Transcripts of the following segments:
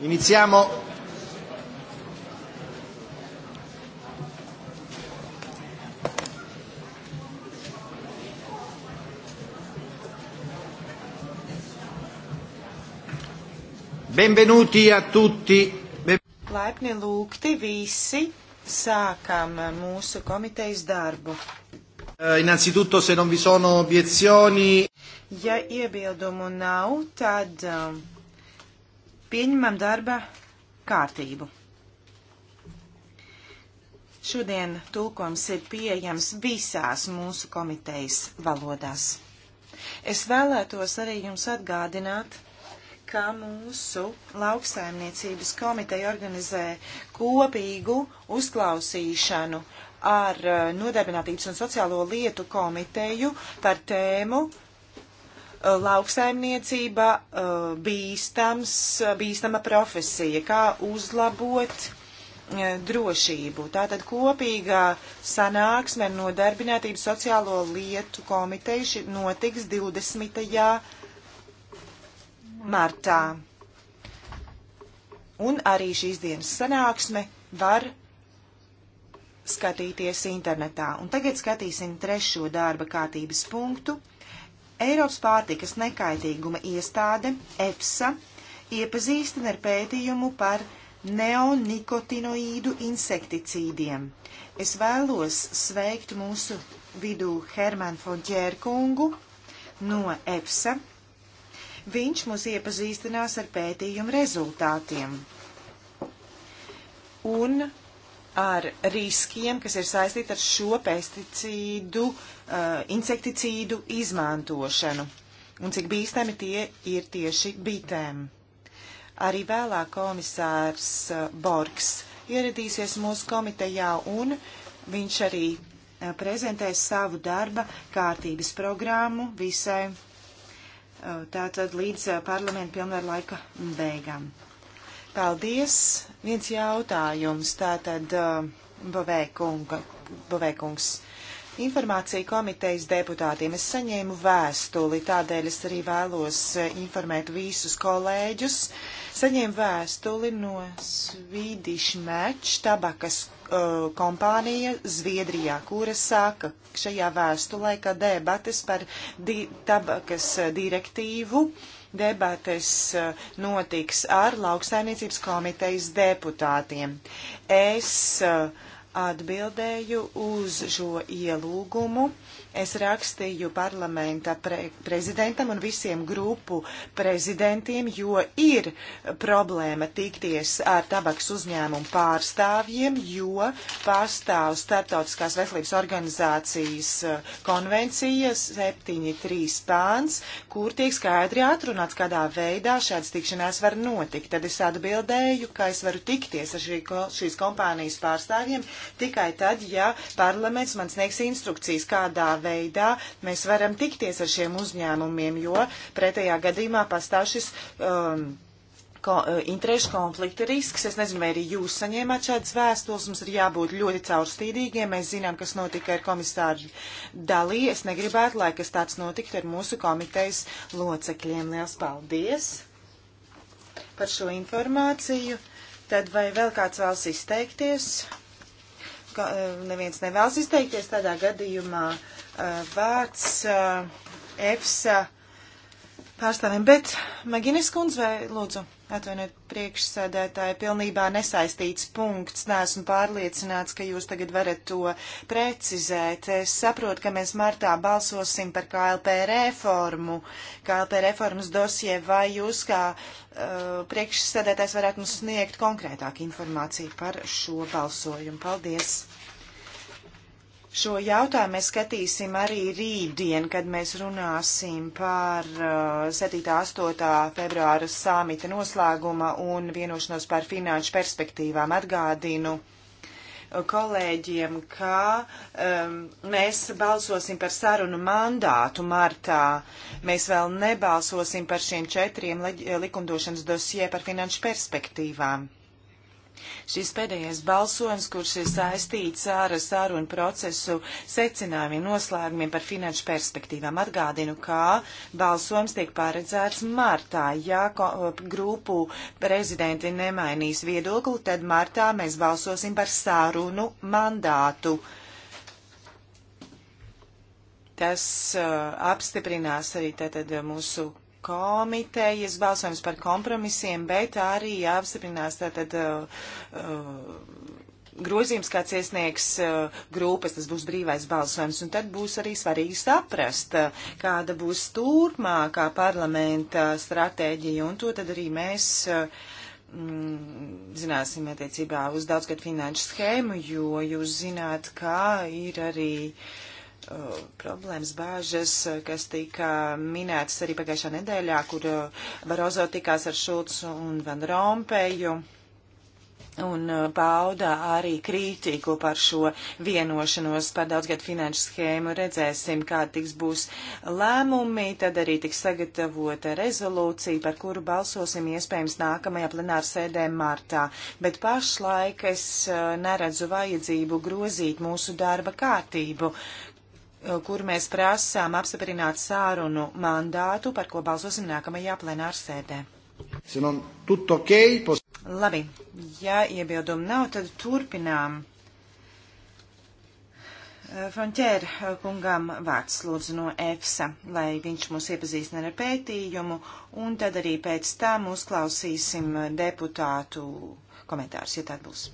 Iniziamo. Benvenuti a tutti. Ben... Laipni lūgti visi. Sākam mūsu komitejas darbu. Uh, innanzitutto, se non vi sono obiezioni. Ja iebildumu nav, tad. Um, Pieņemam darba kārtību. Šodien tulkojums ir pieejams visās mūsu komitejas valodās. Es vēlētos arī jums atgādināt, ka mūsu lauksaimniecības komiteja organizē kopīgu uzklausīšanu ar eh, Nodarbinātības un sociālo lietu komiteju par tēmu Eh, lauksaimniecība eh, bīstams, eh, bīstama profesija, kā uzlabot drošību. Tātad kopīgā sanāksme ar nodarbinātību sociālo lietu komiteju notiks 20. martā. Un arī šīs dienas sanāksme var skatīties internetā. Un tagad skatīsim trešo darba kārtības punktu Eiropas pārtikas nekaitīguma iestāde EFSA iepazīstina ar pētījumu par neonikotinoīdu insekticīdiem. Es vēlos sveikt mūsu vidū Hermanu Fonķērkungu no EFSA. Viņš mūs iepazīstinās ar pētījumu rezultātiem un ar riskiem, kas ir saistīti ar šo pesticīdu uh, Uh, insekticīdu izmantošanu un cik bīstami tie ir tieši bitēm. Arī vēlāk komisārs uh, Borgs ieradīsies mūsu komitejā un viņš arī uh, prezentēs savu darba kārtības programmu visai tātad līdz parlamentu pilnvaru laika beigām. Paldies! Viens jautājums tātad Bovēkungs. Informācija komitejas deputātiem. Es saņēmu vēstuli, tādēļ es arī vēlos eh, informēt visus kolēģus. Saņēmu vēstuli no Swedish Match tabakas uh, kompānija Zviedrijā, kura saka šajā vēstulē, ka debates par di tabakas eh, direktīvu uh, debates notiks ar lauksaimniecības komitejas deputātiem. Es uh, atbildēju uz šo ielūgumu. Uh, Es rakstīju parlamenta pre prezidentam un visiem grupu prezidentiem, jo ir problēma tikties ar tabaks uzņēmumu pārstāvjiem, jo pastāv Startautiskās veselības organizācijas eh, konvencijas 7.3 pāns, kur tiek skaidri atrunāts, kādā veidā šāds tikšanās var notikt. Tad es atbildēju, ka es varu tikties ar šī, šīs kompānijas pārstāvjiem tikai tad, ja parlaments man sniegs instrukcijas, kādā veidā veidā mēs varam tikties ar šiem uzņēmumiem, jo pretējā gadījumā pastāv šis. Um, ko, uh, interešu konflikta risks. Es nezinu, vai arī jūs saņēmāt šādas vēstules. Mums ir jābūt ļoti caurspīdīgiem. Mēs zinām, kas notika ar komisāru Dalī. Es negribētu, lai kas tāds notiktu ar mūsu komitejas locekļiem. Liels paldies par šo informāciju. Tad vai vēl kāds vēlas izteikties? Ka, uh, neviens nevēlas izteikties tādā gadījumā. Uh, Eh, vārds EFSA eh, pārstāvim, bet Maginis kundze vai lūdzu atvainojiet priekšsēdētāji pilnībā nesaistīts punkts. Nesmu pārliecināts, ka jūs tagad varat to precizēt. Es saprotu, ka mēs martā balsosim par KLP reformu. KLP reformas dosie vai jūs kā uh, priekšsēdētājs varētu mums sniegt konkrētāku informāciju par šo balsojumu. Paldies! Šo jautājumu mēs skatīsim arī rītdien, kad mēs runāsim par uh, 7. 8. februāra samita noslēguma un vienošanos par finanšu perspektīvām. Atgādinu uh, kolēģiem, ka um, mēs balsosim par sarunu mandātu martā. Mēs vēl nebalsosim par šiem četriem likumdošanas dosie par finanšu perspektīvām. Šis pēdējais balsojums, kurš ir saistīts ar sārunu procesu secinājumiem, noslēgumiem par finanšu perspektīvām, atgādinu, ka balsojums tiek paredzēts martā. Ja grupu prezidenti nemainīs viedokli, tad martā mēs balsosim par sārunu mandātu. Tas uh, apstiprinās arī tātad mūsu komitejas balsojums par kompromisiem, bet arī jāapstiprinās tātad uh, uh, grozījums, kāds iesniegs uh, grupas, tas būs brīvais balsojums, un tad būs arī svarīgi saprast, uh, kāda būs turpmākā parlamenta stratēģija, un to tad arī mēs uh, mm, zināsim attiecībā uz daudzgad finanšu schēmu, jo jūs zināt, kā ir arī uh, uh, problēmas, bāžas, uh, kas tika minētas arī pagājušā nedēļā, kur uh, Barozo tikās ar Šulcu un Van Rompēju un uh, pauda arī kritiku par šo vienošanos par daudzgad finanšu schēmu. Redzēsim, kā tiks būs lēmumi, tad arī tiks sagatavota rezolūcija, par kuru balsosim iespējams nākamajā plenāra sēdē martā. Bet pašlaik es neredzu vajadzību grozīt mūsu darba kārtību. Uh, kur mēs prasām apstiprināt sārunu mandātu, par ko balsosim nākamajā plenāru sēdē. Sinon, tutto ok? Pos... Labi, ja iebildumi nav, tad turpinām. Frontiera kungam vārds lūdzu no EFSA, lai viņš mūs iepazīstina ar pētījumu, un tad arī pēc tam uzklausīsim deputātu komentārus, ja tā būs.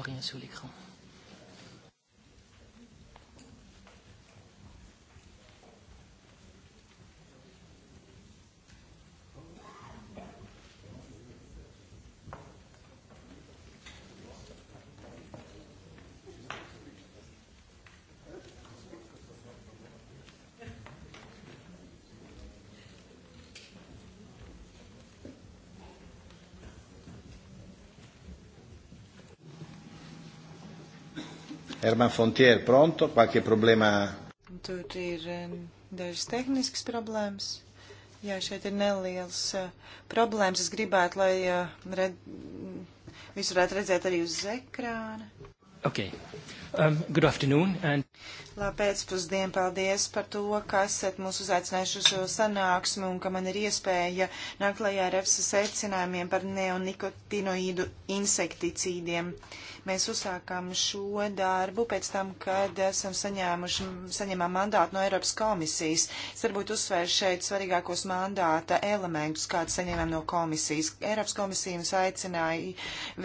plus rien sur l'écran. Herman Fontier, pronto? Qualche problēma? Tur ir eh, dažas tehniskas problēmas. Jā, šeit ir nelielas uh, problēmas. Es gribētu, lai uh, red, visu varētu redzēt arī uz ekrāna. Okay. Um, good afternoon. And... Labpēcpusdien, paldies par to, ka esat mūs uzaicinājuši uz šo sanāksmi un ka man ir iespēja nākt lajā ar EFSA secinājumiem par neonikotinoīdu insekticīdiem. Mēs uzsākām šo darbu pēc tam, kad esam saņēmuši, saņēmām mandātu no Eiropas komisijas. Es varbūt uzsvēru šeit svarīgākos mandāta elementus, kādus saņēmām no komisijas. Eiropas komisija mums aicināja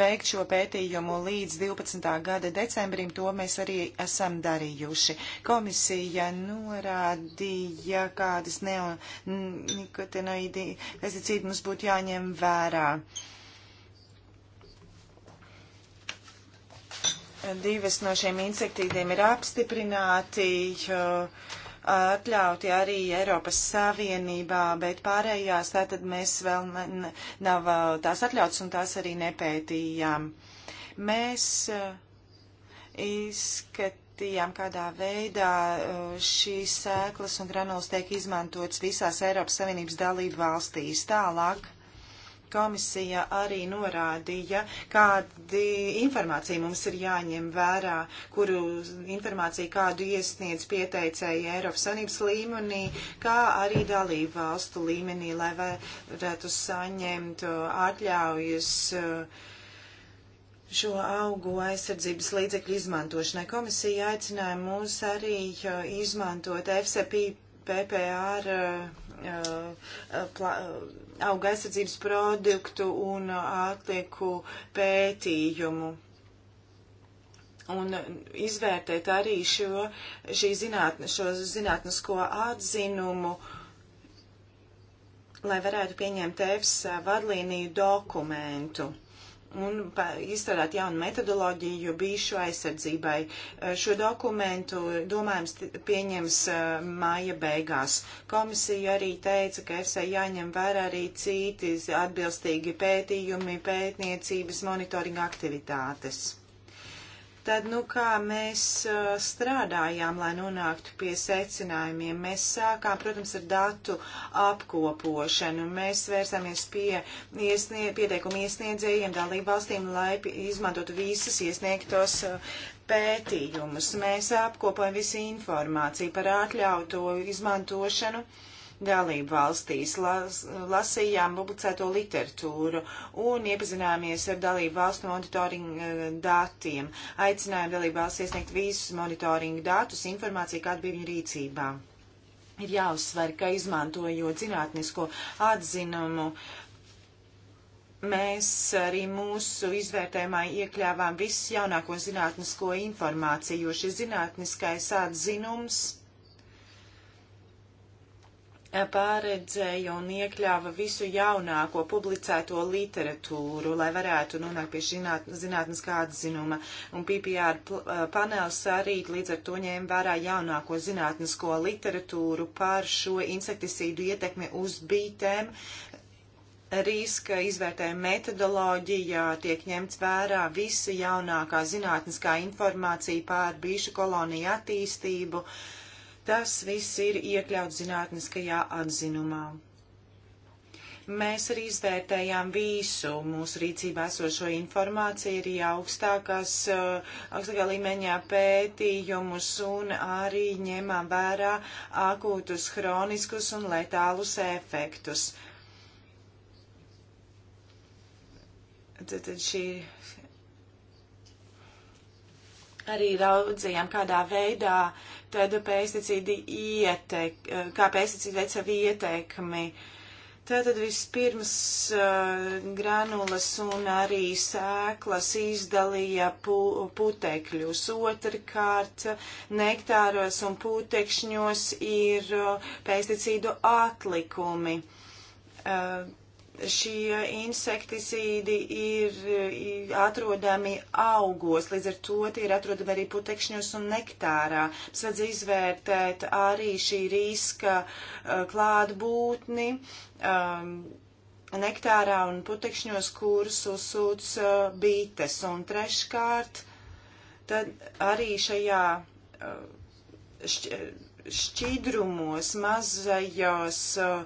veikt šo pētījumu līdz 12. gada decembrim, to mēs arī esam darījuši pieauguši. Komisija norādīja, kādas neonikotinoīdi pesticīdi mums būtu jāņem vērā. Divas no šiem insektīdiem ir apstiprināti. Jo, atļauti arī Eiropas Savienībā, bet pārējās tātad mēs vēl nav tās atļauts un tās arī nepētījām. Mēs izskat skatījām, kādā veidā uh, šīs sēklas un granulas tiek izmantotas visās Eiropas Savienības dalību valstīs. Tālāk komisija arī norādīja, kādi informācija mums ir jāņem vērā, kuru informāciju kādu iesniedz pieteicēji Eiropas Sanības līmenī, kā arī dalību valstu līmenī, lai varētu saņemt uh, atļaujas uh, šo augu aizsardzības līdzekļu izmantošanai. Komisija aicināja mūs arī uh, izmantot FCP PPR auga aizsardzības produktu un uh, atlieku pētījumu. Un uh, izvērtēt arī šo, šī zinātne, šo zinātnisko atzinumu, lai varētu pieņemt EFSA vadlīniju dokumentu un izstrādāt jaunu metodoloģiju bijušu aizsardzībai. Šo dokumentu, domājams, pieņems māja beigās. Komisija arī teica, ka EFSA jāņem vērā arī citi atbilstīgi pētījumi, pētniecības monitoringa aktivitātes. Tad, nu, kā mēs uh, strādājām, lai nonāktu pie secinājumiem, mēs sākām, protams, ar datu apkopošanu. Mēs vērsāmies pie iesnie, pieteikumu iesniedzējiem dalību valstīm, lai izmantotu visas iesniegtos uh, pētījumus. Mēs apkopojam visu informāciju par atļautu izmantošanu dalību valstīs, las, lasījām publicēto literatūru un iepazināmies ar dalību valstu monitoringa eh, datiem. Aicinājām dalību valsts iesniegt visus monitoringa datus, informāciju, kāda bija viņa rīcībā. Ir jāuzsver, ka izmantojot zinātnisko atzinumu, mēs arī mūsu izvērtējumā iekļāvām visu jaunāko zinātnisko informāciju, jo šis zinātniskais atzinums pārredzēja un iekļāva visu jaunāko publicēto literatūru, lai varētu nonākt pie zināt, zinātniskā atzinuma. Un PPR eh, panels arī līdz ar to ņēma vērā jaunāko zinātnisko literatūru par šo insekticīdu ietekmi uz bītēm. Riska izvērtējuma metodoloģijā tiek ņemts vērā visa jaunākā zinātniskā informācija pār bīšu koloniju attīstību. Uh, Tas viss ir iekļauts zinātniskajā atzinumā. Mēs arī izvērtējām visu mūsu rīcībā esošo informāciju, arī augstākās, eh, augstākā līmeņā pētījumus un arī ņēmām vērā akūtus, hroniskus un letālus efektus. Tad, tad šī arī raudzījām, kādā veidā tad eh, pesticīdi ietek, eh, kā pesticīdi veic savu ietekmi. Tātad vispirms uh, granulas un arī sēklas izdalīja pu, putekļus. Otrkārt, nektāros un putekšņos ir uh, pesticīdu atlikumi. Uh, šie insekticīdi ir, ir atrodami augos, līdz ar to tie ir atrodami arī putekšņos un nektārā. Mums vajadz izvērtēt arī šī riska uh, klātbūtni. Um, nektārā un putekšņos, kurus uzsūc uh, eh, bītes. Un treškārt, tad arī šajā uh, šķidrumos mazajos um,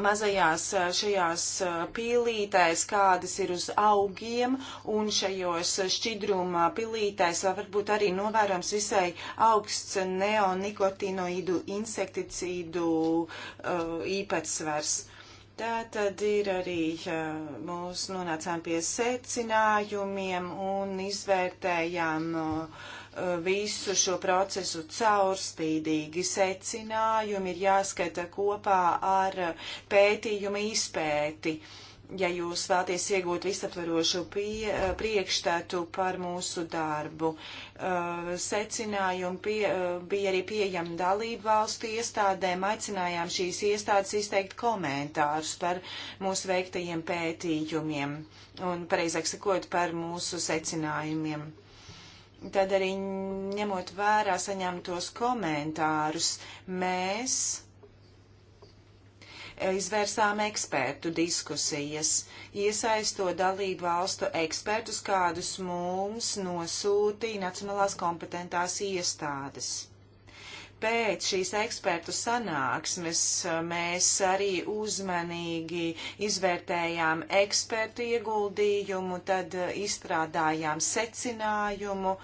mazajās eh, šajās eh, pīlītēs, kādas ir uz augiem, un šajos šķidruma pilītēs varbūt arī novērams visai augsts neonikotinoidu insekticīdu uh, īpatsvars. Tā tad ir arī uh, mūs nonācām pie secinājumiem un izvērtējām uh, visu šo procesu caurspīdīgi. Secinājumi ir jāskata kopā ar pētījumu izpēti. Ja jūs vēlaties iegūt visaptverošu pie, priekšstatu par mūsu darbu, uh, secinājumi pie, uh, bija arī pieejami dalību valstu iestādēm, aicinājām šīs iestādes izteikt komentārus par mūsu veiktajiem pētījumiem un, pareizāk sakot, par mūsu secinājumiem tad arī ņemot vērā saņemtos komentārus, mēs izvērsām ekspertu diskusijas, iesaistot dalību valstu ekspertus, kādus mums nosūtīja nacionālās kompetentās iestādes. Pēc šīs ekspertu sanāksmes eh, mēs arī uzmanīgi izvērtējām ekspertu ieguldījumu, tad eh, izstrādājām secinājumu.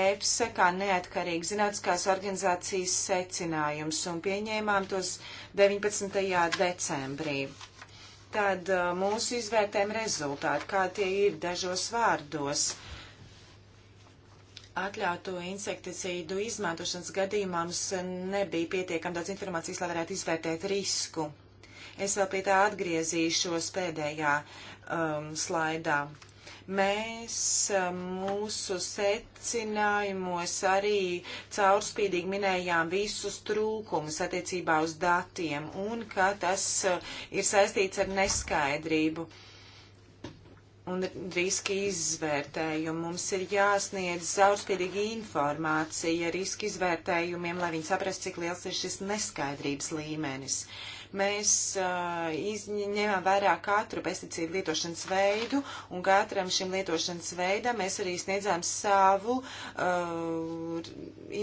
EFSA kā neatkarīga zinātniskās organizācijas secinājums un pieņēmām tos 19. decembrī. Tad eh, mūsu izvērtējuma rezultāti, kā tie ir dažos vārdos. Uh, atļautu insekticīdu izmantošanas gadījumā mums nebija pietiekami daudz informācijas, lai varētu izvērtēt risku. Es vēl pie tā atgriezīšos pēdējā um, slaidā. Mēs um, mūsu secinājumos arī caurspīdīgi minējām visus trūkumus attiecībā uz datiem un ka tas uh, ir saistīts ar neskaidrību. Uh, un riska izvērtējumu. Mums ir jāsniedz caurspīdīga informācija riska izvērtējumiem, lai viņi saprastu, cik liels ir šis neskaidrības līmenis. Mēs uh, izņemam vērā katru pesticīdu lietošanas veidu, un katram šim lietošanas veidam mēs arī sniedzām savu uh,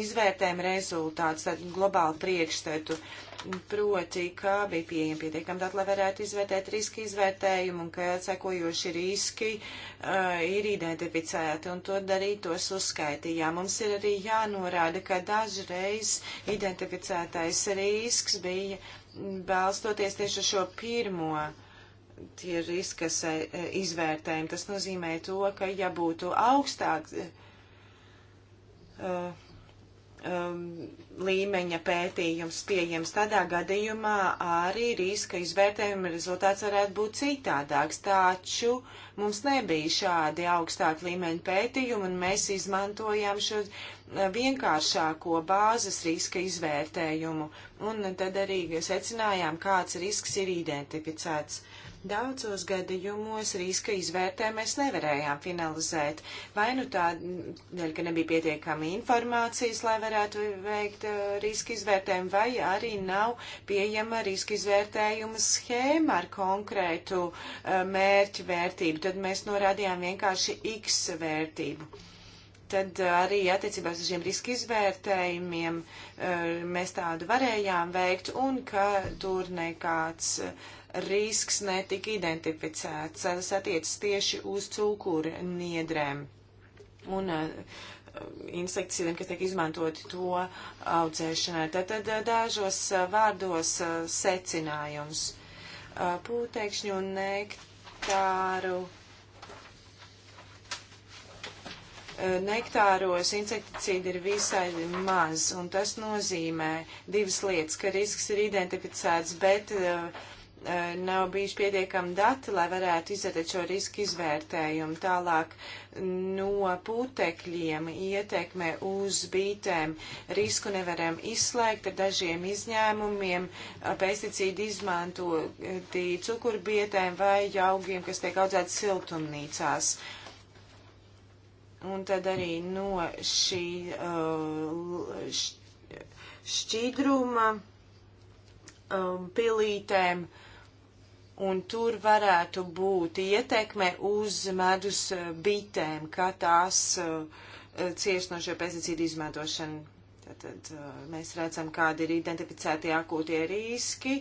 izvērtējumu rezultātu, tādu globālu priekšstatu. Uh, Proti, kā bija pieejami pietiekami dati, lai varētu izvērtēt riska izvērtējumu un ka sekojoši riski uh, ir identificēti un to darīt tos uzskaitījām. Mums ir arī jānorāda, ka dažreiz identificētais risks bija balstoties tieši uz šo pirmo tie riska izvērtējumu. Tas nozīmē to, ka ja būtu augstāk. Uh, um, līmeņa pētījums pieejams. Tādā gadījumā arī riska izvērtējuma rezultāts varētu būt citādāks, taču mums nebija šādi augstāk līmeņa pētījumi, un mēs izmantojām šo uh, vienkāršāko bāzes riska izvērtējumu, un tad arī secinājām, kāds risks ir identificēts. Uh, Daudzos gadījumos riska izvērtē mēs nevarējām finalizēt. Vai nu tādēļ, ka nebija pietiekami informācijas, lai varētu veikt uh, riska izvērtējumu, vai arī nav pieejama riska izvērtējuma schēma ar konkrētu uh, mērķu vērtību. Tad mēs norādījām vienkārši X vērtību tad uh, arī attiecībā uz šiem riska izvērtējumiem mēs tādu varējām veikt un ka tur nekāds risks netika identificēts. Tas attiecas tieši uz cūkuru niedrēm un uh, insekticīdiem, kas tiek izmantoti to audzēšanai. Tad, tad uh, dažos uh, vārdos uh, secinājums. Uh, Pūteikšņu un nektāru. Uh, nektāros insekticīdi ir visai maz, un tas nozīmē divas lietas, ka risks ir identificēts, bet uh, Eh, nav bijuši pietiekami dati, lai varētu izvērtēt šo risku izvērtējumu. Tālāk no putekļiem ietekme uz bītēm risku nevaram izslēgt ar dažiem izņēmumiem, eh, pesticīdu izmantoti cukurbietēm vai augiem, kas tiek audzēti siltumnīcās. Un tad arī no šī eh, šķidruma pilītēm uh, un tur varētu būt ietekme uz medus eh, bitēm, kā tās uh, eh, cieš no šo pesticīdu izmantošanu. Tātad uh, mēs redzam, kādi ir identificēti akūtie riski.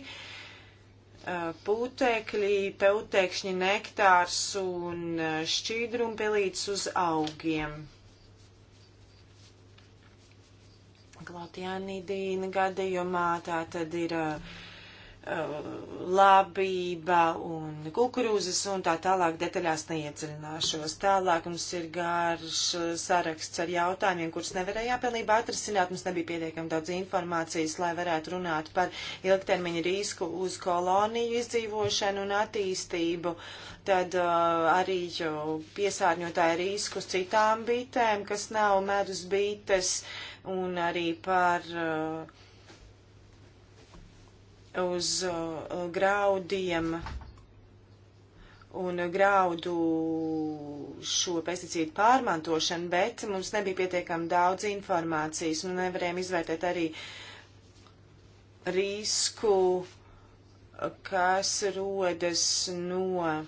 Uh, Pūtekļi, peutekšņi, nektārs un šķīdrumpelīts uz augiem. Glātjānidīna gadījumā tā tad ir uh, labība un kukurūzas un tā tālāk detaļās neiedziļināšos. Tālāk mums ir garš saraksts ar jautājumiem, kurus nevarējām pilnībā atrasināt. Mums nebija pietiekami daudz informācijas, lai varētu runāt par ilgtermiņa risku uz koloniju izdzīvošanu un attīstību. Tad uh, arī piesārņotāja risku citām bitēm, kas nav medus bites, un arī par uh, uz uh, graudiem un graudu šo pesticīdu pārmantošanu, bet mums nebija pietiekami daudz informācijas un nu, nevarējām izvērtēt arī risku, kas rodas no uh,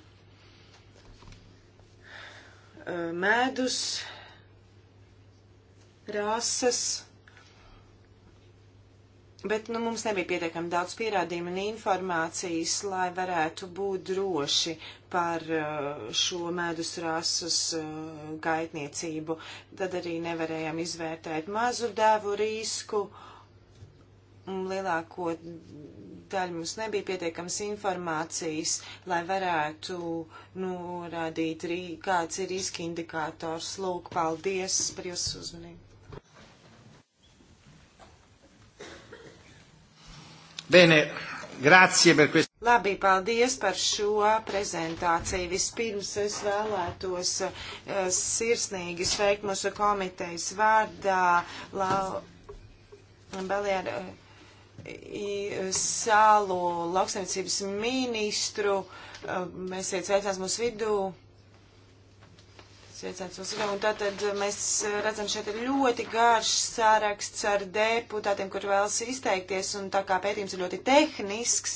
medus, rases Bet nu, mums nebija pietiekami daudz pierādījumu un informācijas, lai varētu būt droši par uh, šo medus rases uh, gaitniecību. Tad arī nevarējām izvērtēt mazu devu risku. Lielāko daļu mums nebija pietiekams informācijas, lai varētu norādīt, kāds ir riska indikators. Lūk, paldies par jūsu uzmanību. Bene, grazie per questo. Labi, paldies par šo prezentāciju. Vispirms es vēlētos uh, sirsnīgi sveikt mūsu komitejas vārdā lau, Belieru uh, salu lauksaimniecības ministru. Uh, mēs iet sveicās mūsu vidū. Sveicināts uz Rīgā. Un tātad eh, mēs eh, redzam šeit ir ļoti garš sāraksts ar deputātiem, kur vēlas izteikties. Un tā kā pētījums ir ļoti tehnisks,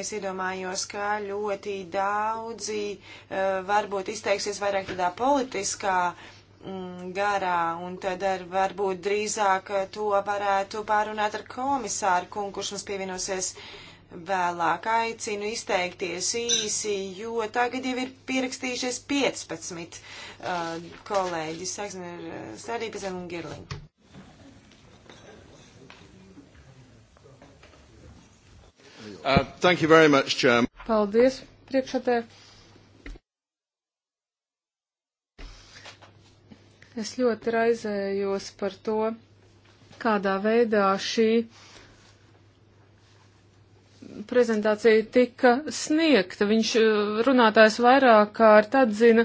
es iedomājos, ka ļoti daudzi eh, varbūt izteiksies vairāk tādā politiskā mm, garā, un tad ar, varbūt drīzāk to varētu pārunāt ar komisāru kungu, kurš mums pievienosies uh, vēlāk. Aicinu izteikties īsi, jo tagad jau ir pierakstījušies 15 uh, kolēģi. Sāksim ar uh, Sarīpesēm un Girliņu. Uh, thank you very much, Chairman. Paldies, priekšādē. Es ļoti raizējos par to, kādā veidā šī uh, prezentācija tika sniegta. Viņš eh, runātājs vairāk kārt atzina,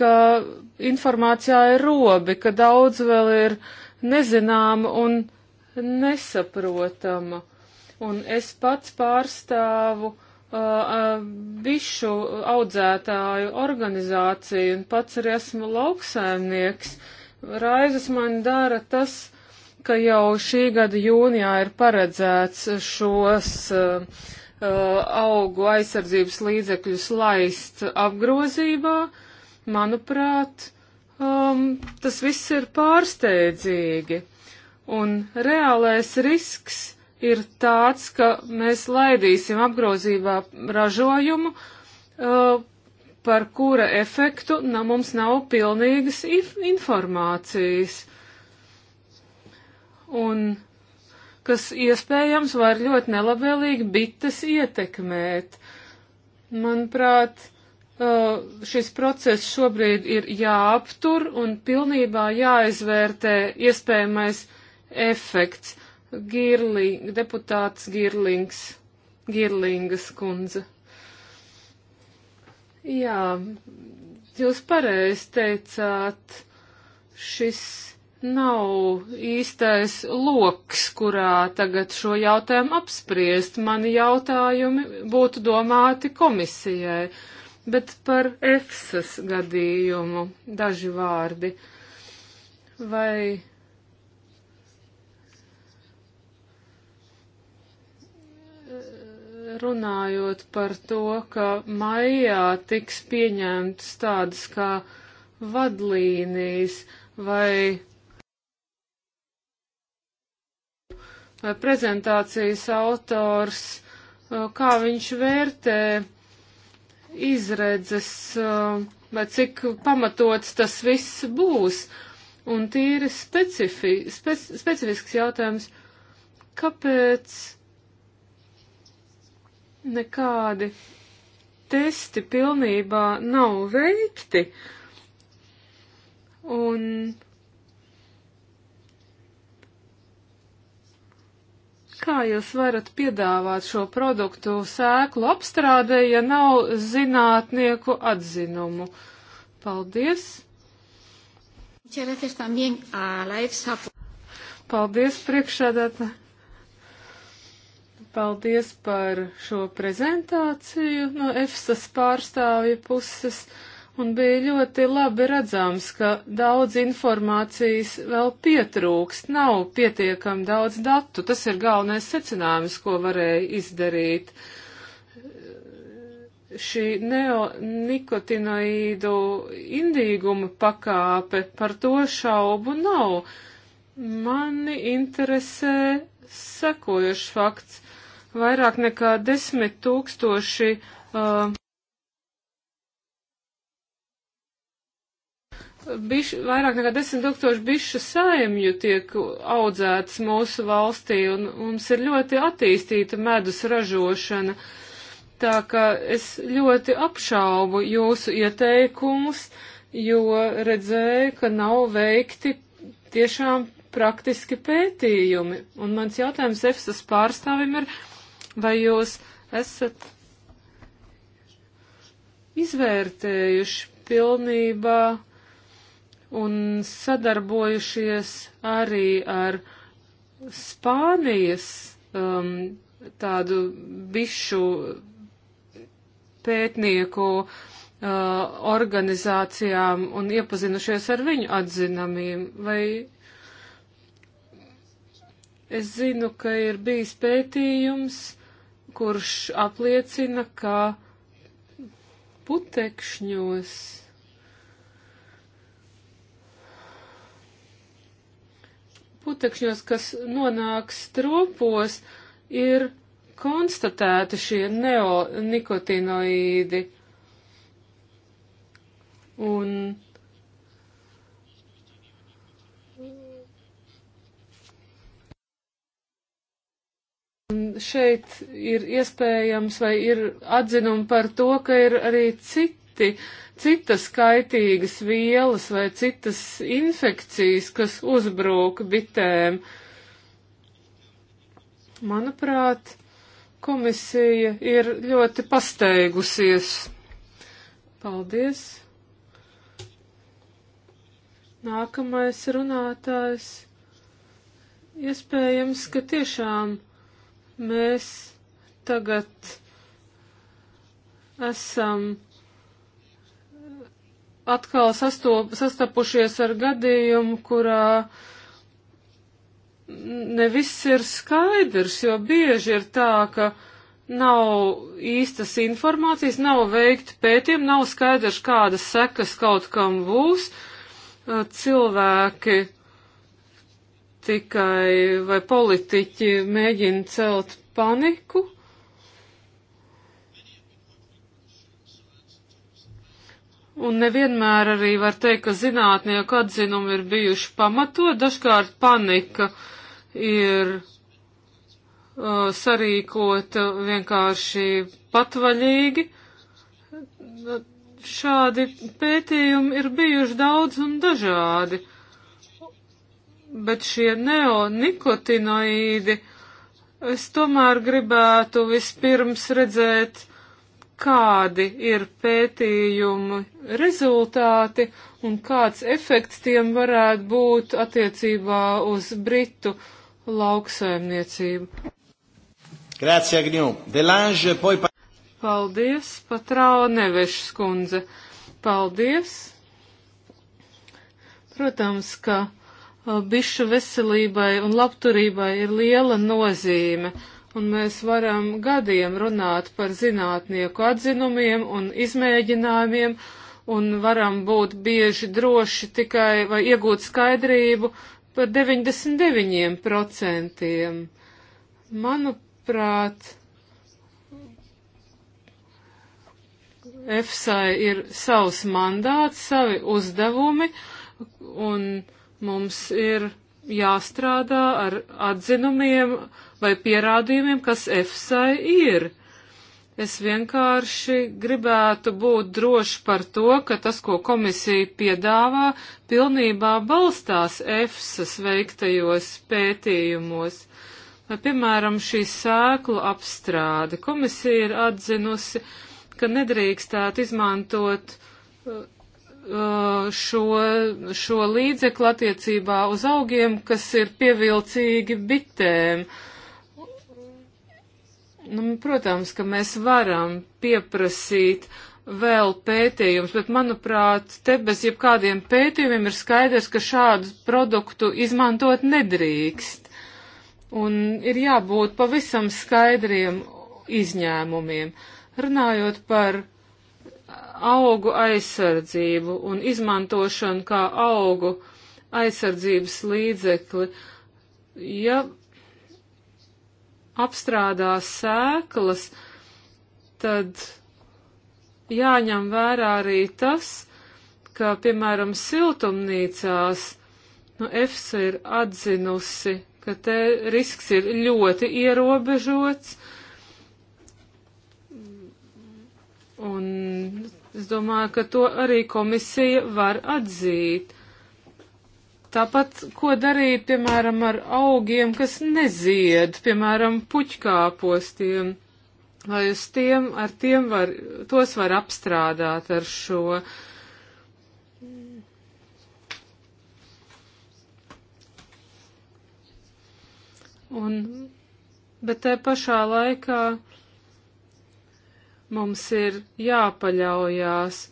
ka informācijā ir robi, ka daudz vēl ir nezināma un nesaprotama. Un es pats pārstāvu uh, uh, bišu audzētāju organizāciju un pats arī esmu lauksaimnieks. Raizes man dara tas, ka jau šī gada jūnijā ir paredzēts šos uh, augu aizsardzības līdzekļus laist apgrozībā, manuprāt, um, tas viss ir pārsteidzīgi. Un reālais risks ir tāds, ka mēs laidīsim apgrozībā ražojumu, uh, par kura efektu na, mums nav pilnīgas informācijas un kas iespējams var ļoti nelabvēlīgi bites ietekmēt. Manuprāt, uh, šis process šobrīd ir jāaptur un pilnībā jāizvērtē iespējamais efekts. Girling, deputāts Girlings, Girlingas kundze. Jā, jūs pareizi teicāt, šis nav īstais loks, kurā tagad šo jautājumu apspriest. Mani jautājumi būtu domāti komisijai, bet par EFSAS gadījumu daži vārdi. Vai runājot par to, ka maijā tiks pieņemtas tādas kā vadlīnijas vai vai prezentācijas autors, uh, kā viņš vērtē izredzes, uh, vai cik pamatots tas viss būs. Un tīri specifi, spe, specifisks jautājums, kāpēc nekādi testi pilnībā nav veikti? Un Kā jūs varat piedāvāt šo produktu sēklu apstrādē, ja nav zinātnieku atzinumu? Paldies! Paldies, priekšādātā! Paldies par šo prezentāciju no EFSAS pārstāvju puses un bija ļoti labi redzams, ka daudz informācijas vēl pietrūkst, nav pietiekami daudz datu. Tas ir galvenais secinājums, ko varēja izdarīt. Šī neonikotinoīdu indīguma pakāpe par to šaubu nav. Mani interesē sekojuši fakts. Vairāk nekā desmit tūkstoši uh, bišu, vairāk nekā 10 tūkstoši bišu saimju tiek audzētas mūsu valstī, un mums ir ļoti attīstīta medus ražošana. Tā ka es ļoti apšaubu jūsu ieteikumus, jo redzēju, ka nav veikti tiešām praktiski pētījumi. Un mans jautājums EFSAS pārstāvim ir, vai jūs esat izvērtējuši pilnībā un sadarbojušies arī ar Spānijas um, tādu bišu pētnieku uh, organizācijām un iepazinušies ar viņu atzinamiem, vai es zinu, ka ir bijis pētījums, kurš apliecina, ka putekšņos putekļos, kas nonāk stropos, ir konstatēti šie neonikotinoīdi. Un šeit ir iespējams vai ir atzinumi par to, ka ir arī citi citi, citas kaitīgas vielas vai citas infekcijas, kas uzbrūk bitēm. Manuprāt, komisija ir ļoti pasteigusies. Paldies! Nākamais runātājs. Iespējams, ka tiešām mēs tagad esam atkal sastop, sastapušies ar gadījumu, kurā ne viss ir skaidrs, jo bieži ir tā, ka nav īstas informācijas, nav veikta pētījuma, nav skaidrs, kādas sekas kaut kam būs. Cilvēki tikai vai politiķi mēģina celt paniku, Un nevienmēr arī var teikt, ka zinātnieku atzinumi ir bijuši pamatot, dažkārt panika ir uh, sarīkota vienkārši patvaļīgi. Šādi pētījumi ir bijuši daudz un dažādi, bet šie neonikotinoīdi es tomēr gribētu vispirms redzēt, kādi ir pētījumu rezultāti un kāds efekts tiem varētu būt attiecībā uz Britu lauksaimniecību. Grazie, Agniu. Delange, poi... Paldies, Patrao Nevešs kundze. Paldies. Protams, ka uh, bišu veselībai un labturībai ir liela nozīme un mēs varam gadiem runāt par zinātnieku atzinumiem un izmēģinājumiem, un varam būt bieži droši tikai vai iegūt skaidrību par 99%. Manuprāt, EFSAI ir savs mandāts, savi uzdevumi, un mums ir jāstrādā ar atzinumiem, vai pierādījumiem, kas EFSAI ir. Es vienkārši gribētu būt droši par to, ka tas, ko komisija piedāvā, pilnībā balstās EFSAS veiktajos pētījumos. Vai, piemēram, šī sēklu apstrāde. Komisija ir atzinusi, ka nedrīkstētu izmantot uh, uh, šo, šo līdzekli attiecībā uz augiem, kas ir pievilcīgi bitēm. Uh, Nu, protams, ka mēs varam pieprasīt vēl pētījums, bet manuprāt, te bez jebkādiem pētījumiem ir skaidrs, ka šādu produktu izmantot nedrīkst. Un ir jābūt pavisam skaidriem izņēmumiem. Runājot par augu aizsardzību un izmantošanu kā augu aizsardzības līdzekli, ja apstrādā sēklas, tad jāņem vērā arī tas, ka, piemēram, siltumnīcās nu, EFSA ir atzinusi, ka te risks ir ļoti ierobežots. Un es domāju, ka to arī komisija var atzīt. Tāpat, ko darīt, piemēram, ar augiem, kas nezied, piemēram, puķkāpostiem, vai uz tiem, ar tiem var, tos var apstrādāt ar šo. Un, bet te pašā laikā mums ir jāpaļaujās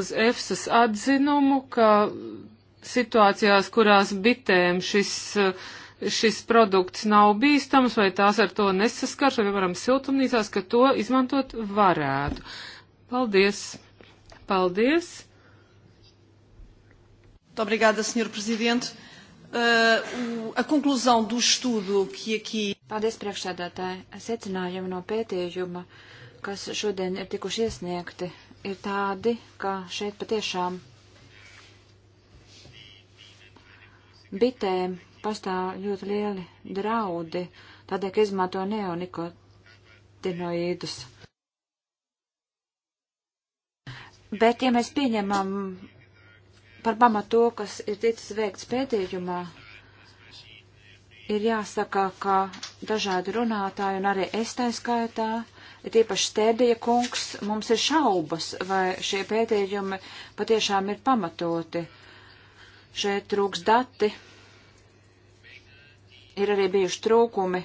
uz EFSAS atzinumu, ka situācijās, kurās bitēm šis, šis produkts nav bīstams vai tās ar to nesaskars, vai, piemēram, siltumnīcās, ka to izmantot varētu. Paldies! Paldies! Obrigada, Sr. Presidente. Uh, a conclusão do estudo que aqui. Paldies, priekšsēdētāji. Secinājumi no pētījuma, kas šodien ir tikuši iesniegti, ir tādi, ka šeit patiešām Bitēm pastāv ļoti lieli draudi, tādēļ, ka izmanto neonikotinoīdus. Bet, ja mēs pieņemam par pamatu to, kas ir ticis veikts pētījumā, ir jāsaka, ka dažādi runātāji un arī es tā skaitā, ir īpaši stēdīja kungs, mums ir šaubas, vai šie pētījumi patiešām ir pamatoti. Šeit trūks dati. Ir arī bijuši trūkumi,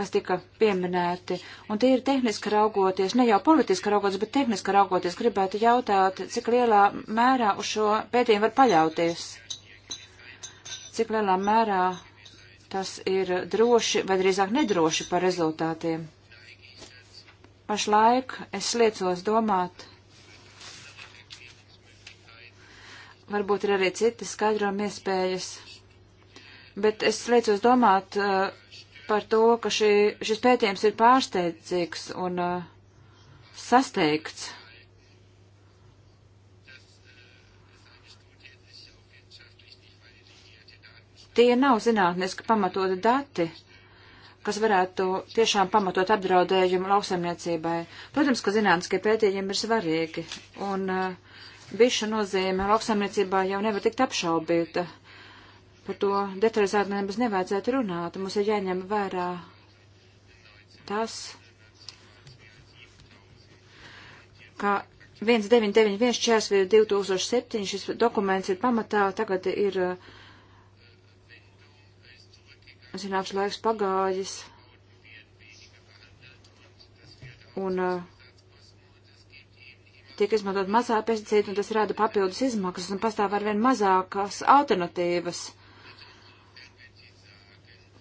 kas tika pieminēti. Un tie ir tehniski raugoties, ne jau politiski raugoties, bet tehniski raugoties. Gribētu jautāt, cik lielā mērā uz šo pētījumu var paļauties. Cik lielā mērā tas ir droši vai drīzāk nedroši par rezultātiem. Pašlaik es liecos domāt Varbūt ir arī citi skaidrojumi iespējas. Bet es sveicos domāt uh, par to, ka šī, šis pētījums ir pārsteidzīgs un uh, sasteigts. Tie nav zinātniski pamatoti dati, kas varētu tiešām pamatot apdraudējumu lauksaimniecībai. Protams, ka zinātniskie pētījumi ir svarīgi. Un, uh, Bišu nozīme lauksaimniecībā jau nevar tikt apšaubīta. Par to detalizēt nemaz nevajadzētu runāt. Mums ir jāņem vērā tas, ka 1991.2007 šis dokuments ir pamatā, tagad ir zināms laiks pagājis. Un uh, tiek izmantot mazāk pesticīdu, un tas rada papildus izmaksas, un pastāv arvien mazākas alternatīvas,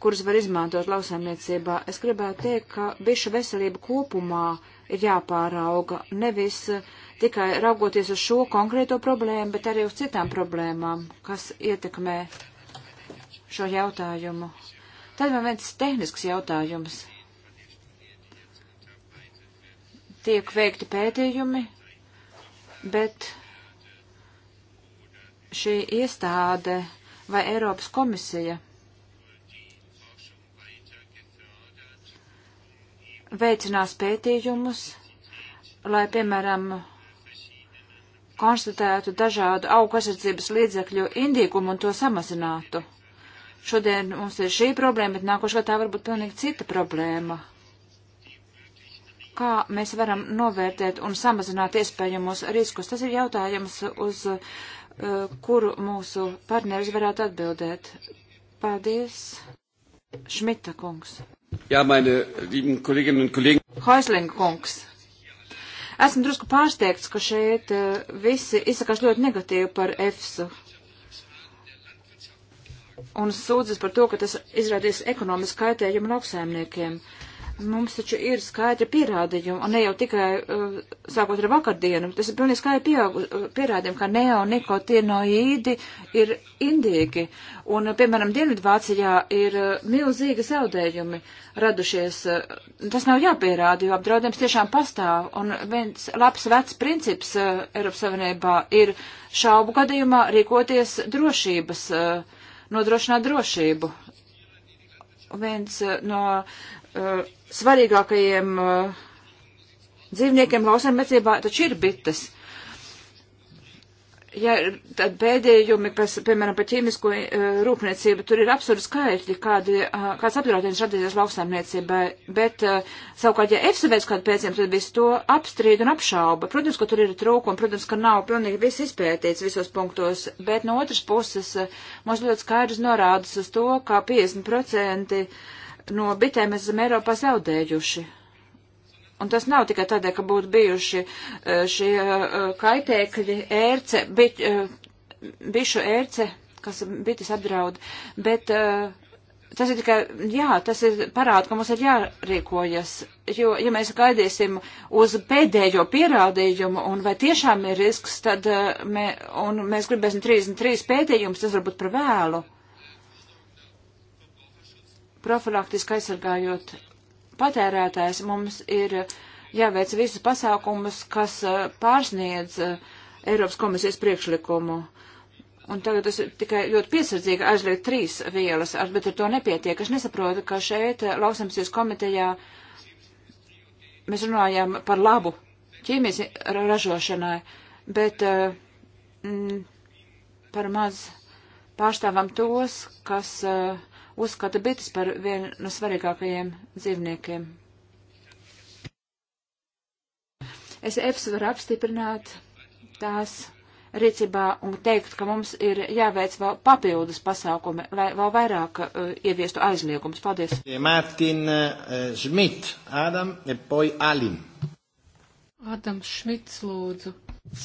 kuras var izmantot lauksaimniecībā. Es gribētu teikt, ka bišu veselība kopumā ir jāpārauga, nevis eh, tikai raugoties uz šo konkrēto problēmu, bet arī uz citām problēmām, kas ietekmē šo jautājumu. Tad man viens tehnisks jautājums. Tiek veikti pētījumi, bet šī iestāde vai Eiropas komisija veicinās pētījumus, lai, piemēram, konstatētu dažādu augu aizsardzības līdzekļu indīgumu un to samazinātu. Šodien mums ir šī problēma, bet nākošajā gadā tā varbūt pilnīgi cita problēma kā mēs varam novērtēt un samazināt iespējamos riskus. Tas ir jautājums, uz uh, kuru mūsu partneris varētu atbildēt. Paldies. Šmita kungs. Jā, meine lieben Kolleginnen un Kollegen. Häusling kungs. Esmu drusku pārsteigts, ka šeit uh, visi izsakās ļoti negatīvi par EFSU un sūdzas par to, ka tas izrādīs ekonomisku kaitējumu lauksaimniekiem. Uh, Mums taču ir skaidri pierādījumi, un ne jau tikai uh, sākot ar vakardienu, tas ir pilnīgi skaidri uh, pierādījumi, ka neonikotinoīdi ir indīgi. Un, uh, piemēram, Dienvidvācijā ir uh, milzīgi zaudējumi radušies. Uh, tas nav jāpierāda, jo apdraudējums tiešām pastāv. Un viens labs vecs princips uh, Eiropas Savienībā ir šaubu gadījumā rīkoties drošības, uh, nodrošināt drošību viens uh, no uh, svarīgākajiem uh, dzīvniekiem lauksaimniecībā taču ir bites. Ja tad pēdējumi, pas, piemēram, par ķīmisko uh, rūpniecību, tur ir absurdi skaitļi, kādi, uh, kāds apdraudējums radīsies lauksaimniecībai, bet uh, savukārt, ja EFSA veids kādu pēciem, tad visu to apstrīd un apšauba. Protams, ka tur ir trūkumi, protams, ka nav pilnīgi viss izpētīts visos punktos, bet no otras puses uh, mums ļoti skaidrs norādas uz to, ka 50% no bitēm mēs esam Eiropā zaudējuši. Un tas nav tikai tādēļ, ka būtu bijuši e, šie e, kaitēkļi, ērce, bit, e, bišu ērce, kas bites apdraud, bet tas ir tikai, jā, tas ir parāda, ka mums ir jārīkojas, jo, ja mēs gaidīsim uz pēdējo pierādījumu, un vai tiešām ir risks, tad mē, un mēs gribēsim 33 pētījumus, tas varbūt par vēlu profilaktiski aizsargājot patērētājs, mums ir jāveic visus pasākumus, kas uh, pārsniedz uh, Eiropas komisijas priekšlikumu. Un tagad tas tikai ļoti piesardzīgi aizliegt trīs vielas, bet ar to nepietiek. Es nesaprotu, ka šeit uh, lauksamsies komitejā mēs runājam par labu ķīmijas ražošanai, bet mm, par maz pārstāvam tos, kas uh, uzskata bites par vienu no svarīgākajiem dzīvniekiem. Es EFS varu apstiprināt tās rīcībā un teikt, ka mums ir jāveic vēl papildus pasākumi, lai vēl vairāk uh, ieviestu aizliegumus. Paldies. E Mārtin uh, eh, Šmit, Ādam, e poi Alim. Ādam Šmits, lūdzu.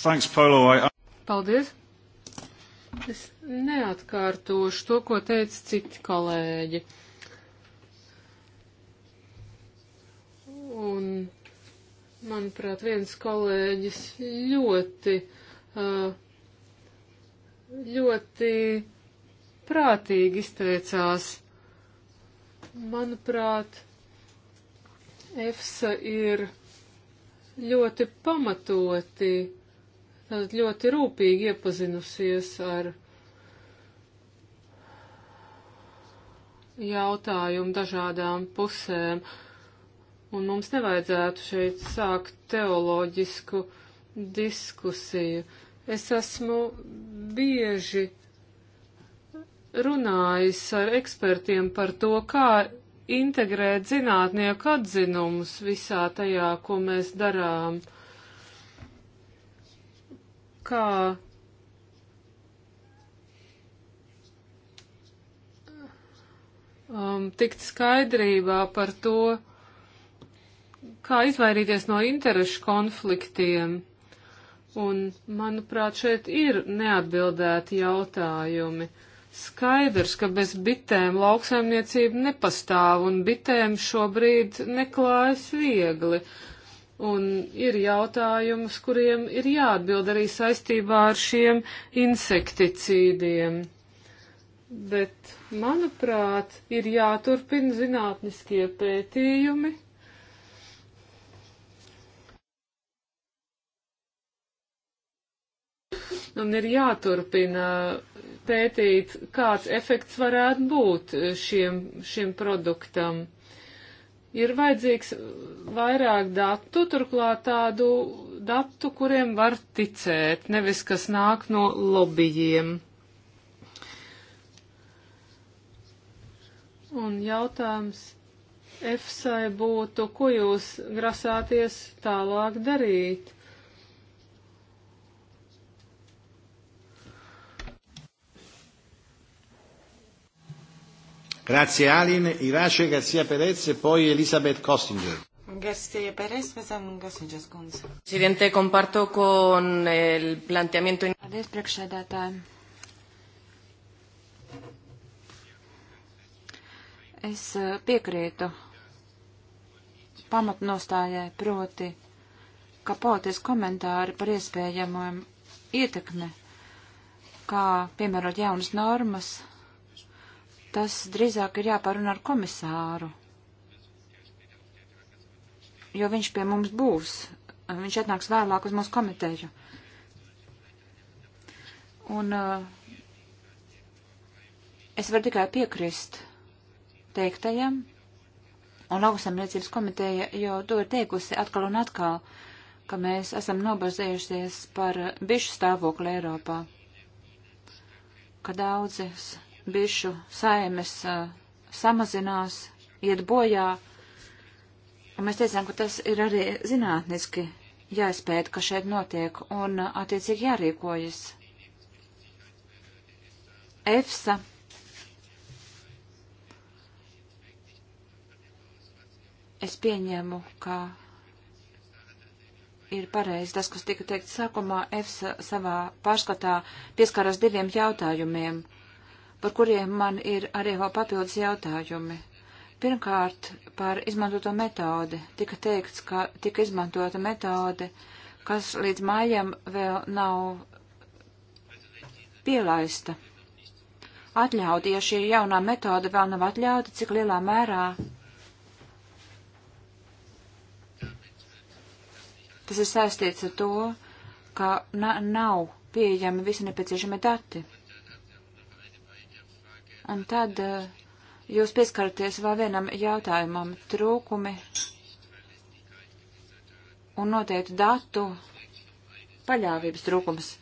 Thanks, Polo. I... Paldies. Es neatkārtošu to, ko teica citi kolēģi. Un, manuprāt, viens kolēģis ļoti, uh, ļoti prātīgi izteicās. Manuprāt, EFSA ir ļoti pamatoti uh, Tad ļoti rūpīgi iepazinusies ar jautājumu dažādām pusēm, un mums nevajadzētu šeit sākt teoloģisku diskusiju. Es esmu bieži runājis ar ekspertiem par to, kā integrēt zinātnieku atzinumus visā tajā, ko mēs darām kā um, tikt skaidrībā par to, kā izvairīties no interešu konfliktiem. Un, manuprāt, šeit ir neatbildēti jautājumi. Skaidrs, ka bez bitēm lauksaimniecība nepastāv, un bitēm šobrīd neklājas viegli. Uh, un ir jautājumi, uz kuriem ir jāatbild arī saistībā ar šiem insekticīdiem. Bet, manuprāt, ir jāturpina zinātniskie pētījumi. Un ir jāturpina pētīt, kāds efekts varētu būt šiem, šiem produktam ir vajadzīgs vairāk datu, turklāt tādu datu, kuriem var ticēt, nevis kas nāk no lobbyiem. Un jautājums EFSAI būtu, ko jūs grasāties tālāk darīt? Grazie Alin, Irace, Garcia Perez e poi Elisabeth Kostinger. García Pérez, Presidente, comparto con el planteamiento. Paldies, priekšsēdētāji. Es eh, piekrītu pamatnostājai proti, ka politiski komentāri par iespējamo ietekmi, kā piemērot jaunas normas, Tas drīzāk ir jāparunā ar komisāru, jo viņš pie mums būs. Viņš atnāks vēlāk uz mūsu komiteju. Un uh, es varu tikai piekrist teiktajam, un lauksamniecības komiteja jau to ir teikusi atkal un atkal, ka mēs esam nobazējušies par bišu stāvokli Eiropā, ka daudzas bišu saimes uh, samazinās, iet bojā. Un mēs teicām, ka tas ir arī zinātniski jāizpēta, ka šeit notiek un uh, attiecīgi jārīkojas. EFSA es pieņēmu, ka ir pareizi tas, kas tika teikt sākumā. EFSA savā pārskatā pieskaras diviem jautājumiem par kuriem man ir arī vēl papildus jautājumi. Pirmkārt, par izmantoto metodi. Tika teikts, ka tika izmantota metode, kas līdz mājām vēl nav pielaista. Atļauti, ja šī jaunā metode vēl nav atļauta, cik lielā mērā tas ir saistīts ar to, ka na nav pieejami visi nepieciešami dati. Un tad eh, jūs pieskaraties vēl vienam jautājumam - trūkumi un noteikti datu paļāvības trūkums.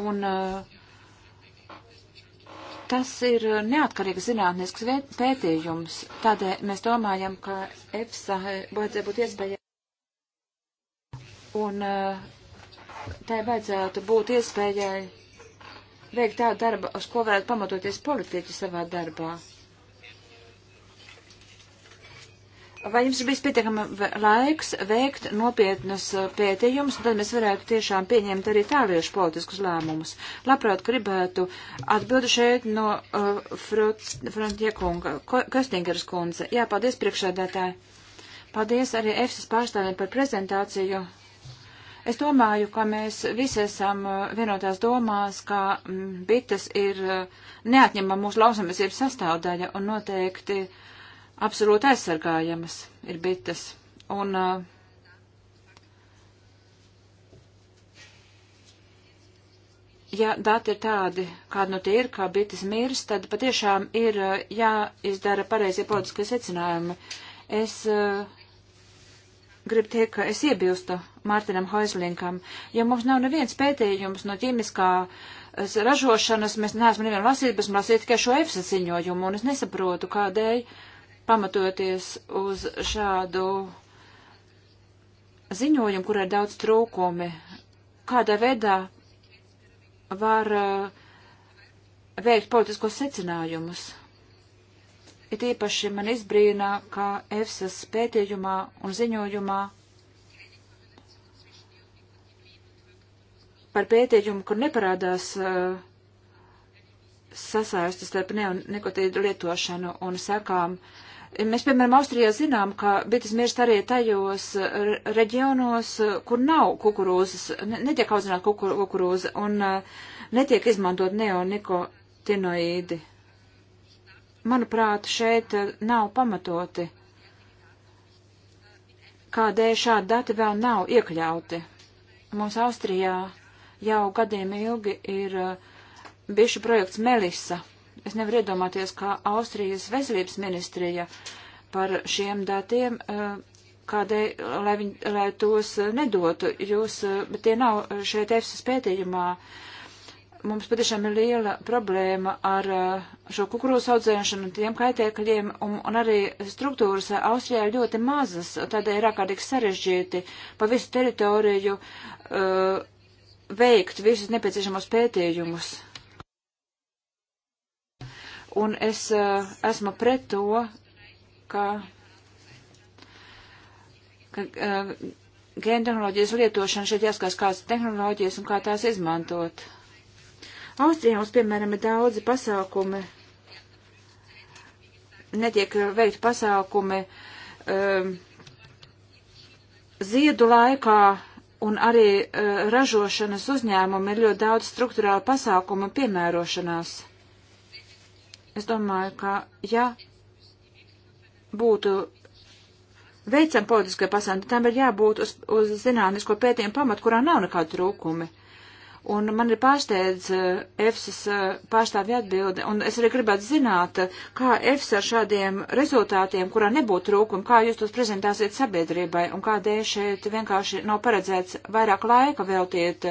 Un eh, tas ir neatkarīgs zinātnisks pētījums, tādēļ mēs domājam, ka EFSA eh, vajadzēja būt iespēja. Un uh, tai vajadzētu būt iespējai veikt tādu darbu, uz ko varētu pamatoties politiķi savā darbā. Vai jums ir bijis pietiekami laiks veikt nopietnas uh, pētījumus, tad mēs varētu tiešām pieņemt arī tāliešu politiskus lēmumus? Labprāt, gribētu atbildi šeit no uh, Frantiekunga, Köstingeras kundze. Jā, paldies priekšēdētāji. Paldies arī EFSAS pārstāvjiem par prezentāciju. Es domāju, ka mēs visi esam uh, vienotās domās, ka mm, bites ir uh, neatņemama mūsu lausamniecības sastāvdaļa un noteikti absolūti aizsargājamas ir bites. Un, uh, ja dati ir tādi, kādi nu tie ir, kā bites mirs, tad patiešām ir jāizdara pareizie politiskie secinājumi. Es uh, gribu teikt, ka es iebilstu Mārtiņam Hoizlinkam, jo mums nav neviens pētījums no ķīmiskā eh, ražošanas, mēs neesam nevienu lasīt, bet lasīt tikai šo EFSA ziņojumu, un es nesaprotu, kādēļ pamatoties uz šādu ziņojumu, kur ir daudz trūkumi, kādā veidā var uh, veikt politiskos secinājumus. It īpaši man izbrīnā, ka EFSAS pētījumā un ziņojumā par pētījumu, kur neparādās uh, sasaistas starp neonikotēdu lietošanu un sekām. Mēs, piemēram, Austrijā zinām, ka bites mirst arī tajos uh, reģionos, uh, kur nav kukurūzas, netiek audzināta kukurūza un uh, netiek izmantot neonikotinoīdi manuprāt, šeit eh, nav pamatoti, kādēļ šādi dati vēl nav iekļauti. Mums Austrijā jau gadiem ilgi ir eh, bijuši projekts Melisa. Es nevaru iedomāties, kā Austrijas veselības ministrija par šiem datiem, eh, kādēļ, lai, viņ, lai tos nedotu, jūs, bet tie nav šeit EFSA pētījumā. Uh, mums patiešām ir liela problēma ar uh, šo kukurūzu audzēšanu un tiem kaitēkļiem, un, un arī struktūras Austrijā ir ļoti mazas, tādēļ ir ārkārtīgi sarežģīti pa visu teritoriju uh, veikt visus nepieciešamos pētījumus. Un es uh, esmu pret to, ka, ka uh, gēntehnoloģijas lietošana šeit jāskatās, kādas tehnoloģijas un kā tās izmantot. Uh, Austrijā mums, piemēram, ir daudzi pasākumi, netiek veikti pasākumi um, ziedu laikā, un arī uh, ražošanas uzņēmumi ir ļoti daudz struktūrāla pasākuma piemērošanās. Es domāju, ka ja būtu veicam politiskai pasauli, tam ir jābūt uz, uz zinātnisko pētījumu pamatu, kurā nav nekādi trūkumi. Un man ir pārsteidz eh, EFSAS eh, pārstāvja atbilde, un es arī gribētu zināt, eh, kā EFSA ar šādiem rezultātiem, kurā nebūtu trūkumi, kā jūs tos prezentāsiet sabiedrībai, un kādēļ šeit vienkārši nav paredzēts vairāk laika veltiet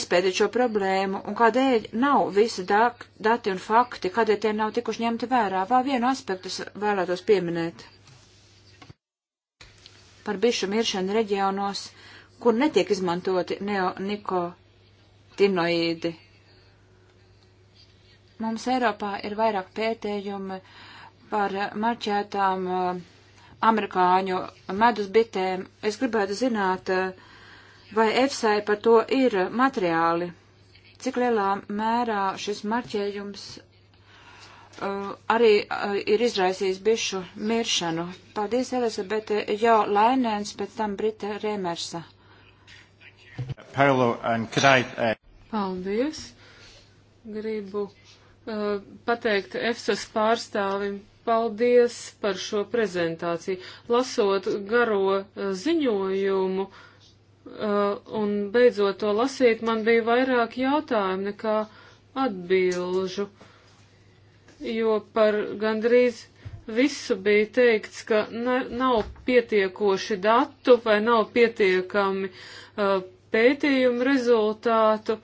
izpētīt šo problēmu, un kādēļ nav visi dati un fakti, kādēļ tie nav tikuši ņemti vērā. Vēl vienu aspektu es vēlētos pieminēt par bišu miršanu reģionos. Uh, kur netiek izmantoti neonikotinoīdi. Mums Eiropā ir vairāk pētējumi par marķētām eh, amerikāņu medus bitēm. Es gribētu zināt, eh, vai EFSAI par to ir materiāli, cik lielā mērā šis marķējums Uh, arī uh, ir izraisījis bišu miršanu. Paldies, Elizabete, jo Lainēns pēc tam Brita Remersa. Paolo, and could I... Uh... Paldies. Gribu uh, pateikt EFSAS pārstāvim paldies par šo prezentāciju. Lasot garo uh, ziņojumu uh, un beidzot to lasīt, man bija vairāk jautājumu nekā atbilžu, jo par gandrīz visu bija teikts, ka ne, nav pietiekoši datu vai nav pietiekami uh, pētījumu rezultātu.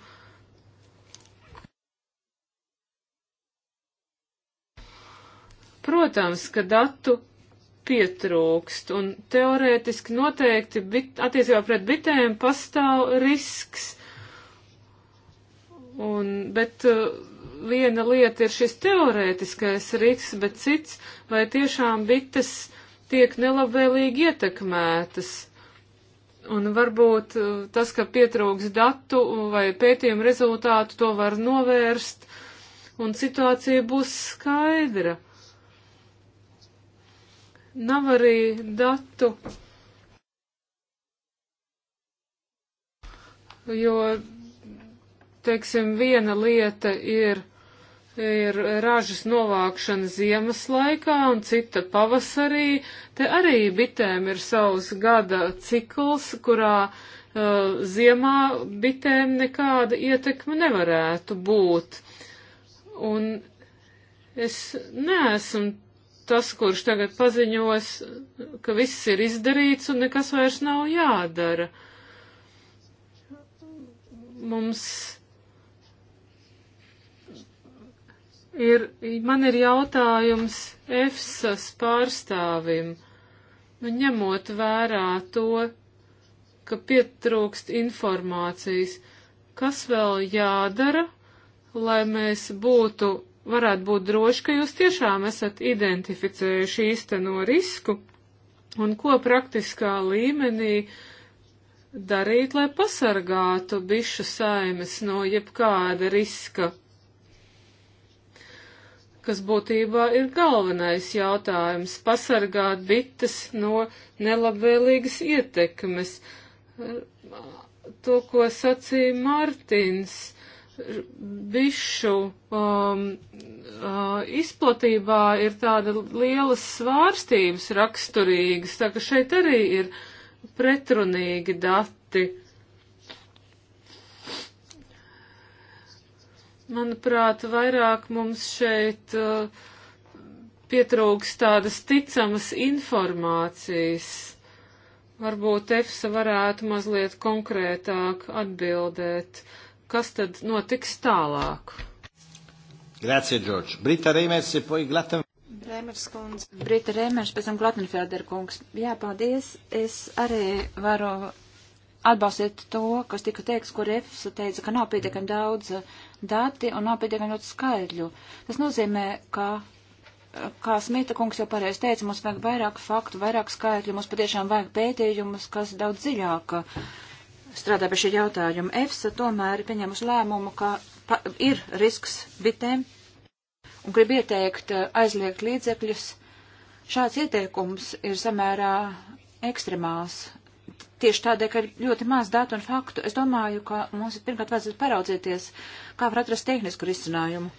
Protams, ka datu pietrūkst, un teorētiski noteikti bit, attiecībā pret bitēm pastāv risks. Un, bet uh, viena lieta ir šis teorētiskais risks, bet cits, vai tiešām bites tiek nelabvēlīgi ietekmētas. Un varbūt uh, tas, ka pietrūks datu vai pētījumu rezultātu, to var novērst, un situācija būs skaidra. Nav arī datu, jo, teiksim, viena lieta ir ir ražas novākšana ziemas laikā un cita pavasarī. Te arī bitēm ir savs gada cikls, kurā uh, ziemā bitēm nekāda ietekme nevarētu būt. Un es neesmu tas, kurš tagad paziņos, ka viss ir izdarīts un nekas vairs nav jādara. Mums ir, man ir jautājums EFSAS pārstāvim, nu, ņemot vērā to, ka pietrūkst informācijas, kas vēl jādara, lai mēs būtu, varētu būt droši, ka jūs tiešām esat identificējuši īsteno risku un ko praktiskā līmenī darīt, lai pasargātu bišu saimes no jebkāda riska kas būtībā ir galvenais jautājums - pasargāt bites no nelabvēlīgas ietekmes. To, ko sacīja Mārtiņš, bišu um, uh, izplatībā ir tāda lielas svārstības raksturīgas, tā ka šeit arī ir pretrunīgi dati. Manuprāt, vairāk mums šeit uh, pietrūks tādas ticamas informācijas. Varbūt EFSA varētu mazliet konkrētāk atbildēt, kas tad notiks tālāk. Grazie, Džordž. Brita Reimers ir poi Glatam. Rēmers kundze, Brita Rēmers, pēc tam Glatnfelder kungs. Jā, paldies. Es arī varu atbalstīt to, kas tika teiks, kur Refs teica, ka nav pietiekami daudz eh, dati un nav pietiekami daudz skaidļu. Tas nozīmē, ka, eh, kā Smita kungs jau pareizi teica, mums vajag vairāk faktu, vairāk skaidļu, mums patiešām vajag pētījumus, kas daudz dziļāk eh, strādā pie šī jautājuma. EFSA tomēr ir pieņēmusi lēmumu, ka pa, ir risks bitēm un grib ieteikt aizliegt līdzekļus. Šāds ieteikums ir samērā ekstremāls tieši tādēļ, ka ir ļoti maz datu un faktu, es domāju, ka mums pirmkārt vajadzētu paraudzīties, kā var atrast tehnisku risinājumu.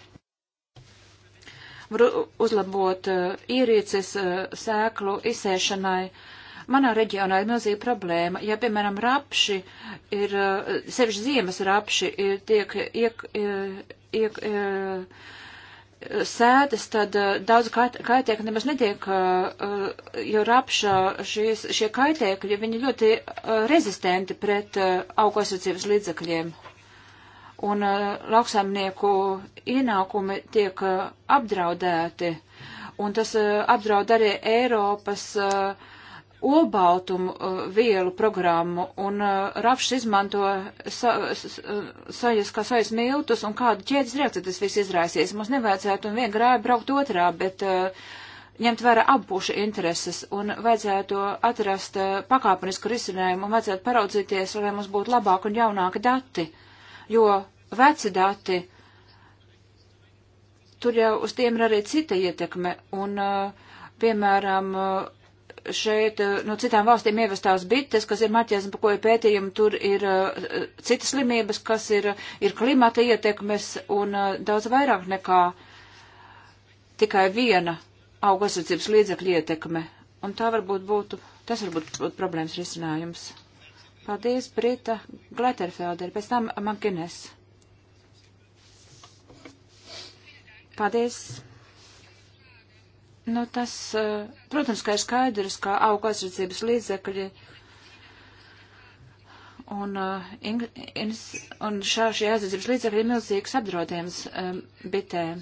Var uzlabot uh, ierīces uh, sēklu izsēšanai. Manā reģionā ir milzīga problēma. Ja, piemēram, rapši ir, uh, sevišķi ziemas rapši, ir, tiek iek, iek, iek, iek uh, sēdes, tad eh, daudz kait, kaitēkļu nemaz netiek, eh, eh, jo rapša šīs, šie kaitēkļi, viņi ļoti rezistenti pret augu aizsardzības līdzekļiem. Un lauksaimnieku ienākumi tiek apdraudēti. Un tas apdraud arī Eiropas uh, olbaltumu uh, vielu programmu un uh, rapšs izmanto sa, sa, sajas, uh, kā sajas miltus un kādu ķēdes reakciju tas viss izraisīs. Mums nevajadzētu un vien grābi braukt otrā, bet uh, ņemt vērā abušu intereses un vajadzētu atrast uh, pakāpenisku risinājumu un vajadzētu paraudzīties, lai mums būtu labāk un jaunāki dati, jo veci dati, tur jau uz tiem ir arī cita ietekme un, uh, piemēram, uh, šeit eh, no citām valstīm ievestās bites, kas ir maķēs, pa ko ir pētījumi, tur ir uh, citas slimības, kas ir, ir klimata ietekmes un uh, daudz vairāk nekā tikai viena auga aizsardzības līdzekļa ietekme. Un tā varbūt būtu, tas varbūt būtu problēmas risinājums. Paldies, Brita Gleterfelder, pēc tam Mankines. Paldies. Nu, tas, eh, protams, ka ir skaidrs, ka auga aizsardzības līdzekļi un, eh, un šā šie aizsardzības līdzekļi ir milzīgs apdraudējums um, bitēm.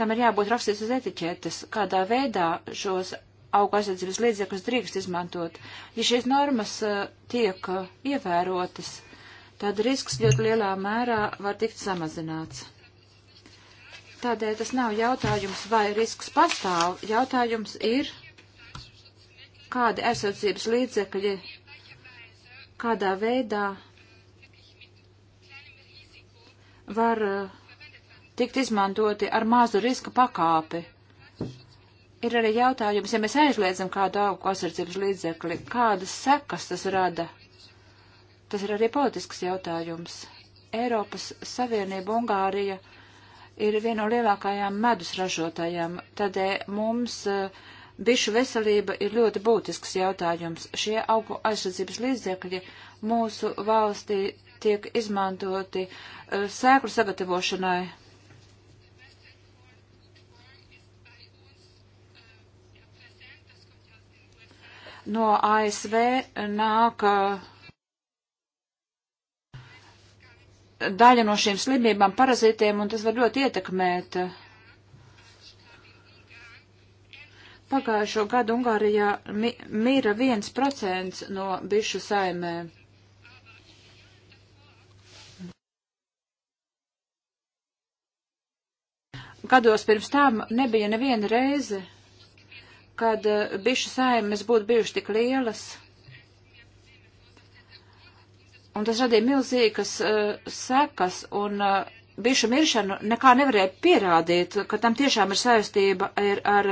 Tam ir jābūt rakstīts uz etiķetes, kādā veidā šos auga aizsardzības līdzekļus drīkst izmantot. Ja šīs normas uh, tiek uh, ievērotas, tad risks ļoti lielā mērā var tikt samazināts. Tādēļ tas nav jautājums, vai risks pastāv. Jautājums ir, kādi aizsardzības līdzekļi, kādā veidā var uh, tikt izmantoti ar mazu riska pakāpi. Ir arī jautājums, ja mēs aizliedzam kādu augu aizsardzības līdzekli, kādas sekas tas rada? Tas ir arī politisks jautājums. Eiropas Savienība Ungārija ir viena no lielākajām medus ražotājām, tādēļ eh, mums uh, bišu veselība ir ļoti būtisks jautājums. Šie augu aizsardzības līdzekļi mūsu valstī tiek izmantoti uh, sēklu sagatavošanai. No ASV nāk uh, daļa no šīm slimībām parazītiem, un tas var ļoti ietekmēt. Pagājušo gadu Ungārijā mi mīra viens procents no bišu saimē. Gados pirms tām nebija neviena reize, kad eh, bišu saimes būtu bijušas tik lielas Un tas radīja milzīgas uh, sekas, un uh, bišu miršanu nekā nevarēja pierādīt, ka tam tiešām ir saistība ir ar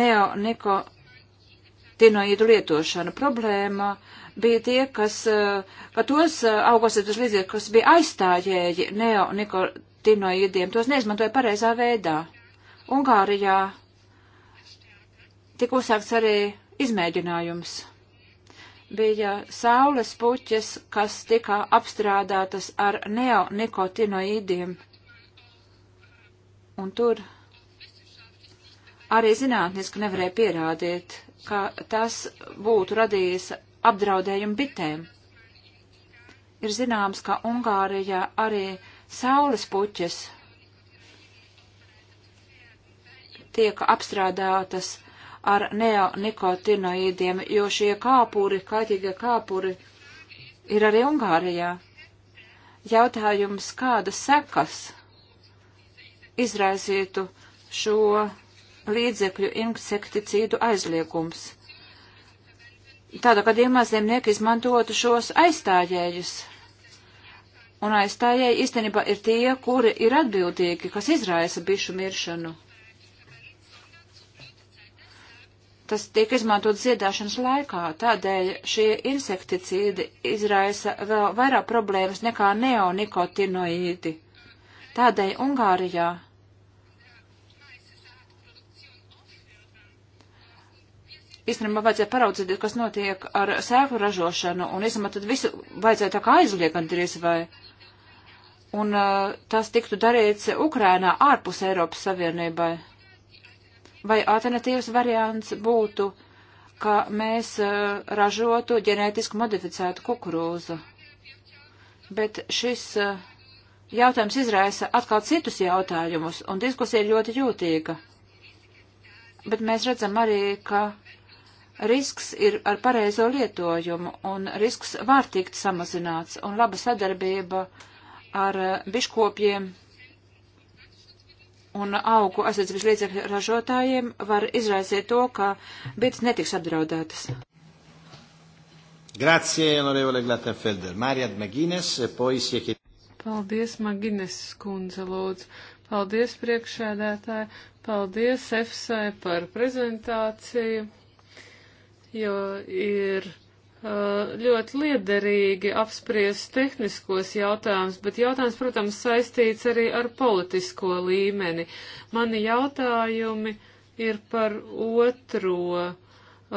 neonikotinoīdu lietošanu. Problēma bija tie, kas, uh, ka tos uh, augosietus līdzekļus, kas bija aizstājēji neonikotinoīdiem, tos neizmantoja pareizā veidā. Ungārijā tika uzsākts arī izmēģinājums bija saules puķes, kas tika apstrādātas ar neonikotinoīdiem. Un tur arī zinātniski nevarēja pierādīt, ka tas būtu radījis apdraudējumu bitēm. Ir zināms, ka Ungārijā arī saules puķes tiek apstrādātas ar neonikotinoīdiem, jo šie kāpuri, kaitīgie kāpuri, ir arī Ungārijā. Jautājums, kādas sekas izraisītu šo līdzekļu insekticīdu aizliegums? Tādā gadījumā zemnieki izmantotu šos aizstājējus. Un aizstājēji īstenībā ir tie, kuri ir atbildīgi, kas izraisa bišu miršanu. tas tiek izmantot ziedāšanas laikā, tādēļ šie insekticīdi izraisa vēl vairāk problēmas nekā neonikotinoīdi. Tādēļ Ungārijā īstenībā vajadzēja paraudzīties, kas notiek ar sēklu ražošanu, un īstenībā tad visu vajadzēja tā kā aizliegt gandrīz vai. Un uh, tas tiktu darīts Ukrainā ārpus Eiropas Savienībai. Vai alternatīvs variants būtu, ka mēs uh, ražotu ģenētiski modificētu kukurūzu? Bet šis uh, jautājums izraisa atkal citus jautājumus, un diskusija ir ļoti jūtīga. Bet mēs redzam arī, ka risks ir ar pareizo lietojumu, un risks var tikt samazināts, un laba sadarbība ar uh, biškopiem. Uh, un augu aizsardzības līdzekļu ražotājiem var izraisīt to, ka bites netiks apdraudētas. Grazie, onorevole Glattenfelder. Mariad Magines, e poi sieki. Paldies, Magines skundze, lūdzu. Paldies, priekšēdētāji. Paldies EFSA par prezentāciju, jo ir Eh, ļoti liederīgi apspriest tehniskos jautājumus, bet jautājums, protams, saistīts arī ar politisko līmeni. Mani jautājumi ir par otro uh,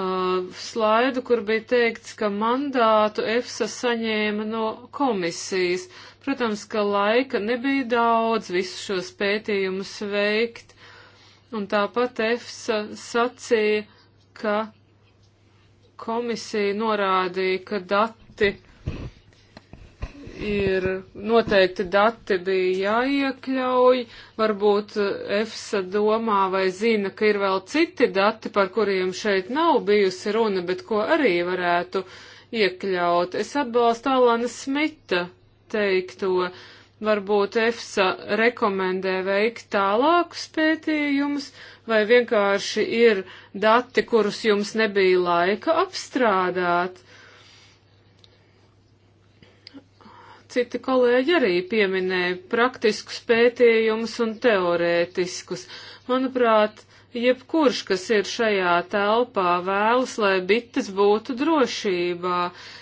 slaidu, kur bija teikts, ka mandātu EFSA saņēma no komisijas. Protams, ka laika nebija daudz visu šos pētījumus veikt, un tāpat EFSA sacīja, ka komisija norādīja, ka dati ir noteikti dati bija jāiekļauj, varbūt EFSA domā vai zina, ka ir vēl citi dati, par kuriem šeit nav bijusi runa, bet ko arī varētu iekļaut. Es atbalstu Alana Smita teikto, varbūt EFSA rekomendē veikt tālākus pētījumus, vai vienkārši ir dati, kurus jums nebija laika apstrādāt. Citi kolēģi arī pieminēja praktiskus pētījumus un teorētiskus. Manuprāt, jebkurš, kas ir šajā telpā, vēlas, lai bites būtu drošībā.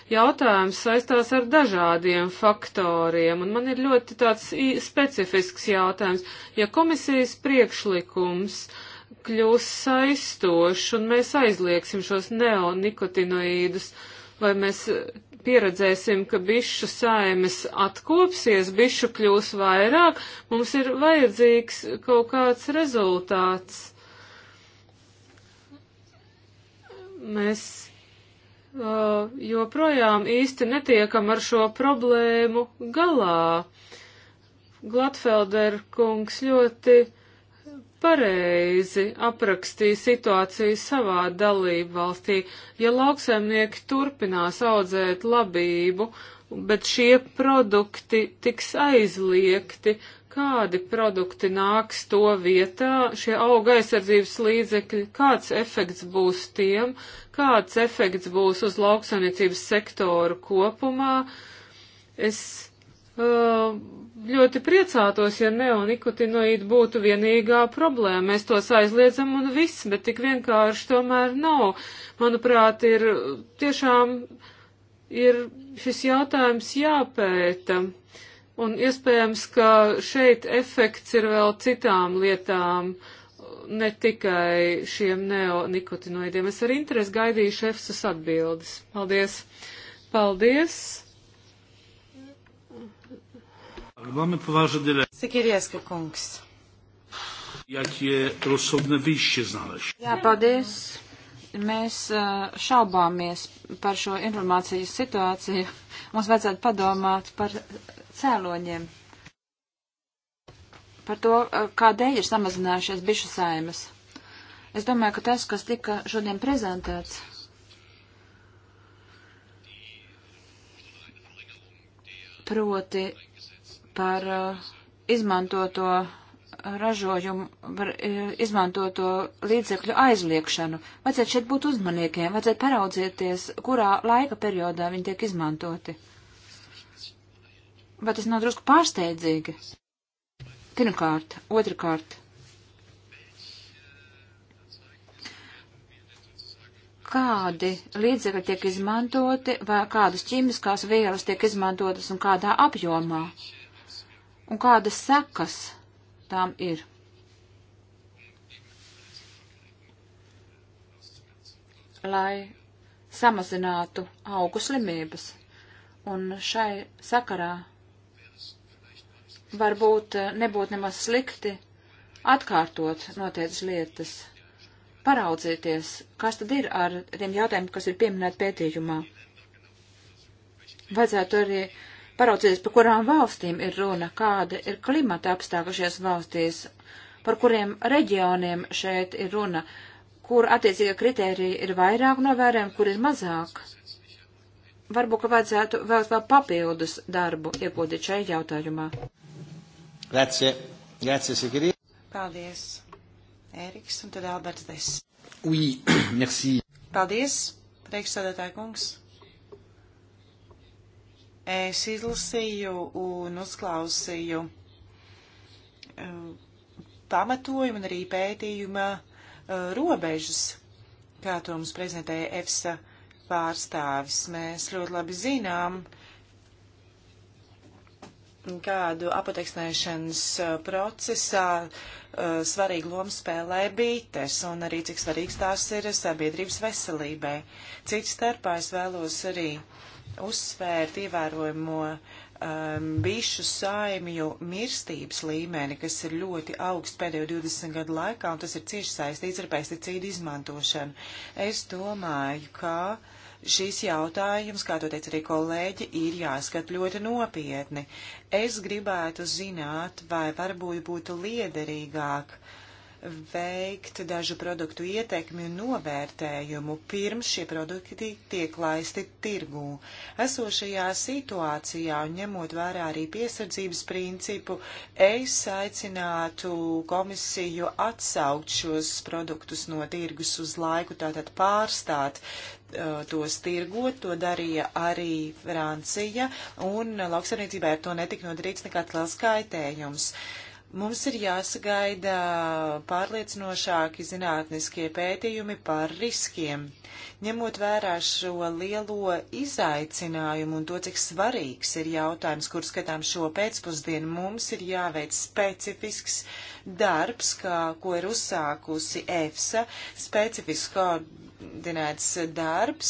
Jautājums saistās ar dažādiem faktoriem, un man ir ļoti tāds specifisks jautājums. Ja komisijas priekšlikums uh, kļūs saistošs un mēs aizliegsim šos neonikotinoīdus, vai mēs eh, pieredzēsim, ka bišu saimes atkopsies, bišu kļūs vairāk, mums ir vajadzīgs kaut kāds rezultāts. Mēs uh, joprojām īsti netiekam ar šo problēmu galā. Glatfelder kungs ļoti pareizi aprakstīja situāciju savā dalību valstī. Ja lauksaimnieki turpinās audzēt labību, bet šie produkti tiks aizliegti, kādi produkti nāks to vietā, šie auga aizsardzības līdzekļi, kāds efekts būs tiem, kāds efekts būs uz lauksaimniecības sektoru kopumā. Es Eh, ļoti priecātos, ja neonikotinoīdi būtu vienīgā problēma. Mēs tos aizliedzam un viss, bet tik vienkārši tomēr nav. Manuprāt, ir tiešām ir šis jautājums jāpēta. Un iespējams, ka šeit efekts ir vēl citām lietām, ne tikai šiem neonikotinoidiem. Es ar interesi gaidīju šefsus atbildes. Paldies! Paldies! Sikirieska kungs. Jakie rozsodne višķi znaleši? Jā, paldies. Mēs e, šaubāmies par šo informācijas situāciju. Mums vajadzētu padomāt par cēloņiem. Par to, e, kādēļ ir samazinājušies bišu saimas. Es domāju, ka tas, kas tika šodien prezentēts, proti par eh, izmantoto ražojumu, par eh, izmantoto līdzekļu aizliekšanu. Vajadzētu šeit būt uzmanīgiem, vajadzētu paraudzieties, kurā laika periodā viņi tiek izmantoti. Vai tas nav drusku pārsteidzīgi? Pirmkārt, otrkārt. Kādi līdzekļi tiek izmantoti, vai kādas ķīmiskās vielas tiek izmantotas un kādā apjomā? Uh, un kādas sekas tām ir. Lai samazinātu augu slimības, un šai sakarā varbūt nebūtu nemaz slikti atkārtot noteiktas lietas, paraudzīties, kas tad ir ar tiem jautājumiem, kas ir pieminēti pētījumā. Vajadzētu arī uh, paraudzīties, par kurām valstīm ir runa, kāda ir klimata apstākļi šajās valstīs, par kuriem reģioniem šeit ir runa, kur attiecīgie kritēriji ir vairāk novērojami, kur ir mazāk. Varbūt, ka vajadzētu vēl vēl papildus darbu iegūtīt šajā jautājumā. Grazie. Grazie, Sigrid. Paldies. Eriks un tad Alberts Des. Oui, merci. Paldies, priekšsēdētāja kungs. Es izlasīju un uzklausīju eh, pamatojumu un arī pētījuma eh, robežas, kā to mums prezentēja EFSA pārstāvis. Mēs ļoti labi zinām, kādu apateksnēšanas eh, procesā uh, svarīgu lomu spēlē bītes un arī cik svarīgs tās ir sabiedrības veselībai. Cits starpā es vēlos arī uh, uzsvērt ievērojamo um, bišu saimju mirstības līmeni, kas ir ļoti augsts pēdējo 20 gadu laikā, un tas ir cieši saistīts ar pesticīdu izmantošanu. Es domāju, ka šīs jautājums, kā to teica arī kolēģi, ir jāskat ļoti nopietni. Es gribētu zināt, vai varbūt būtu liederīgāk uh, veikt dažu produktu ietekmi un novērtējumu pirms šie produkti tiek laisti tirgū. Esošajā situācijā un ņemot vērā arī piesardzības principu, es aicinātu komisiju atsaukt šos produktus no tirgus uz laiku, tātad pārstāt uh, tos tirgot, to darīja arī Francija, un lauksaimniecībā ar to netika nodarīts nekāds liels kaitējums. Uh, Mums ir jāsagaida pārliecinošāki zinātniskie pētījumi par riskiem, ņemot vērā šo lielo izaicinājumu un to, cik svarīgs ir jautājums, kur skatām šo pēcpusdienu. Mums ir jāveic specifisks darbs, kā, ko ir uzsākusi EFSA, specifisks koordinācijas koordinēts darbs,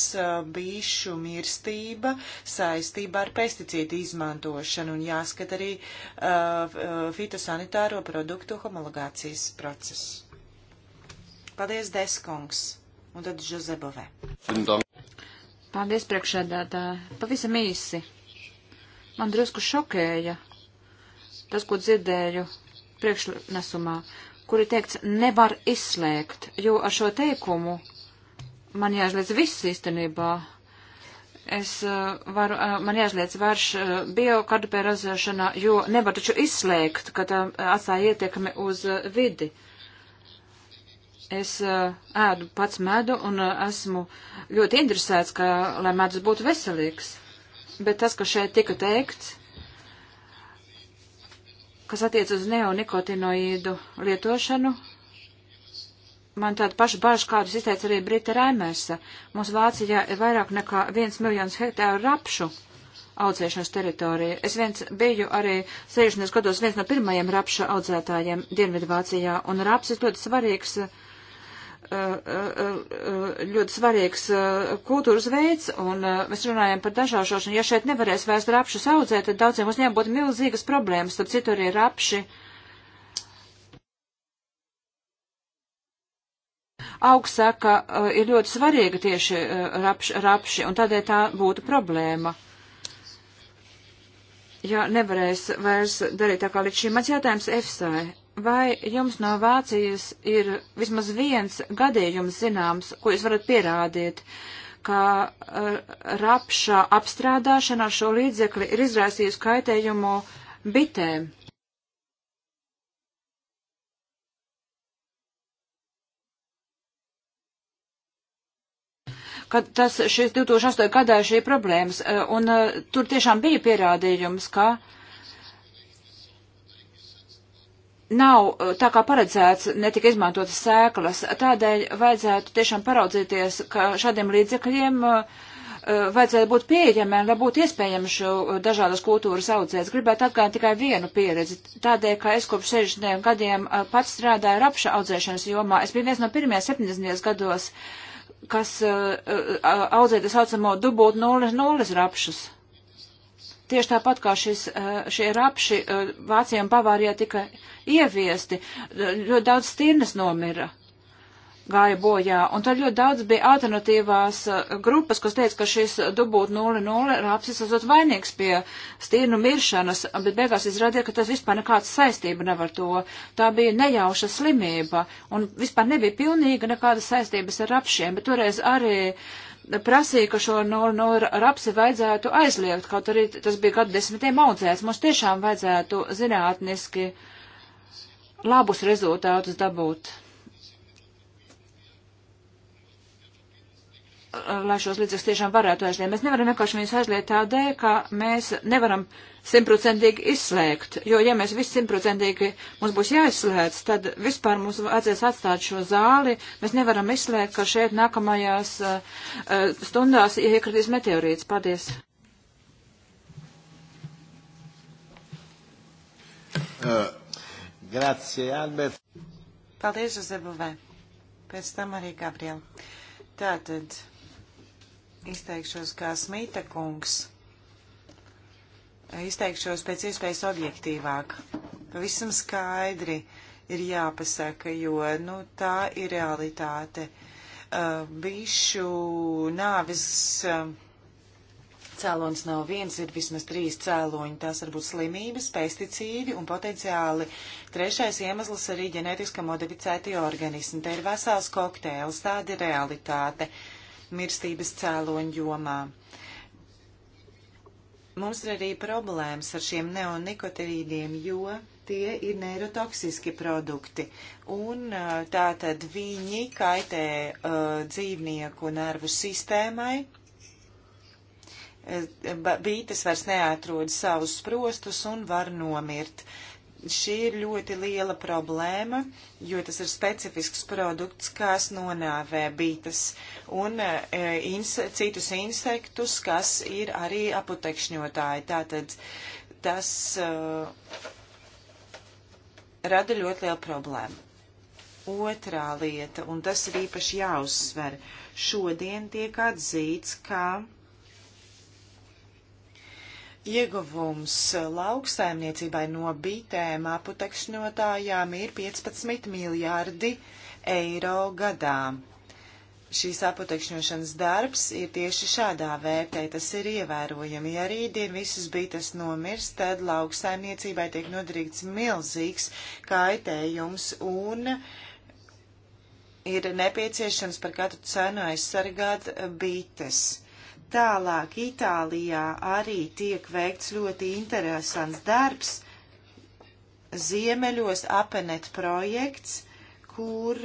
bīšu mirstība saistībā ar pesticīdu izmantošanu un jāskat arī uh, fitosanitāro produktu homologācijas procesu. Paldies, Deskungs, un tad Žozebove. Paldies, priekšēdētāji. Pavisam īsi. Man drusku šokēja tas, ko dzirdēju priekšnesumā, kuri teikts nevar izslēgt, jo ar šo teikumu man jāizliedz viss īstenībā. Es uh, varu, uh, man jāizliedz vairs uh, biokardupē ražošanā, jo nevar taču izslēgt, ka tā uh, atstāja ietekmi uz uh, vidi. Es uh, ēdu pats medu un uh, esmu ļoti interesēts, ka, lai medus būtu veselīgs. Bet tas, kas šeit tika teikts, kas attiec uz neonikotinoīdu lietošanu, Man tāda paša bažas, kādus izteica arī Brita Raimērsa. Mums Vācijā ir vairāk nekā viens miljons hektāru rapšu audzēšanas teritorija. Es viens biju arī 60. gados viens no pirmajiem rapša audzētājiem Dienvidvācijā, un raps ir ļoti svarīgs uh, uh, uh, ļoti svarīgs kultūras veids, un mēs runājam par dažāšošanu. Ja šeit nevarēs vairs rapšus audzēt, tad daudziem uzņēmumiem būtu milzīgas problēmas, tad citur ir rapši. Uh, augsaka eh, ir ļoti svarīga tieši eh, rapš, rapši, un tādēļ tā būtu problēma. Ja nevarēs vairs darīt tā kā līdz šim, mans jautājums EFSAI. Vai jums no Vācijas ir vismaz viens gadījums zināms, ko jūs varat pierādīt? ka eh, rapša apstrādāšana ar šo līdzekli ir izraisījusi kaitējumu bitēm. kad tas šis 2008. gadā šī problēmas, e, un e, tur tiešām bija pierādījums, ka nav e, tā kā paredzēts, netika izmantotas sēklas. Tādēļ vajadzētu tiešām paraudzīties, ka šādiem līdzekļiem vajadzētu būt pieejamiem, lai būtu iespējams šo dažādas kultūras audzēt. Gribētu atgādināt tikai vienu pieredzi. Tādēļ, ka es kopš 60 gadiem pats strādāju rapša audzēšanas jomā, es biju viens no pirmajiem 70 gados kas uh, uh, audzē tā saucamo dubult nulles, nulles rapšus. Tieši tāpat kā šis, uh, šie rapši Vācijām Bavārijā tika ieviesti, ļoti daudz stirnas nomira gāja bojā. Un tad ļoti daudz bija alternatīvās uh, grupas, kas teica, ka šis dubūt 0-0 rapsis esot vainīgs pie stīnu miršanas, bet beigās izrādīja, ka tas vispār nekāds saistība nav ar to. Tā bija nejauša slimība un vispār nebija pilnīga nekāda saistības ar rapšiem, bet toreiz arī prasīja, ka šo no, no rapsi vajadzētu aizliegt, kaut arī tas bija gadu desmitiem audzēts. Mums tiešām vajadzētu zinātniski labus rezultātus dabūt. lai šos līdzekļus tiešām varētu aizliegt. Mēs nevaram vienkārši viņus aizliegt tādēļ, ka mēs nevaram simtprocentīgi izslēgt, jo ja mēs viss simtprocentīgi mums būs jāizslēdz, tad vispār mums vajadzēs atstāt šo zāli. Mēs nevaram izslēgt, ka šeit nākamajās uh, uh stundās iekritīs meteorīts. Paldies! Uh, grazie, Albert. Paldies, Uzebuvē. Pēc tam arī Gabriela. Tātad izteikšos kā Smita kungs. Izteikšos pēc iespējas objektīvāk. Pavisam skaidri ir jāpasaka, jo nu, tā ir realitāte. Uh, bišu nāvis uh, um, cēlonis nav viens, ir vismaz trīs cēloņi. Tās var būt slimības, pesticīdi un potenciāli trešais iemesls arī ģenētiski modificēti organismi. Te ir vesels kokteils, tāda ir realitāte. Uh, mirstības cēloņu jomā. Mums ir arī problēmas ar šiem neonikotīdiem, jo tie ir neirotoksiski produkti. Un tā tad viņi kaitē uh, dzīvnieku nervu sistēmai. Bītes vairs neatrod savus sprostus un var nomirt. Uh, Šī ir ļoti liela problēma, jo tas ir specifisks produkts, kas nonāvē bītas un e, inse, citus insektus, kas ir arī aputekšņotāji. Tātad tas e, rada ļoti lielu problēmu. Otrā lieta, un tas ir īpaši jāuzsver, šodien tiek atzīts, ka Ieguvums lauksaimniecībai no bitēm aputekšņotājām ir 15 miljārdi eiro gadā. Šīs aputekšņošanas darbs ir tieši šādā vērtē, tas ir ievērojami. Ja rītdien visas bites nomirs, tad lauksaimniecībai tiek nodarīts milzīgs kaitējums un ir nepieciešams par katru cenu aizsargāt bites Tālāk Itālijā arī tiek veikts ļoti interesants darbs. Ziemeļos apenet projekts, kur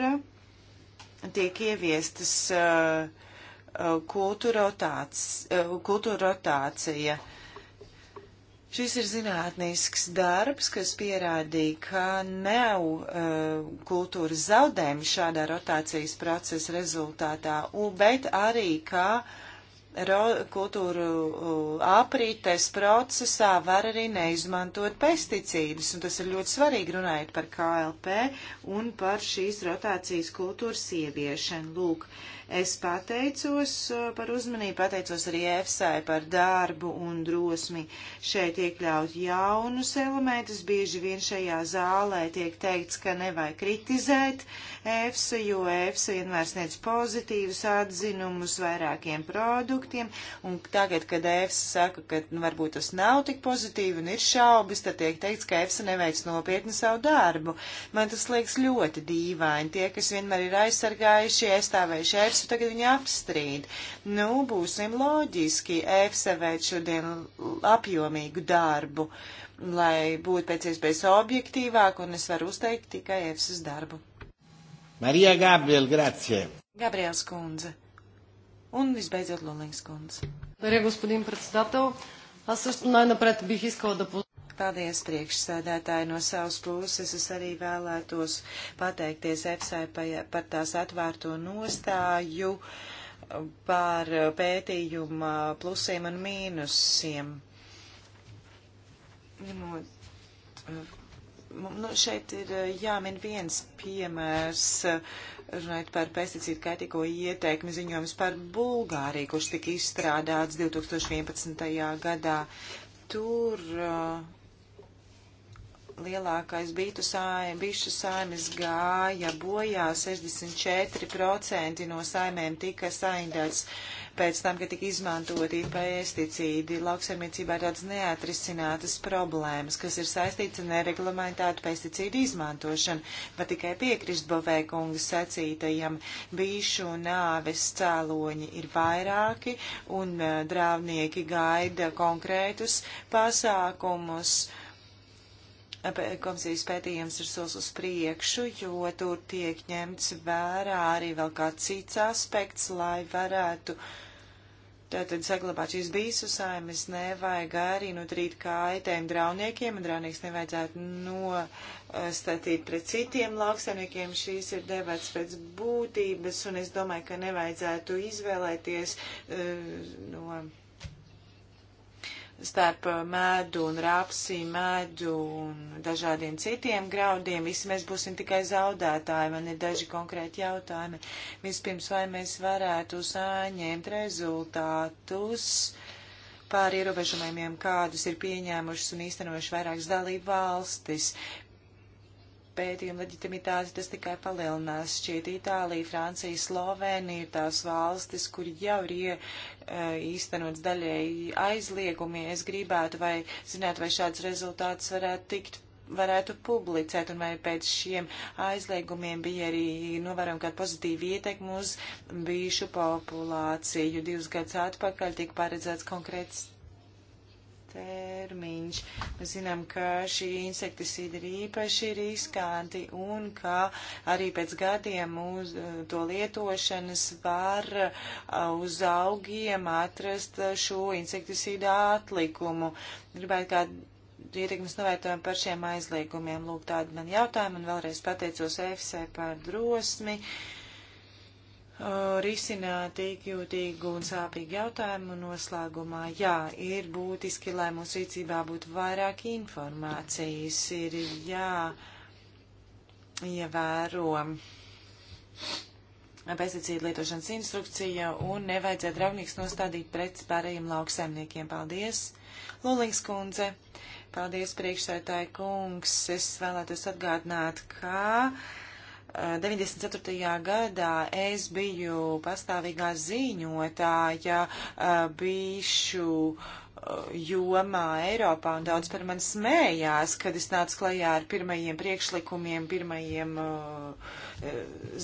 tiek ieviestas uh, uh kultūra uh, rotācija. Šis ir zinātnisks darbs, kas pierādīja, ka nav uh, kultūras zaudējumi šādā rotācijas procesa rezultātā, bet arī, ka uh, kultūru aprītes procesā var arī neizmantot pesticīdus, un tas ir ļoti svarīgi runājot par KLP un par šīs rotācijas kultūras ieviešanu. Lūk, Es pateicos uh, par uzmanību, pateicos arī EFSAI par darbu un drosmi šeit iekļaut jaunus elementus. Bieži vien šajā zālē tiek teikts, ka nevajag kritizēt EFSA, jo EFSA vienmēr sniedz pozitīvus atzinumus vairākiem produktiem. Un tagad, kad EFSA saka, ka nu, varbūt tas nav tik pozitīvi un ir šaubas, tad tiek teikts, ka EFSA neveic nopietni savu darbu. Man tas liekas ļoti dīvaini. Tie, kas vienmēr ir aizsargājuši, aizstāvējuši EFSA, EFSU, tagad viņi apstrīd. Nu, būsim loģiski, EFSA veic šodien apjomīgu darbu, lai būtu pēc iespējas objektīvāk, un es varu uzteikt tikai EFSAs darbu. Marija Gabriel, grazie. Gabriels kundze. Un visbeidzot Lulings kundze. Благодаря, господин председател. Аз също най-напред бих искала да Paldies, priekšsēdētāji, no savas puses es arī vēlētos pateikties EFSAI par tās atvērto nostāju, par pētījuma plusiem un mīnusiem. Ņemot, nu, šeit ir eh, jāmin viens piemērs, eh, runājot par pesticīdu kaitīgo ieteikumu ziņojums par Bulgāriju, kurš tika izstrādāts 2011. gadā. Tur uh, lielākais bītu saim, bišu saimes gāja bojā, 64% no saimēm tika saindēts pēc tam, kad tika izmantoti pesticīdi. Lauksaimniecībā tāds neatrisinātas problēmas, kas ir saistīts ar nereglamentētu pesticīdu izmantošanu, bet tikai piekrist Bovēkunga sacītajam bīšu nāves cēloņi ir vairāki un eh, drāvnieki gaida konkrētus pasākumus. Uh, komisijas pētījums ir solis uz priekšu, jo tur tiek ņemts vērā arī vēl kāds cits aspekts, lai varētu tātad saglabāt šīs bīsusaimes, nevajag arī notrīt kaitēm draudniekiem, un draudnieks nevajadzētu nostatīt pret citiem lauksaimniekiem. Šīs ir debats pēc būtības, un es domāju, ka nevajadzētu izvēlēties uh, no starp eh, medu un rapsi, medu un dažādiem citiem graudiem. Visi mēs būsim tikai zaudētāji. Man ir daži konkrēti jautājumi. Vispirms, vai mēs varētu saņemt rezultātus pār ierobežojumiem, kādus ir pieņēmušas un īstenojuši vairākas dalību valstis pētījuma leģitimitāti tas tikai palielinās. Šķiet, Itālija, Francija, Slovenija ir tās valstis, kur jau ir ie, e, īstenots daļēji aizliegumi. Es gribētu vai zināt, vai šāds rezultāts varētu tikt varētu publicēt, un vai pēc šiem aizliegumiem bija arī novērojama kāda pozitīva ietekma uz bišu populāciju. Divus gadus atpakaļ tika paredzēts konkrēts termiņš. Mēs zinām, ka šī insekticīda ir īpaši riskanti un ka arī pēc gadiem uz eh, to lietošanas var eh, uz augiem atrast šo insekticīdu atlikumu. Gribētu kā ietekmes novērtējumu par šiem aizliegumiem. Lūk, tādi man jautājumi un vēlreiz pateicos EFSA par drosmi. Uh, Uh, risināt tik jūtīgu un sāpīgu jautājumu noslēgumā. Jā, ir būtiski, lai mūsu rīcībā būtu vairāk informācijas, ir jāievēro ja pesticīdu lietošanas instrukcija un nevajadzētu draudnīgs nostādīt pret pārējiem lauksaimniekiem. Paldies, Lulīgs kundze! Paldies, priekšsētāji kungs! Es vēlētos atgādināt, ka. Kā... 94. gadā es biju pastāvīgā ziņotāja bišu uh, jomā Eiropā, un daudz par mani smējās, kad es nācu klajā ar pirmajiem priekšlikumiem, pirmajiem uh, e,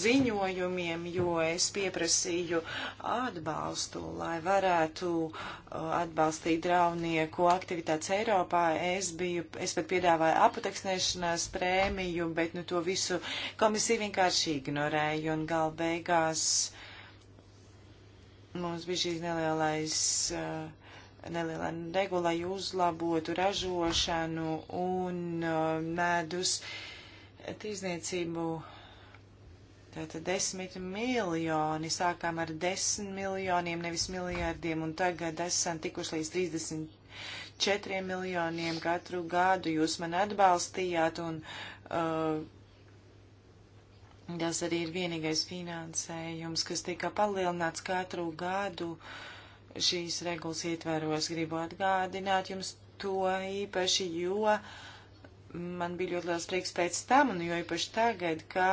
ziņojumiem, jo es pieprasīju atbalstu, lai varētu uh, atbalstīt draudnieku aktivitātes Eiropā. Es, biju, es pat piedāvāju apateksnēšanās prēmiju, bet nu, to visu komisija vienkārši ignorēja un galbeigās mums bija šīs nelielais. Uh, nelielā regulā uzlabotu ražošanu un um, medus tīzniecību. Tātad desmit miljoni, sākām ar desmit miljoniem, nevis miljārdiem, un tagad esam tikuši līdz 34 miljoniem katru gadu. Jūs man atbalstījāt, un uh, tas arī ir vienīgais finansējums, kas tika palielināts katru gadu. Uh, šīs regulas ietvaros. Gribu atgādināt jums to īpaši, jo man bija ļoti liels prieks pēc tam, un jo īpaši tagad, ka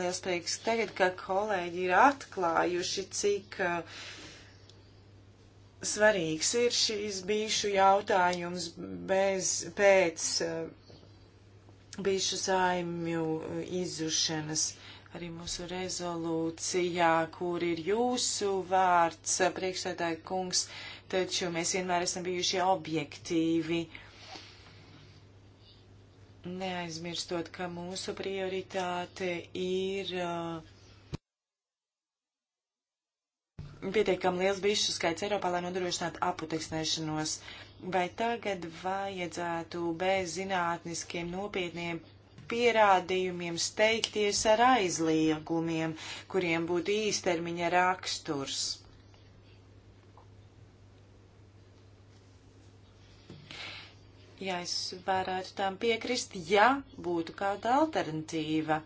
liels prieks tagad, ka kolēģi ir atklājuši, cik uh, svarīgs ir šīs bijušu jautājums bez, pēc uh, bijušu saimju uh, izušanas. Uh, arī mūsu rezolūcijā, kur ir jūsu vārds, priekšsēdāja kungs, taču mēs vienmēr esam bijuši objektīvi. Neaizmirstot, ka mūsu prioritāte ir uh, pietiekami liels bišu skaits Eiropā, lai nodrošinātu aputeksnēšanos. Vai tagad vajadzētu bez zinātniskiem nopietniem pierādījumiem steigties ar aizliegumiem, kuriem būtu īstermiņa raksturs. Ja es varētu tam piekrist, ja būtu kāda alternatīva,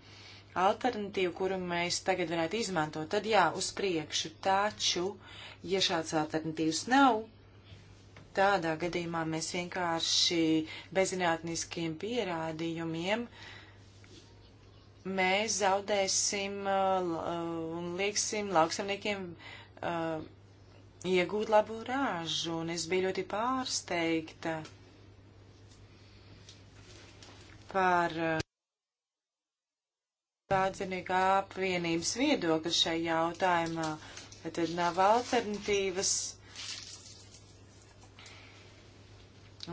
alternatīva, kuru mēs tagad varētu izmantot, tad jā, uz priekšu, taču, ja šāds alternatīvs nav, tādā gadījumā mēs vienkārši bezinātniskiem pierādījumiem uh, mēs zaudēsim uh, un lieksim lauksamniekiem uh, iegūt labu rāžu, un es biju ļoti pārsteigta par pārdzīvnieku uh, apvienības viedokli šai jautājumā, bet tad nav alternatīvas.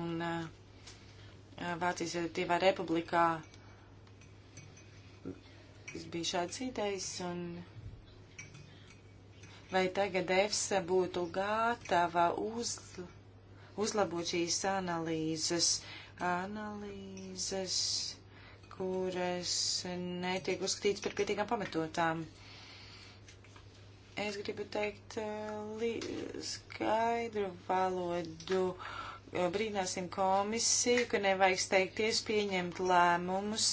Un uh, Vācijas Tīvā republikā kas bija šāds idejas. Un vai tagad EFSA būtu gatava uz, uzlabot šīs analīzes, analīzes, kuras netiek uzskatītas par pietiekām pamatotām? es gribu teikt eh, skaidru valodu. Brīnāsim komisiju, ka nevajag steigties pieņemt lēmumus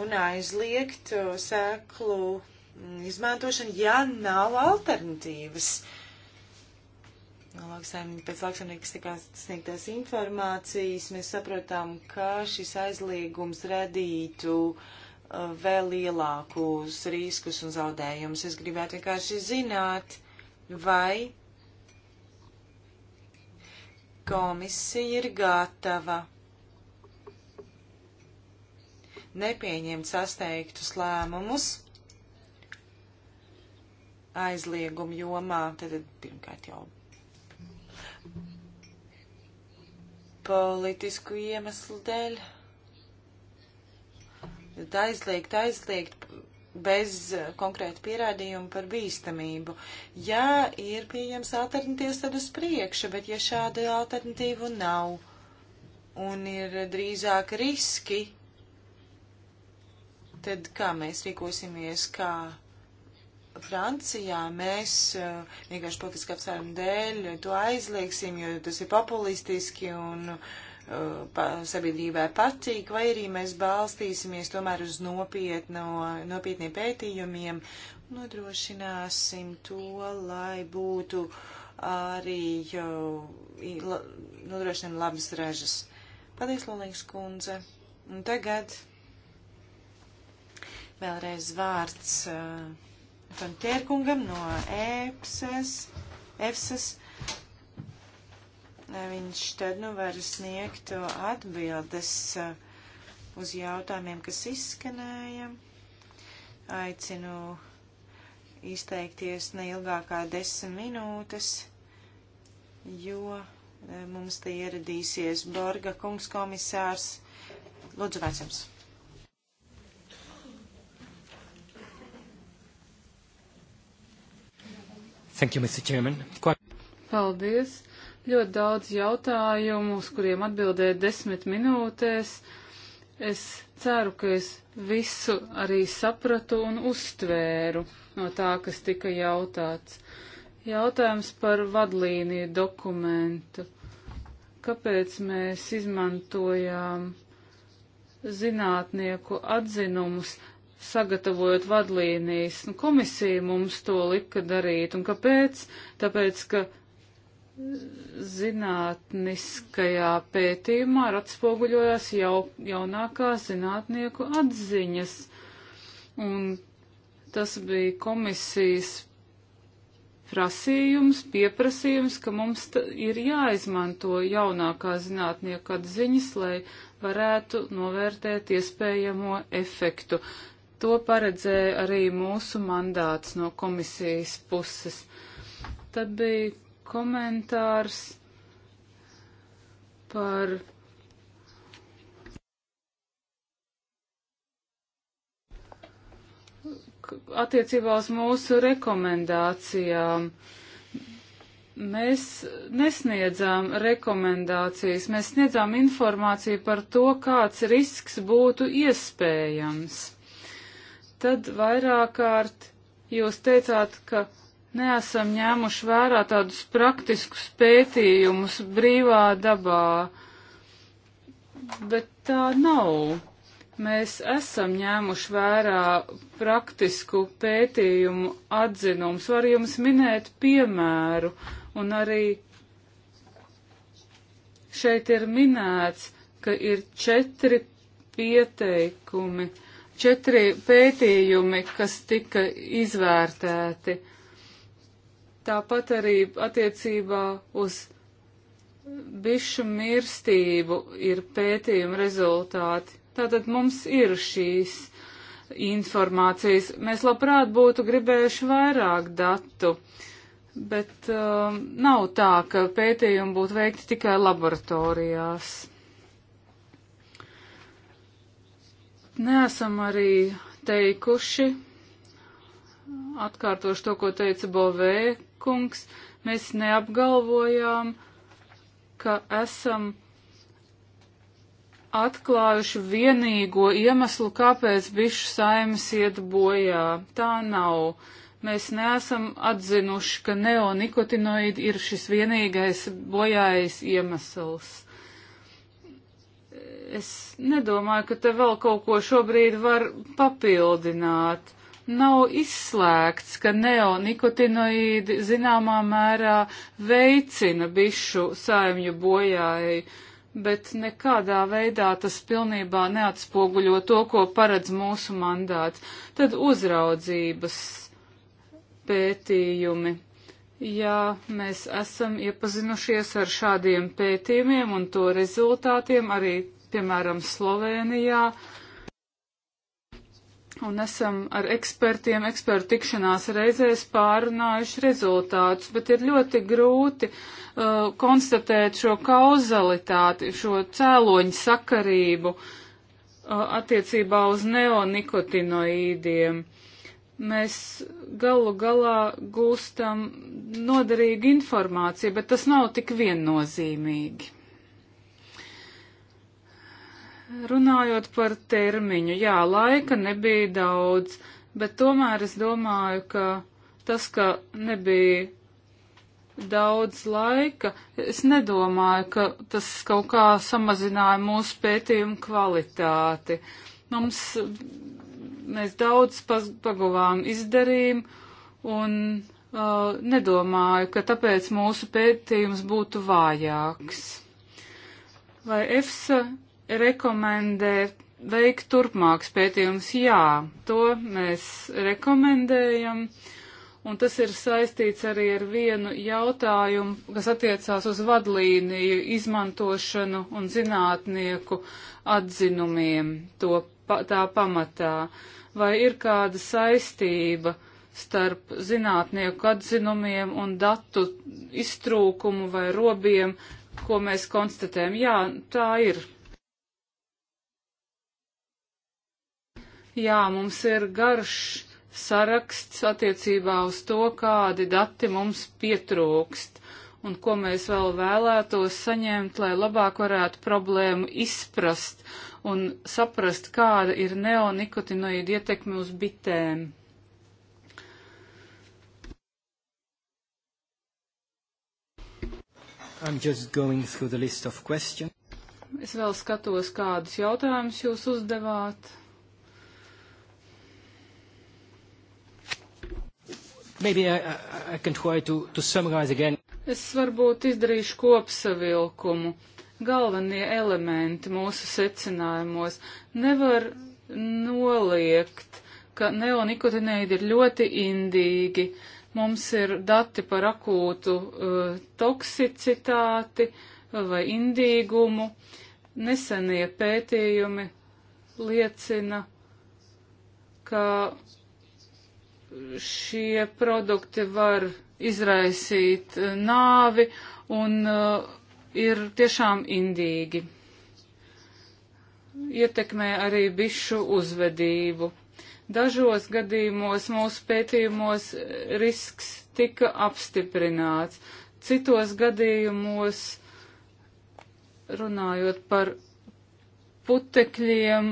un aizliegt uh, sēklu mm, izmantošanu, ja nav alternatīvas. Lauksaim, pēc lauksaimniekas tikā sniegtās informācijas mēs saprotam, ka šis aizliegums radītu uh, vēl lielākus riskus un zaudējumus. Es gribētu vienkārši zināt, vai komisija ir gatava nepieņemt sasteigtus lēmumus aizliegumu jomā. Tad pirmkārt jau politisku iemeslu dēļ. Tad aizliegt, aizliegt bez konkrēta pierādījuma par bīstamību. Ja ir pieejams alternatīvas, tad uz priekšu, bet ja šāda alternatīva nav un ir drīzāk riski, tad kā mēs rīkosimies, kā Francijā mēs uh, vienkārši politiski apsvērumu dēļ to aizliegsim, jo tas ir populistiski un uh, pa, sabiedrībai patīk, vai arī mēs balstīsimies tomēr uz nopietno, nopietniem pētījumiem, nodrošināsim to, lai būtu arī jau uh, nodrošinām labas ražas. Paldies, Lolīgs kundze. Un tagad Vēlreiz vārds Fantērkungam eh, no EPSES. EPSES. Eh, viņš tad nu var sniegt atbildes eh, uz jautājumiem, kas izskanēja. Aicinu izteikties neilgākā desmit minūtes, jo mums te ieradīsies Borga kungs komisārs. Lūdzu, vecums. Thank you, Mr. Chairman. Paldies. Ļoti daudz jautājumu, uz kuriem atbildēja desmit minūtēs. Es ceru, ka es visu arī sapratu un uztvēru no tā, kas tika jautāts. Jautājums par vadlīniju dokumentu. Kāpēc mēs izmantojām zinātnieku atzinumus? sagatavojot vadlīnijas. Nu, komisija mums to lika darīt. Un kāpēc? Tāpēc, ka zinātniskajā pētījumā ir atspoguļojās jau, jaunākās zinātnieku atziņas. Un tas bija komisijas prasījums, pieprasījums, ka mums ir jāizmanto jaunākās zinātnieku atziņas, lai varētu novērtēt iespējamo efektu. To paredzēja arī mūsu mandāts no komisijas puses. Tad bija komentārs par. attiecībā uz mūsu rekomendācijām. Mēs nesniedzām rekomendācijas, mēs sniedzām informāciju par to, kāds risks būtu iespējams. Tad vairāk kārt jūs teicāt, ka neesam ņēmuši vērā tādus praktiskus pētījumus brīvā dabā, bet tā nav. Mēs esam ņēmuši vērā praktisku pētījumu atzinums. Var jums minēt piemēru, un arī šeit ir minēts, ka ir četri pieteikumi četri pētījumi, kas tika izvērtēti. Tāpat arī attiecībā uz bišu mirstību ir pētījuma rezultāti. Tātad mums ir šīs informācijas. Mēs labprāt būtu gribējuši vairāk datu, bet um, nav tā, ka pētījumi būtu veikti tikai laboratorijās. Neesam arī teikuši, atkārtošu to, ko teica Bovē kungs, mēs neapgalvojām, ka esam atklājuši vienīgo iemeslu, kāpēc bišu saimas iet bojā. Tā nav. Mēs neesam atzinuši, ka neonikotinoidi ir šis vienīgais bojājais iemesls. Es nedomāju, ka te vēl kaut ko šobrīd var papildināt. Nav izslēgts, ka neonikotinoīdi zināmā mērā veicina bišu saimju bojāju, bet nekādā veidā tas pilnībā neatspoguļo to, ko paredz mūsu mandāts. Tad uzraudzības pētījumi. Jā, mēs esam iepazinušies ar šādiem pētījumiem un to rezultātiem arī piemēram, Slovenijā. Un esam ar ekspertiem, ekspertu tikšanās reizēs pārunājuši rezultātus, bet ir ļoti grūti uh, konstatēt šo kauzalitāti, šo cēloņu sakarību uh, attiecībā uz neonikotinoīdiem mēs galu galā gūstam noderīgu informāciju, bet tas nav tik viennozīmīgi. Runājot par termiņu, jā, laika nebija daudz, bet tomēr es domāju, ka tas, ka nebija daudz laika, es nedomāju, ka tas kaut kā samazināja mūsu pētījumu kvalitāti. Mums, mēs daudz paguvām izdarījām un uh, nedomāju, ka tāpēc mūsu pētījums būtu vājāks. Vai EFSA rekomendē veikt turpmāks pētījums. Jā, to mēs rekomendējam. Un tas ir saistīts arī ar vienu jautājumu, kas attiecās uz vadlīniju izmantošanu un zinātnieku atzinumiem to, pa, tā pamatā. Vai ir kāda saistība starp zinātnieku atzinumiem un datu iztrūkumu vai robiem, ko mēs konstatējam? Jā, tā ir Jā, mums ir garš saraksts attiecībā uz to, kādi dati mums pietrūkst un ko mēs vēl vēlētos saņemt, lai labāk varētu problēmu izprast un saprast, kāda ir neonikotinoīda ietekme uz bitēm. Es vēl skatos, kādus jautājumus jūs uzdevāt. Maybe I, I can try to, to summarize again. Es varbūt izdarīšu kopsavilkumu. Galvenie elementi mūsu secinājumos nevar noliegt, ka neonikotinēidi ir ļoti indīgi. Mums ir dati par akūtu uh, toksicitāti vai indīgumu. Nesenie pētījumi liecina, ka šie produkti var izraisīt eh, nāvi un uh, ir tiešām indīgi. Ietekmē arī bišu uzvedību. Dažos gadījumos mūsu pētījumos eh, risks tika apstiprināts, citos gadījumos runājot par putekļiem,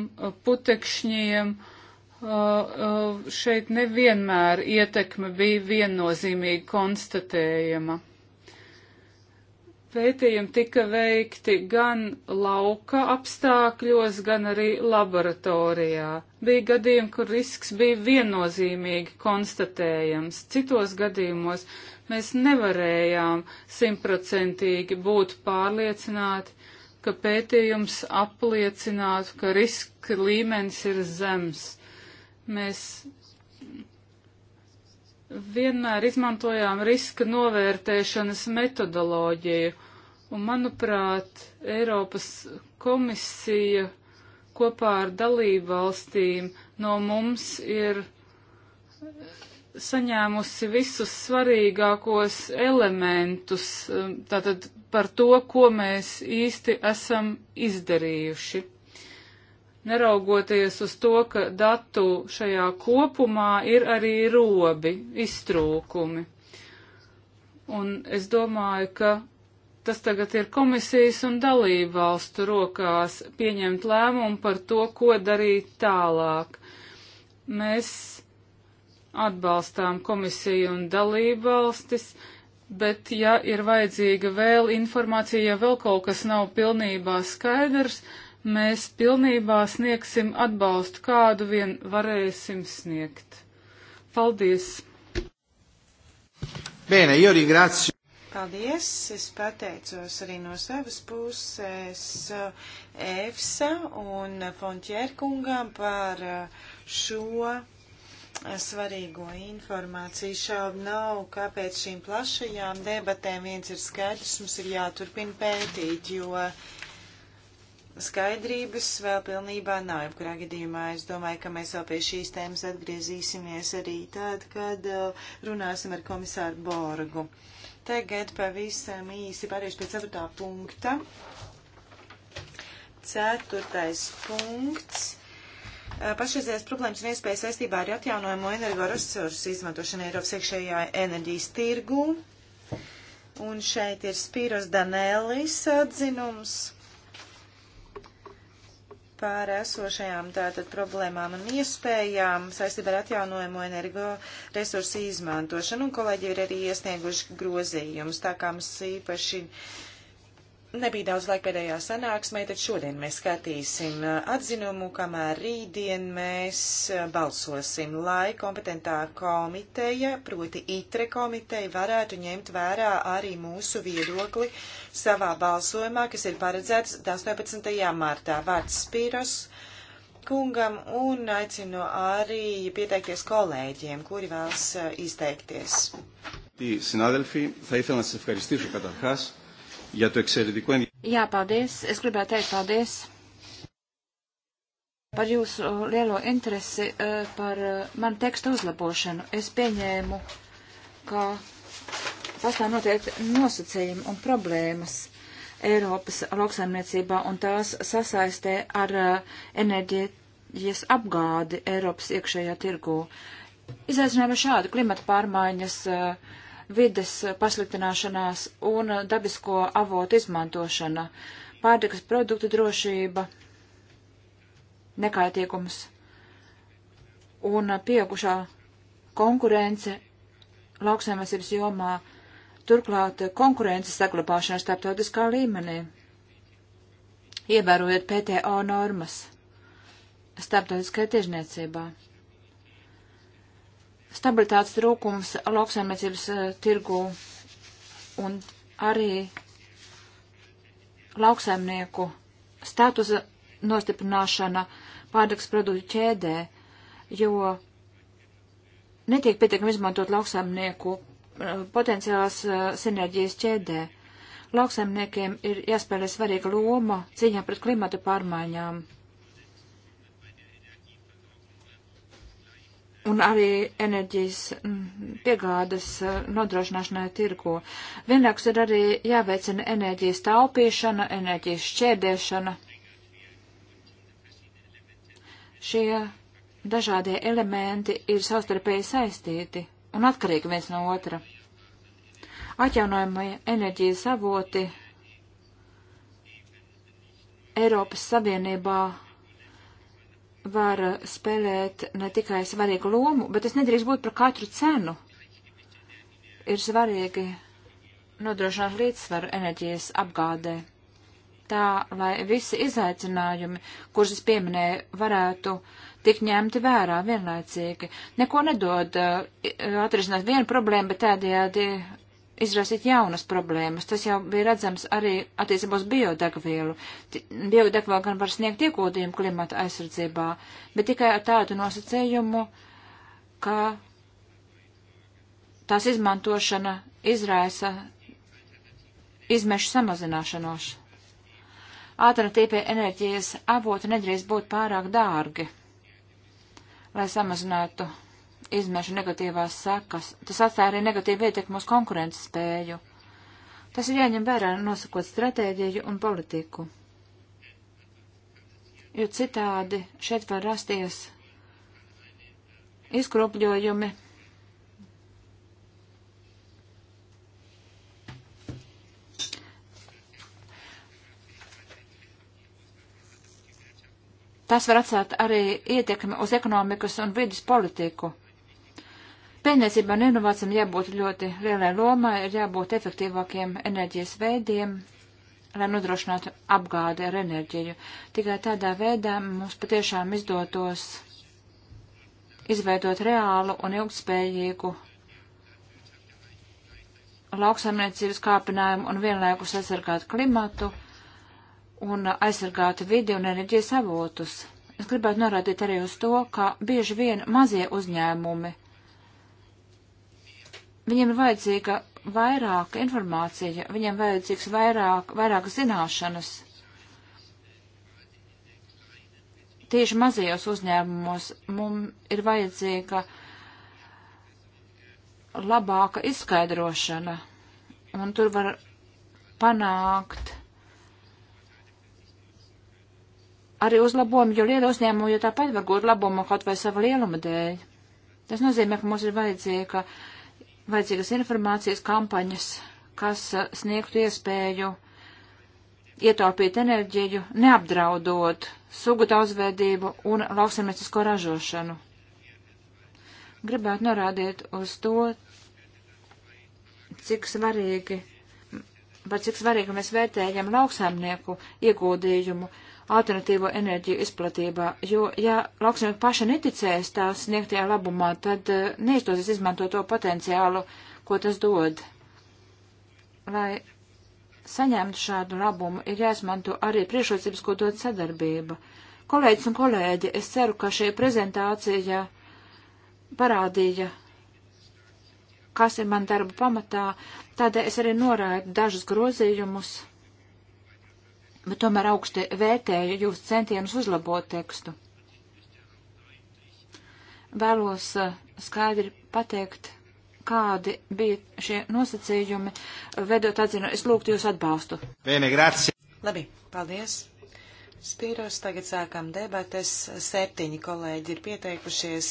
putekšņiem, uh, Uh, uh, šeit nevienmēr ietekme bija viennozīmīgi konstatējama. Pētījumi tika veikti gan lauka apstākļos, gan arī laboratorijā. Bija gadījumi, kur risks bija viennozīmīgi konstatējams. Citos gadījumos mēs nevarējām simtprocentīgi būt pārliecināti, ka pētījums apliecinātu, ka riska līmenis ir zems Mēs vienmēr izmantojām riska novērtēšanas metodoloģiju, un, manuprāt, Eiropas komisija kopā ar dalību valstīm no mums ir saņēmusi visus svarīgākos elementus, um, tātad par to, ko mēs īsti esam izdarījuši neraugoties uz to, ka datu šajā kopumā ir arī robi, iztrūkumi. Un es domāju, ka tas tagad ir komisijas un dalību valstu rokās pieņemt lēmumu par to, ko darīt tālāk. Mēs atbalstām komisiju un dalību valstis, bet ja ir vajadzīga vēl informācija, ja vēl kaut kas nav pilnībā skaidrs, mēs pilnībā sniegsim atbalstu, kādu vien varēsim sniegt. Paldies! Bene, io ringrazio. Paldies! Es pateicos arī no savas puses EFSA eh, un Fontjērkungam par eh, šo eh, svarīgo informāciju. Šaubu nav, kāpēc šīm plašajām debatēm viens ir skaidrs, mums ir jāturpina pētīt, jo skaidrības vēl pilnībā nav. Jebkurā gadījumā es domāju, ka mēs vēl pie šīs tēmas atgriezīsimies arī tad, kad uh, runāsim ar komisāru Borgu. Tagad pavisam īsi pārēšu pie ceturtā punkta. Ceturtais punkts. Uh, pašreizējās problēmas un iespējas saistībā ar atjaunojumu energoresursu izmantošanu Eiropas iekšējā enerģijas tirgū. Un šeit ir Spīros Danēlis atzinums pār esošajām tātad problēmām un iespējām saistībā ar atjaunojumu energoresursu izmantošanu, un kolēģi ir arī iesnieguši grozījumus, tā kā mums īpaši uh, Nebija daudz laika pēdējā sanāksmē, tad šodien mēs skatīsim uh, atzinumu, kamēr rītdien mēs uh, balsosim, lai kompetentā komiteja, proti ITRE komiteja, varētu ņemt vērā arī mūsu viedokli savā balsojumā, kas ir paredzēts 18. martā. Vārds Spīros kungam un aicinu arī pieteikties kolēģiem, kuri vēlas uh, izteikties. Συνάδελφοι, θα ήθελα να σας ευχαριστήσω καταρχάς για το εξαιρετικό ενδιαφέρον. Jā, paldies. Es gribētu teikt paldies par jūsu uh, lielo interesi uh, par uh, manu tekstu uzlabošanu. Es pieņēmu, ka pastāv noteikti nosacījumi un problēmas Eiropas lauksaimniecībā un tās sasaistē ar enerģijas apgādi Eiropas iekšējā tirgū. Izaicinājumi šādi klimata pārmaiņas, uh, vides pasliktināšanās un dabisko avotu izmantošana, pārtikas produktu drošība, nekaitīgums un pieaugušā konkurence lauksaimniecības jomā, turklāt konkurences saglabāšana starptautiskā līmenī, ievērojot PTO normas starptautiskajā tiežniecībā stabilitātes trūkums lauksaimniecības uh, tirgu un arī lauksaimnieku statusa nostiprināšana pārdagas produktu ķēdē, jo netiek pietiekami izmantot lauksaimnieku uh, eh, potenciāls uh, eh, sinerģijas ķēdē. Lauksaimniekiem ir jāspēlē svarīga loma cīņā pret klimata pārmaiņām un arī enerģijas mm, piegādes eh, nodrošināšanai tirgo. Vienlaikus ir arī jāveicina enerģijas taupīšana, enerģijas šķērdēšana. Šie dažādie elementi ir savstarpēji saistīti un atkarīgi viens no otra. Atjaunojamie enerģijas avoti Eiropas Savienībā var spēlēt ne tikai svarīgu lomu, bet tas nedrīkst būt par katru cenu. Ir svarīgi nodrošināt līdzsvaru enerģijas apgādē, tā lai visi izaicinājumi, kurus es pieminēju, varētu tikt ņemti vērā vienlaicīgi. Neko nedod eh, atrisināt vienu problēmu, bet tādējādi izrasīt jaunas problēmas. Tas jau bija redzams arī attiecībā uz biodegvielu. Biodegvielu gan var sniegt iegūdījumu klimata aizsardzībā, bet tikai ar tādu nosacējumu, ka tās izmantošana izraisa izmešu samazināšanos. Alternatīvie enerģijas avoti nedrīkst būt pārāk dārgi, lai samazinātu izmešu negatīvās sekas. Tas atstāja arī negatīvu ietekmu uz konkurences spēju. Tas ir jāņem vērā nosakot stratēģiju un politiku. Jo citādi šeit var rasties izkropļojumi. Tas var atstāt arī ietekmi uz ekonomikas un vidas politiku. Pēdniecībā un inovācijām jābūt ļoti lielai lomai, ir jābūt efektīvākiem enerģijas veidiem, lai nodrošinātu apgādi ar enerģiju. Tikai tādā veidā mums patiešām izdotos izveidot reālu un ilgspējīgu lauksaimniecības kāpinājumu un vienlaikus aizsargāt klimatu un aizsargāt vidi un enerģijas avotus. Es gribētu norādīt arī uz to, ka bieži vien mazie uzņēmumi Viņiem ir vajadzīga vairāk informācija, viņiem vajadzīgs vairāk, vairāk zināšanas. Tieši mazajos uzņēmumos mums ir vajadzīga labāka izskaidrošana, un tur var panākt arī uzlabojumu, jo liela uzņēmuma jau tāpat var gūt labumu kaut vai sava lieluma dēļ. Tas nozīmē, ka mums ir vajadzīga uh, vajadzīgas informācijas kampaņas, kas eh, sniegtu iespēju ietaupīt enerģiju, neapdraudot sugu daudzveidību un lauksaimniecisko ražošanu. Gribētu norādīt uz to, cik svarīgi, par cik svarīgi mēs vērtējam lauksaimnieku ieguldījumu alternatīvo enerģiju izplatībā, jo, ja lauksnieki paši neticēs tās sniegtajā labumā, tad eh, neizdosies izmantot to potenciālu, ko tas dod. Lai saņemtu šādu labumu, ir jāizmanto arī priekšrocības, ko dod sadarbība. Kolēģis un kolēģi, es ceru, ka šī prezentācija parādīja, kas ir man darba pamatā, tādēļ es arī noraidu dažus grozījumus bet tomēr augsti vērtēju jūs centienus uzlabot tekstu. Vēlos eh, skaidri pateikt, kādi bija šie nosacījumi, vedot atzinu, es lūgtu jūs atbalstu. Bene, grazie. Labi, paldies. Spīros, tagad sākam debates. Septiņi kolēģi ir pieteikušies.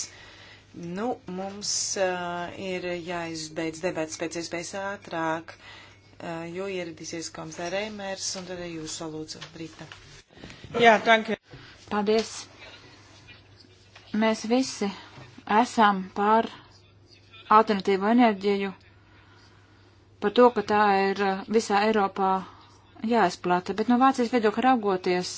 Nu, mums uh, ir jāizbeidz debats pēc iespējas ātrāk. Uh, Eh, jo ieradīsies komisārei eh, mērs un tad jūs salūdzu, Brita. Jā, tanki. Paldies. Mēs visi esam pār alternatīvu enerģiju, par to, ka tā ir eh, visā Eiropā jāizplata. Bet no Vācijas viedokļa raugoties,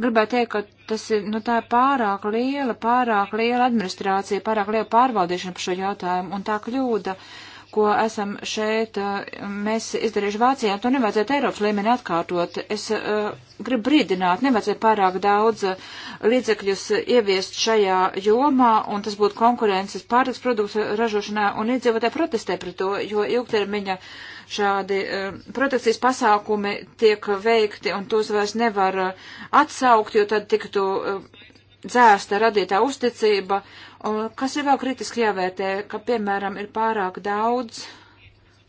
gribētu teikt, ka tas ir, nu, tā ir pārāk liela, pārāk liela administrācija, pārāk liela pārvaldīšana par šo jautājumu, un tā kļūda, uh, ko esam šeit, eh, mēs izdarījuši Vācijā, to nevajadzētu Eiropas līmeni atkārtot. Es uh, gribu brīdināt, nevajadzētu pārāk daudz eh, līdzekļus ieviest šajā jomā, un tas būtu konkurences pārtiks produktu ražošanā, un iedzīvotāji protestē pret to, jo ilgtermiņa šādi uh, protekcijas pasākumi tiek veikti, un tos vairs nevar uh, atsaukt, jo tad tiktu dzēsta radītā uzticība, uh, Un kas ir vēl kritiski jāvērtē, ka, piemēram, ir pārāk daudz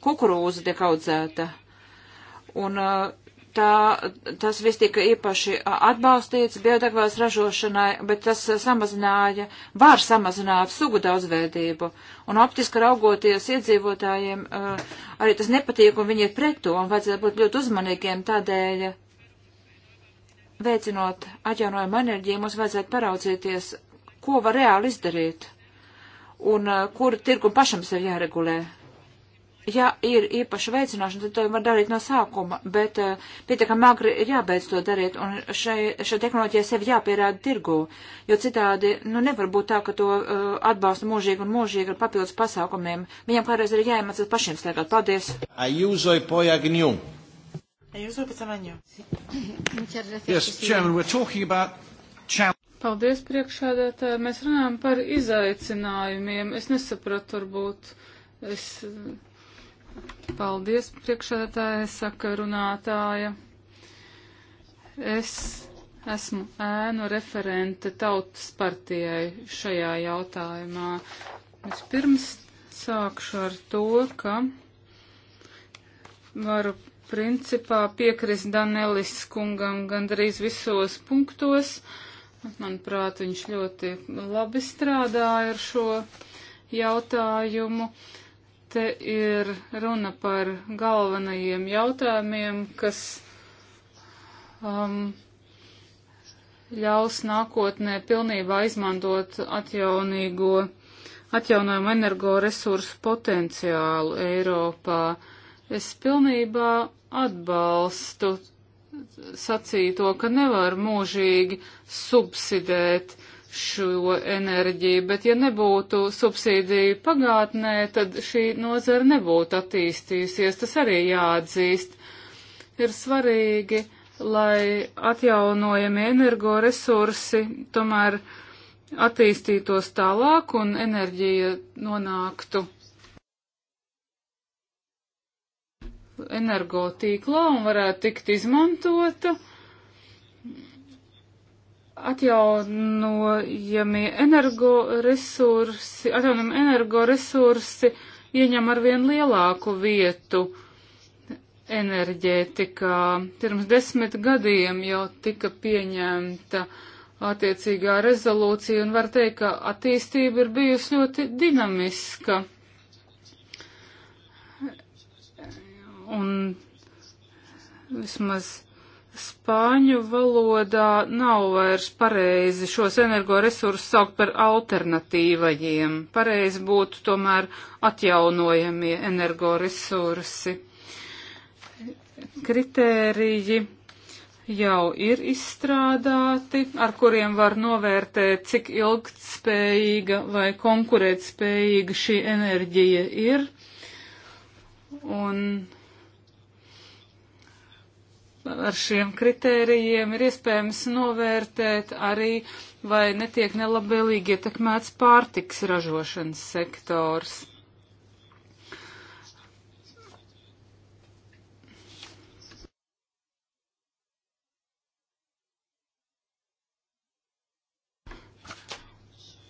kukurūza tiek audzēta. Un uh, tā, tas viss tika īpaši uh, atbalstīts biodegvielas ražošanai, bet tas uh, samazināja, var samazināt sugu daudzveidību. Un optiski raugoties iedzīvotājiem, arī tas nepatīk, un viņi ir pret to, un vajadzētu būt ļoti uzmanīgiem tādēļ. Veicinot atjaunojumu enerģiju, mums vajadzētu paraudzīties ko var reāli izdarīt un eh, kur tirgu pašam sev jāregulē. Ja ir īpaša veicināšana, tad to var darīt no sākuma, bet eh, pietiekami agri ir jābeidz to darīt, un šai, šai tehnoloģijai sev jāpierāda tirgu, jo citādi, nu, nevar būt tā, ka to uh, atbalsta mūžīgi un mūžīgi ar papildus pasākumiem. Viņam kādreiz ir jāiemācās pašiem slēgāt. Paldies! Ajūzoj pojagņu! Ayuso Pizamaño. Muchas gracias. Yes, Chairman, we're talking about Paldies, priekšādētāji. Mēs runājam par izaicinājumiem. Es nesapratu, varbūt. Es... Paldies, priekšādētāji, saka runātāja. Es esmu ēnu referente tautas partijai šajā jautājumā. Es pirms sākšu ar to, ka varu principā piekrist Danelis kungam gandrīz visos punktos. Uh, Manuprāt, viņš ļoti labi strādāja ar šo jautājumu. Te ir runa par galvenajiem jautājumiem, kas um, ļaus nākotnē pilnībā izmantot atjaunīgo, atjaunojumu energoresursu potenciālu Eiropā. Es pilnībā atbalstu sacīja to, ka nevar mūžīgi subsidēt šo enerģiju, bet ja nebūtu subsīdiju pagātnē, tad šī nozara nebūtu attīstījusies. Tas arī jāatzīst. Ir svarīgi, lai atjaunojamie energoresursi tomēr attīstītos tālāk un enerģija nonāktu energotīklā un varētu tikt izmantota. Atjaunojamie energoresursi, atjaunojamie energoresursi ieņem arvien lielāku vietu enerģētikā. Pirms desmit gadiem jau tika pieņemta attiecīgā rezolūcija un var teikt, ka attīstība ir bijusi ļoti dinamiska. un vismaz spāņu valodā nav vairs pareizi šos energoresursus saukt par alternatīvajiem. Pareizi būtu tomēr atjaunojamie energoresursi. Kritēriji jau ir izstrādāti, ar kuriem var novērtēt, cik ilgtspējīga vai konkurētspējīga šī enerģija ir. Un ar šiem kritērijiem ir iespējams novērtēt arī, vai netiek nelabvēlīgi ietekmēts pārtiks ražošanas sektors.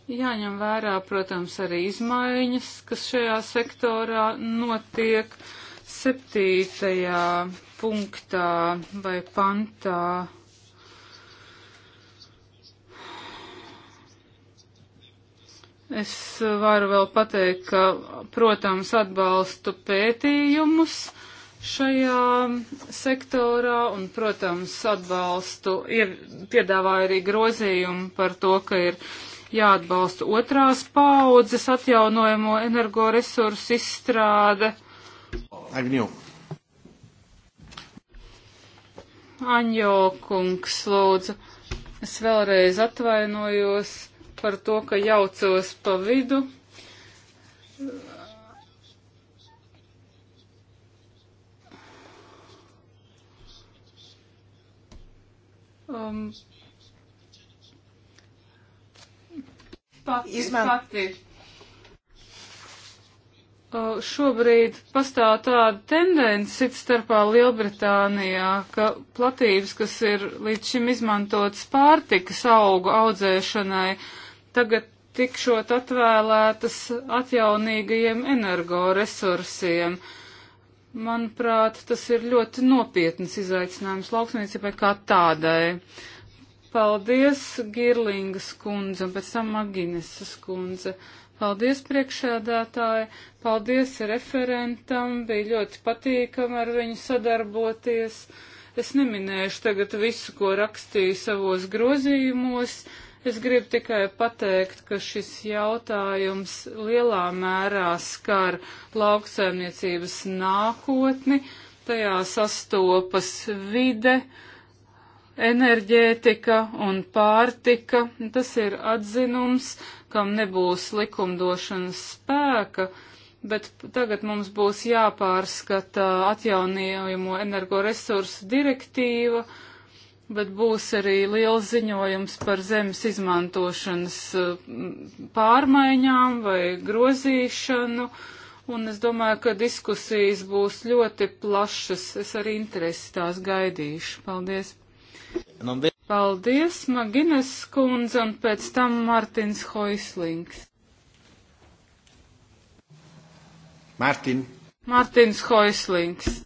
Jāņem vērā, protams, arī izmaiņas, kas šajā sektorā notiek septītajā punktā vai pantā. Es varu vēl pateikt, ka, protams, atbalstu pētījumus šajā sektorā un, protams, atbalstu, piedāvāju arī grozījumu par to, ka ir jāatbalsta otrās paudzes atjaunojamo energoresursu izstrāde. Agnew. Anjo kungs, lūdzu, es vēlreiz atvainojos par to, ka jaucos pa vidu. Um, pati, Izman... pati šobrīd pastāv tāda tendence cit starpā Lielbritānijā, ka platības, kas ir līdz šim izmantotas pārtikas augu audzēšanai, tagad tikšot atvēlētas atjaunīgajiem energoresursiem. Manuprāt, tas ir ļoti nopietnas izaicinājums lauksniecībai kā tādai. Paldies Girlingas kundze un pēc tam Maginesas kundze. Uh, Paldies priekšēdētāji, paldies referentam, bija ļoti patīkami ar viņu sadarboties. Es neminēšu tagad visu, ko rakstīju savos grozījumos. Es gribu tikai pateikt, ka šis jautājums lielā mērā skar lauksaimniecības nākotni, tajā sastopas vide, enerģētika un pārtika. Tas ir atzinums kam nebūs likumdošanas spēka, bet tagad mums būs jāpārskata atjaunījamo energoresursu direktīva, bet būs arī liels ziņojums par zemes izmantošanas pārmaiņām vai grozīšanu. Un es domāju, ka diskusijas būs ļoti plašas. Es arī interesi tās gaidīšu. Paldies! Nu, Paldies, Magines kundze, un pēc tam Martins Hoislings. Martin. Martins Hoislings.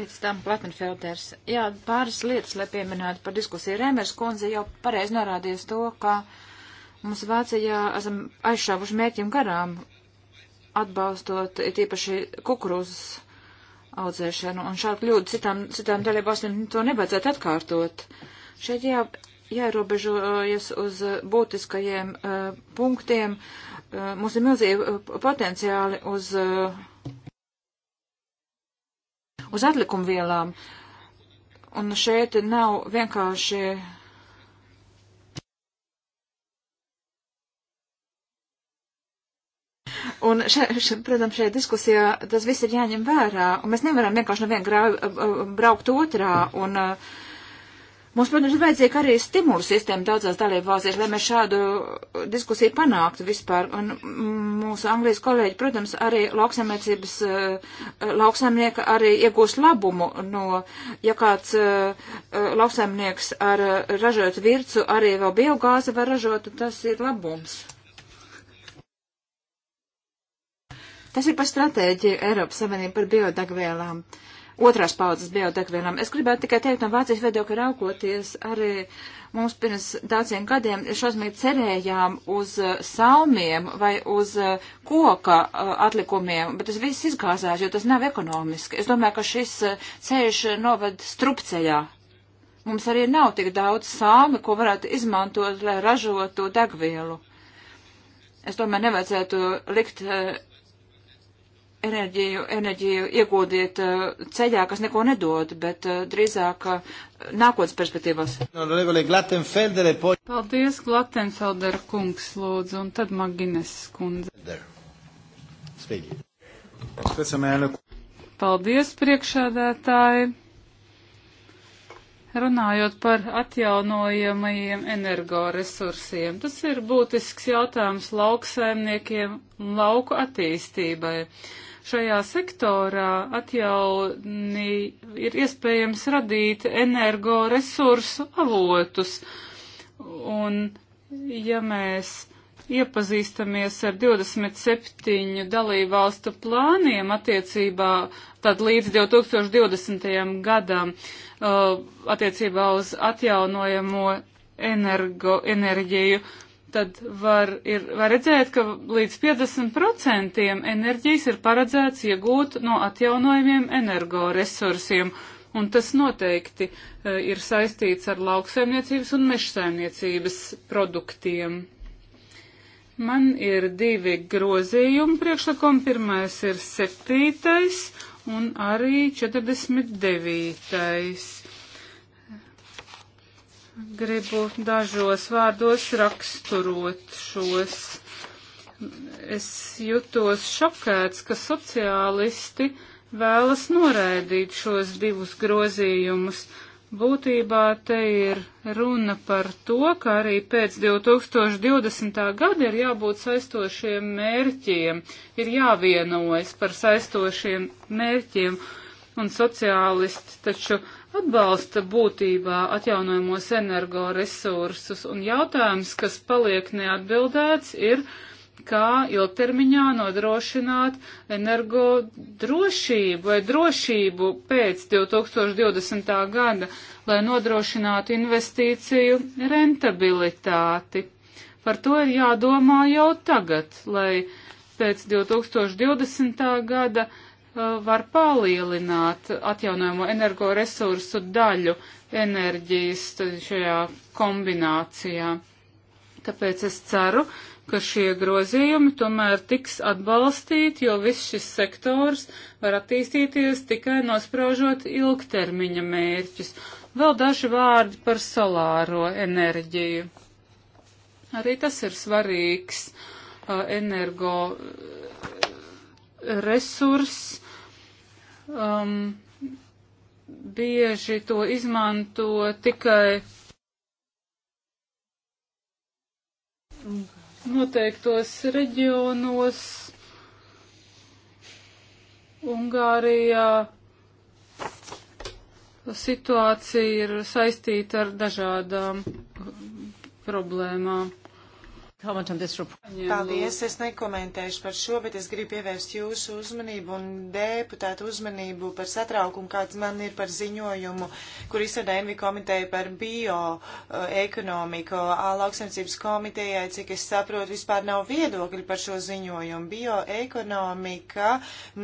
Pēc tam Platenfelders. Jā, pāris lietas, lai pieminētu par diskusiju. Rēmers kundze jau pareizi norādījis to, ka mums Vācijā esam aizšāvuši mērķim garām, atbalstot tīpaši kukurūzas audzēšanu, un šādu kļūdu citām, citām dalībvalstīm to nebadzētu atkārtot. Šeit jā, jāierobežojas uz uh, būtiskajiem uh, punktiem. Uh, mums ir milzīgi uh, potenciāli uz, uh, uz atlikumvielām, un šeit nav vienkārši Un, še, še, protams, šajā diskusijā tas viss ir jāņem vērā, un mēs nevaram vienkārši no viena grau, uh, uh, braukt otrā. Un, uh, mums, protams, ir vajadzīga arī stimulu sistēma daudzās dalībvalstīs, lai mēs šādu diskusiju panāktu vispār. Un mm, mūsu Anglijas kolēģi, protams, arī lauksamniecības lauksamnieka arī iegūst labumu no, ja kāds lauksamnieks ar ražotu vircu arī vēl biogāzi var ražot, tas ir labums. Tas ir par stratēģiju Eiropas Savienību par biodegvielām, otrās paudzes biodegvielām. Es gribētu tikai teikt no Vācijas viedokļa raukoties, arī mums pirms daudziem gadiem šausmīgi cerējām uz uh, salmiem vai uz uh, koka uh, atlikumiem, bet tas viss izgāzās, jo tas nav ekonomiski. Es domāju, ka šis ceļš novad strupceļā. Mums arī nav tik daudz sāmi, ko varētu izmantot, lai ražotu degvielu. Es domāju, nevajadzētu likt enerģiju, enerģiju iegūdiet eh, ceļā, kas neko nedod, bet eh, drīzāk eh, nākotnes perspektīvas. E Paldies, Glatenfelder kungs, lūdzu, un tad Magines kundze. Paldies, priekšādētāji. Runājot par atjaunojamajiem energoresursiem, tas ir būtisks jautājums lauksaimniekiem un lauku attīstībai. Uh, šajā sektorā atjauni ir iespējams radīt energoresursu avotus. Un ja mēs iepazīstamies ar 27 dalībvalstu plāniem attiecībā tad līdz 2020. gadam uh, attiecībā uz atjaunojamo energo, enerģiju, tad var, ir, var redzēt, ka līdz 50% enerģijas ir paredzēts iegūt no atjaunojumiem energoresursiem, un tas noteikti uh, ir saistīts ar lauksaimniecības un mežsaimniecības produktiem. Man ir divi grozījumi priekšlikumi. Pirmais ir septītais un arī 49 gribu dažos vārdos raksturot šos. Es jutos šokēts, ka sociālisti vēlas noraidīt šos divus grozījumus. Būtībā te ir runa par to, ka arī pēc 2020. gada ir jābūt saistošiem mērķiem, ir jāvienojas par saistošiem mērķiem, un sociālisti taču atbalsta būtībā atjaunojamos energoresursus, un jautājums, kas paliek neatbildēts, ir, kā ilgtermiņā nodrošināt energo drošību vai drošību pēc 2020. gada, lai nodrošinātu investīciju rentabilitāti. Par to ir jādomā jau tagad, lai pēc 2020. gada Uh, var palielināt atjaunojamo energoresursu daļu enerģijas šajā kombinācijā. Tāpēc es ceru, ka šie grozījumi tomēr tiks atbalstīti, jo viss šis sektors var attīstīties tikai nospraužot ilgtermiņa mērķus. Vēl daži vārdi par solāro enerģiju. Arī tas ir svarīgs uh, energo uh, resurs, um, bieži to izmanto tikai noteiktos reģionos, Ungārijā situācija ir saistīta ar dažādām problēmām. Paldies, es nekomentēšu par šo, bet es gribu pievērst jūsu uzmanību un deputātu uzmanību par satraukumu, kāds man ir par ziņojumu, kur izsada Envi komiteja par bioekonomiku. Eh, uh, Lauksemcības komitejai, cik es saprotu, vispār nav viedokļi par šo ziņojumu. Bioekonomika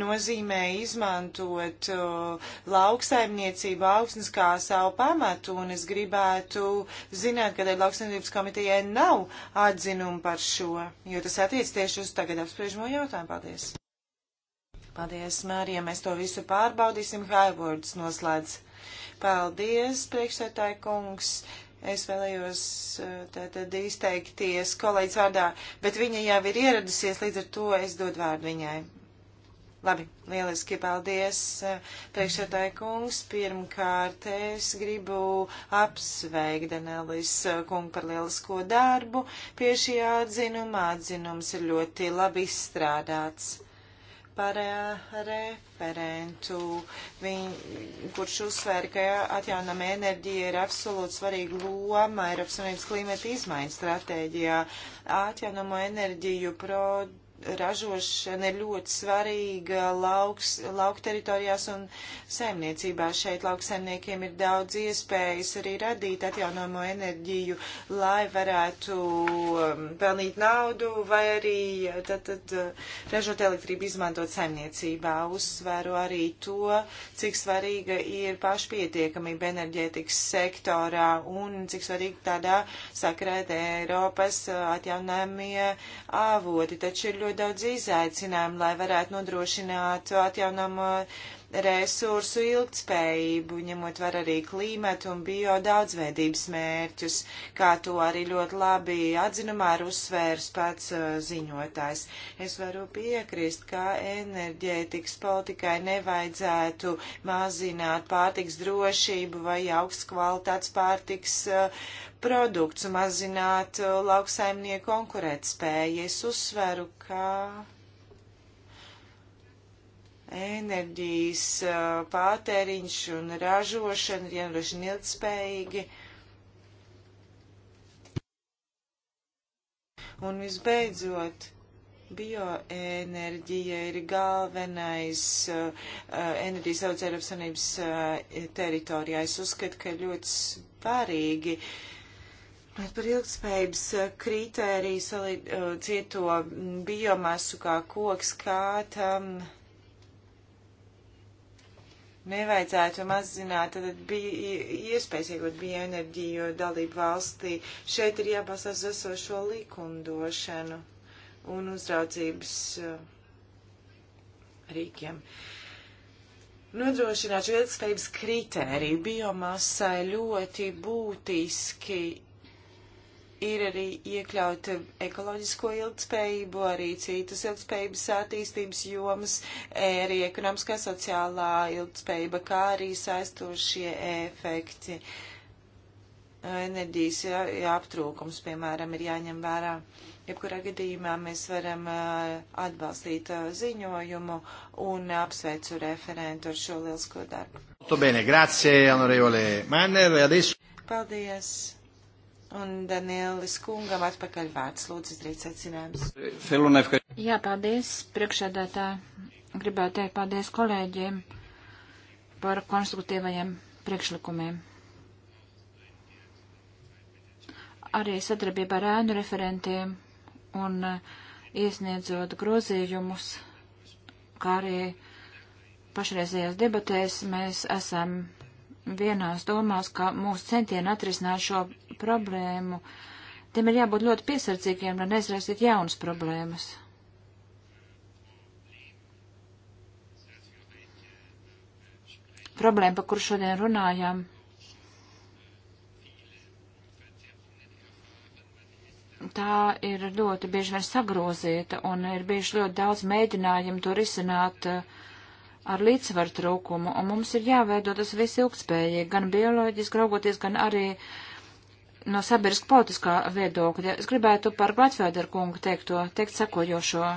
nozīmē izmantot uh, lauksaimniecību augsnes kā savu pamatu, un es gribētu zināt, kādēļ Lauksemcības komitejai nav atzinu atzinumu par šo, jo tas attiec tieši uz tagad apspriežamo jautājumu. Paldies! Paldies, Mārija, mēs to visu pārbaudīsim. Haivords noslēdz. Paldies, priekšsētāji kungs. Es vēlējos eh, tātad izteikties kolēģis vārdā, bet viņa jau ir ieradusies, līdz ar to es dodu vārdu viņai. Labi, lieliski paldies, eh, priekšētāji kungs. Pirmkārt, es gribu apsveikt Danelis eh, kungu par lielisko darbu. Pie šī atzinuma atzinums ir ļoti labi izstrādāts par eh, referentu, viņ, kurš uzsver, ka atjaunama enerģija ir absolūti svarīga loma Eiropas Savienības klimata izmaiņu stratēģijā. Atjaunamo enerģiju produktu ražošana ir ļoti svarīga lauks, lauk teritorijās un saimniecībā. Šeit lauksaimniekiem ir daudz iespējas arī radīt atjaunojamo enerģiju, lai varētu um, pelnīt naudu vai arī tad, tad, uh, ražot elektrību izmantot saimniecībā. Uzsveru arī to, cik svarīga ir pašpietiekamība enerģētikas sektorā un cik svarīgi tādā sakrēt Eiropas uh, atjaunojamie avoti. Taču ir ļoti ļoti daudz izaicinājumu, lai varētu nodrošināt atjaunam uh, resursu ilgtspējību, ņemot var arī klīmatu un bio daudzveidības mērķus, kā to arī ļoti labi atzinumā ir uzsvērs pats uh, ziņotājs. Es varu piekrist, ka enerģētikas politikai nevajadzētu mazināt pārtiks drošību vai augsts kvalitātes pārtiks uh, produkts un mazināt uh, lauksaimnieku konkurētspēju. Es uzsveru, ka enerģijas uh, pātēriņš un ražošana ir jānodrošina nu ilgspējīgi. Un visbeidzot, bioenerģija ir galvenais uh, uh enerģijas avots Eiropas Savienības uh, teritorijā. Es uzskatu, ka ļoti svarīgi uh, Bet par ilgspējības uh, kritēriju salīd, cieto biomasu kā koks, kā tam nevajadzētu mazināt tad bija iespējas iegūt bioenerģiju, jo dalību valstī šeit ir jāpasās esošo likumdošanu un uzraudzības uh, rīkiem. Nodrošināt šo ilgspējības kritēriju biomasai ļoti būtiski ir arī iekļaut ekoloģisko ilgspējību, arī citas ilgspējības attīstības jomas, e, arī ekonomiskā sociālā ilgspējība, kā arī saistošie efekti. Enerģijas aptrūkums, piemēram, ir jāņem vērā. Jebkurā gadījumā mēs varam e, atbalstīt e, ziņojumu un apsveicu referentu ar šo lielisko darbu. Bene, grazie, onorevole Manner. Adesso... Paldies. Un Danielis kungam atpakaļ vārds. Lūdzu, izdarīt secinājums. Jā, paldies, priekšsēdētā. Gribētu teikt paldies kolēģiem par konstruktīvajiem priekšlikumiem. Arī sadarbībā ar ēnu referentiem un eh, iesniedzot grozījumus, kā arī pašreizējās debatēs mēs esam vienās domās, ka mūsu centieni atrisināt šo problēmu, tiem ir jābūt ļoti piesardzīgiem, lai neizraisītu jaunas problēmas. Problēma, par kuru šodien runājām, tā ir ļoti bieži vien sagrozīta un ir bijuši ļoti daudz mēģinājumu to risināt uh, ar līdzsvaru trūkumu, un mums ir jāveido tas viss ilgspējīgi, gan bioloģiski raugoties, gan arī no sabiedriska politiskā viedokļa. Es gribētu par Glatvēderu kungu teikto, teikt sekojošo.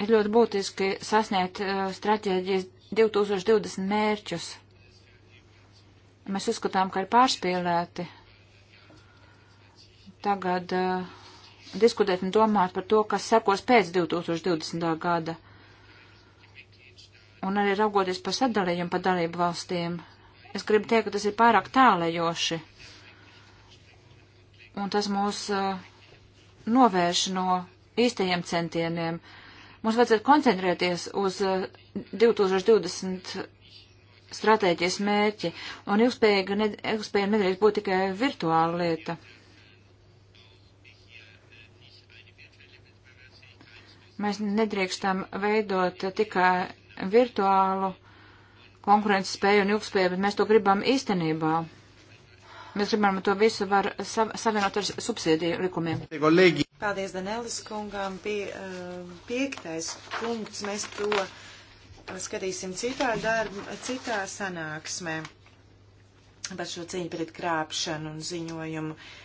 Ir ļoti būtiski sasniegt uh, stratēģijas 2020 mērķus. Mēs uzskatām, ka ir pārspīlēti tagad uh, diskutēt un domāt par to, kas sekos pēc 2020. gada. Un arī raugoties par sadalījumu par dalību valstīm, es gribu teikt, ka tas ir pārāk tālējoši. Un tas mūs uh, novērš no īstajiem centieniem. Mums vajadzētu koncentrēties uz uh, 2020 stratēģijas mērķi, un ilgspējīga nedrīkst būt tikai virtuāla lieta. Mēs nedrīkstam veidot tikai virtuālu konkurences spēju un ilgspēju, bet mēs to gribam īstenībā. Mēs gribam to visu var savienot ar subsīdiju likumiem. Paldies Danelis kungām. Pie, eh, piektais punkts mēs to eh, skatīsim citā darba, citā sanāksmē par šo cīņu pret krāpšanu un ziņojumu. Uh,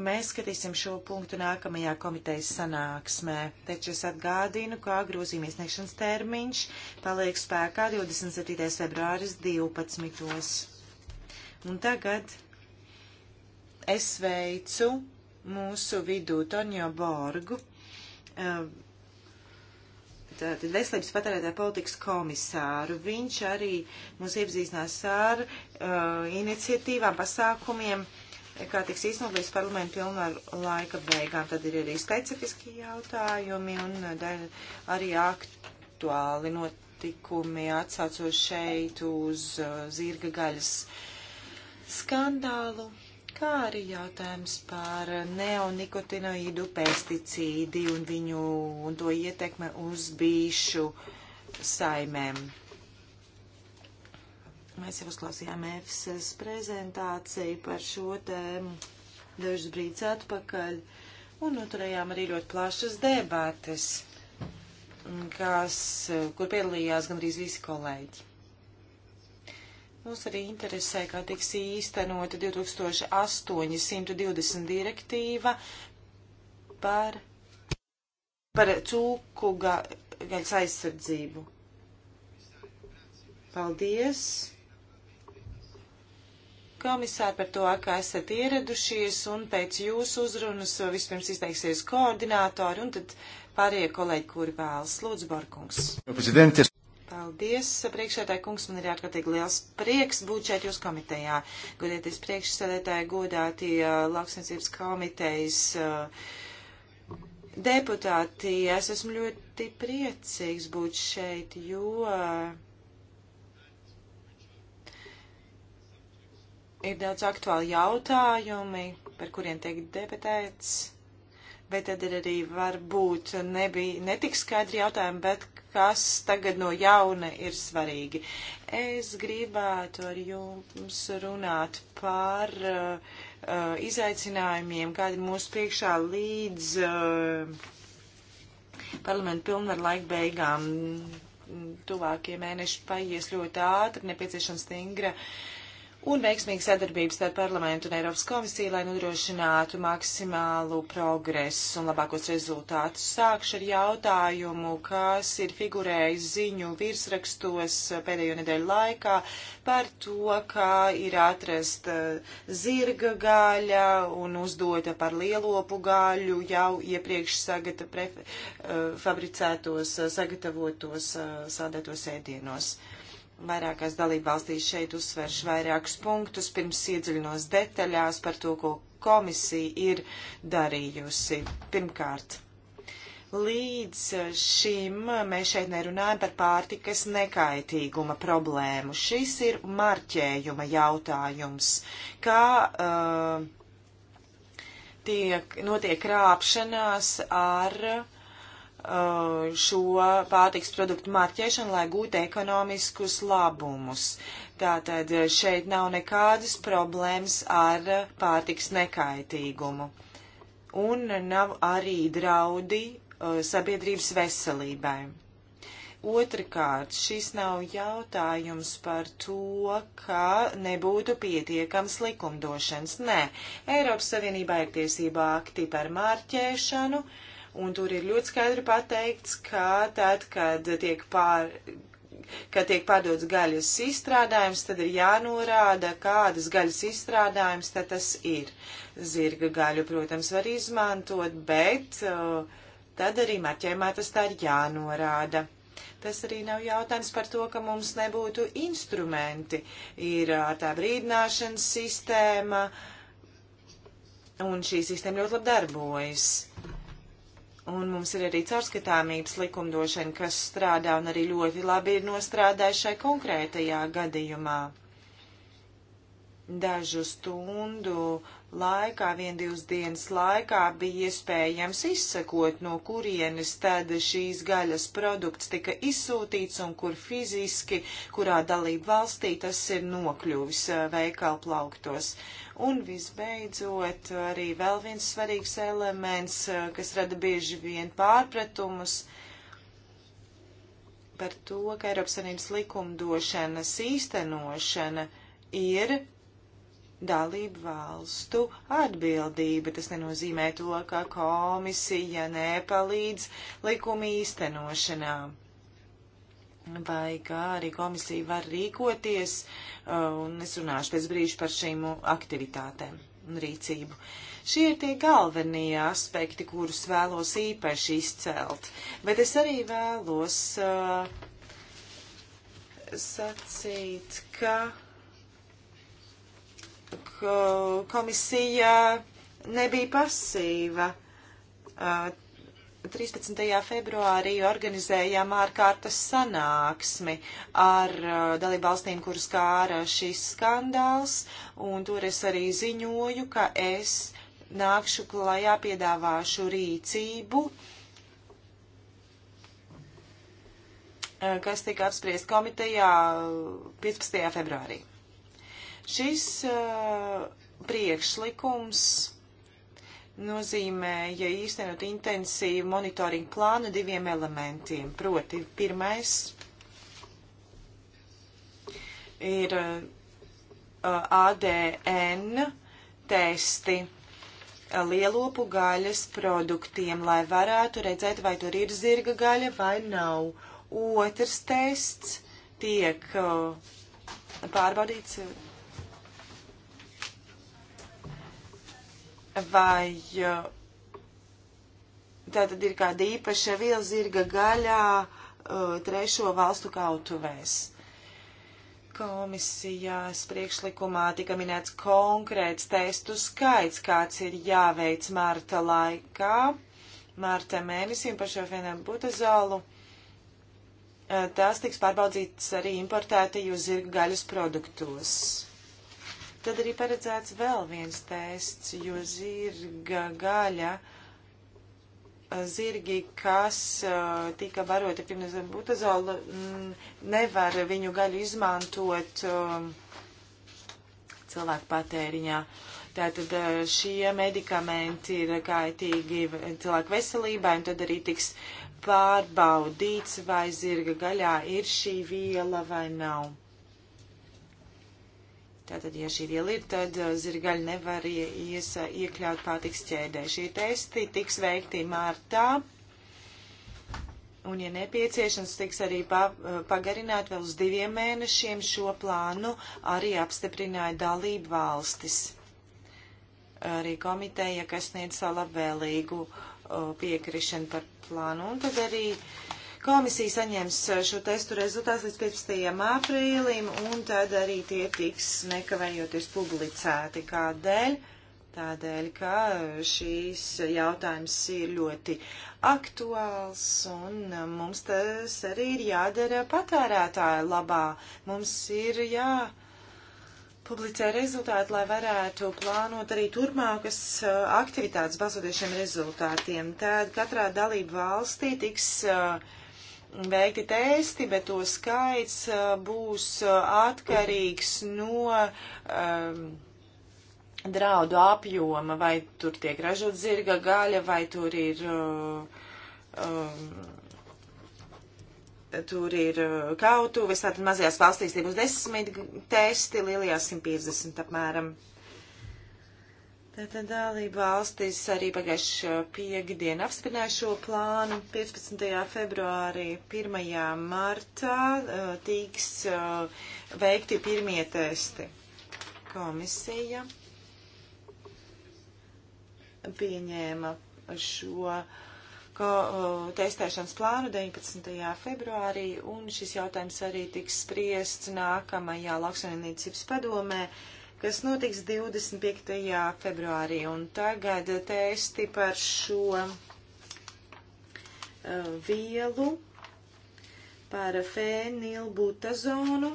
Mēs skatīsim šo punktu nākamajā komitejas sanāksmē, taču es atgādinu, kā grozījuma iesniegšanas termiņš paliek spēkā 27. februāris 12. Un tagad es sveicu mūsu vidū Tonio Borgu, um, tātad veselības patērētāja politikas komisāru. Viņš arī mūs iepazīstinās ar uh, iniciatīvām, pasākumiem, uh, E, kā tiks īstenot līdz parlamentu pilnvaru laika beigām. Tad ir arī specifiski jautājumi un e, arī aktuāli notikumi atsaucot šeit uz e, zirga gaļas skandālu, kā arī jautājums par neonikotinoīdu pesticīdi un viņu un to ietekme uz bīšu saimēm. Mēs jau uzklausījām EFSAS prezentāciju par šo tēmu dažus brīdus atpakaļ, un noturējām arī ļoti plašas debates, kas, kur piedalījās gandrīz visi kolēģi. Mums arī interesē, kā tiks īstenota 2820 direktīva par, par cūku ga, gaļas aizsardzību. Paldies! komisāri, par to, ka esat ieradušies, un pēc jūsu uzrunas vispirms izteiksies koordinātori, un tad pārējie kolēģi, kuri vēlas. Lūdzu, Borkungs. Paldies, priekšsēdētāji kungs, man ir ārkārtīgi liels prieks būt šeit jūs komitejā. Godēties priekšsēdētāji, godātie lauksniecības komitejas deputāti, es esmu ļoti priecīgs būt šeit, jo. Uh, Ir daudz aktuāli jautājumi, par kuriem tiek debatēts, bet tad ir arī varbūt nebija netik skaidri jautājumi, bet kas tagad no jauna ir svarīgi. Es gribētu ar jums runāt par uh, uh izaicinājumiem, kādi ir mūsu priekšā līdz uh, parlamentu pilnvaru laika beigām. Tuvākie mēneši paies ļoti ātri, nepieciešama stingra uh, un veiksmīgu sadarbību starp parlamentu un Eiropas komisiju, lai nodrošinātu maksimālu progresu un labākos rezultātus. Sākšu ar jautājumu, kas ir figurējis ziņu virsrakstos pēdējo nedēļu laikā par to, kā ir atrast eh, zirga gaļa un uzdota par lielopu gaļu jau iepriekš sagata, pref, eh, fabricētos, sagatavotos, eh, sādētos ēdienos. Uh, vairākās dalībvalstīs šeit uzsveršu vairākus punktus, pirms iedziļinos detaļās par to, ko komisija ir darījusi. Pirmkārt, līdz šim mēs šeit nerunājam par pārtikas nekaitīguma problēmu. Šis ir marķējuma jautājums. Kā uh, tiek, notiek krāpšanās ar Uh, šo pārtiks produktu marķēšanu, lai gūtu ekonomiskus labumus. Tātad uh, šeit nav nekādas problēmas ar pārtiks nekaitīgumu. Un nav arī draudi uh, sabiedrības veselībai. Otrakārt, šis nav jautājums par to, ka nebūtu pietiekams likumdošanas. Nē, Eiropas Savienībā ir tiesība akti par mārķēšanu, uh, un tur ir ļoti skaidri pateikts, ka tad, kad tiek pār kad tiek pārdots gaļas izstrādājums, tad ir jānorāda, kādas gaļas izstrādājums tad tas ir. Zirga gaļu, protams, var izmantot, bet uh, tad arī marķējumā tas tā ir jānorāda. Tas arī nav jautājums par to, ka mums nebūtu instrumenti. Ir uh, tā brīdināšanas sistēma, un šī sistēma ļoti labi darbojas. Un mums ir arī caurskatāmības likumdošana, kas strādā un arī ļoti labi ir nostrādājušai konkrētajā gadījumā. Dažu stundu laikā, vien divas dienas laikā, bija iespējams izsekot, no kurienes tad šīs gaļas produkts tika izsūtīts un kur fiziski, kurā dalību valstī tas ir nokļuvis eh, veikalu plauktos. Un visbeidzot, arī vēl viens svarīgs elements, eh, kas rada bieži vien pārpratumus par to, ka Eiropas Savienības likumdošanas īstenošana ir dalību valstu atbildība. Tas nenozīmē to, ka komisija nepalīdz likuma īstenošanā. Vai kā arī komisija var rīkoties, uh, un es runāšu pēc brīža par šīm aktivitātēm un rīcību. Šie ir tie galvenie aspekti, kurus vēlos īpaši izcelt, bet es arī vēlos uh, sacīt, ka komisija nebija pasīva. 13. Uh, februārī organizējām ārkārtas sanāksmi ar uh, dalībvalstīm, kuras kāra šis skandāls, un tur es arī ziņoju, ka es nākšu klajā, piedāvāšu rīcību, uh, kas tika apspriest komitejā 15. februārī. Šis uh, priekšlikums nozīmē, ja īstenot intensīvu monitoringu plānu diviem elementiem. Proti, pirmais ir uh, ADN testi lielopu gaļas produktiem, lai varētu redzēt, vai tur ir zirga gaļa vai nav. Otrs tests tiek uh, pārbaudīts vai tā tad ir kāda īpaša viela zirga gaļā trešo valstu kautuvēs. Komisijās priekšlikumā tika minēts konkrēts testu skaits, kāds ir jāveic marta laikā, marta mēnesim par šo fenobutazolu. Tas tiks pārbaudīts arī importētajos zirga gaļas produktos. Tad arī paredzēts vēl viens tests, jo zirga gaļa, zirgi, kas tika baroti pirms butazola, nevar viņu gaļu izmantot cilvēku patēriņā. Tātad šie medikamenti ir kaitīgi cilvēku veselībai, un tad arī tiks pārbaudīts, vai zirga gaļā ir šī viela vai nav. Tātad, ja šī viela ir, tad uh, zirgaļi nevar ies, uh, iekļaut pārtiks ķēdē. Šie testi tiks veikti martā, un, ja nepieciešams, tiks arī pa, uh, pagarināt vēl uz diviem mēnešiem šo plānu, arī apstiprināja dalību valstis. Arī komiteja, kas sniedz savu labvēlīgu piekrišanu par plānu, un tad arī uh, Komisija saņems eh, šo testu rezultātus līdz 15. aprīlim, un tad arī tie tiks nekavējoties publicēti. Kādēļ? Tādēļ, ka eh, šīs jautājums ir ļoti aktuāls, un eh, mums tas arī ir jādara patērētāja labā. Mums ir jā. Publicē rezultāti, lai varētu plānot arī turpmākas aktivitātes balsoties šiem rezultātiem. Tad katrā dalība valstī tiks uh, veikti testi, bet to skaits uh, būs uh, atkarīgs no um, draudu apjoma, vai tur tiek ražot zirga gaļa, vai tur ir. Uh, um, Tur ir kautuves, tātad mazajās valstīs tie būs desmit testi, lielajās 150 apmēram. Tātad dalība valstis arī pagājušā piekdiena apstiprināja šo plānu. 15. februārī, 1. martā tiks veikti pirmie testi. Komisija pieņēma šo ko, testēšanas plānu 19. februārī, un šis jautājums arī tiks spriests nākamajā lauksaimniecības padomē kas notiks 25. februārī. Un tagad testi par šo uh, vielu, par fēnilbutazonu.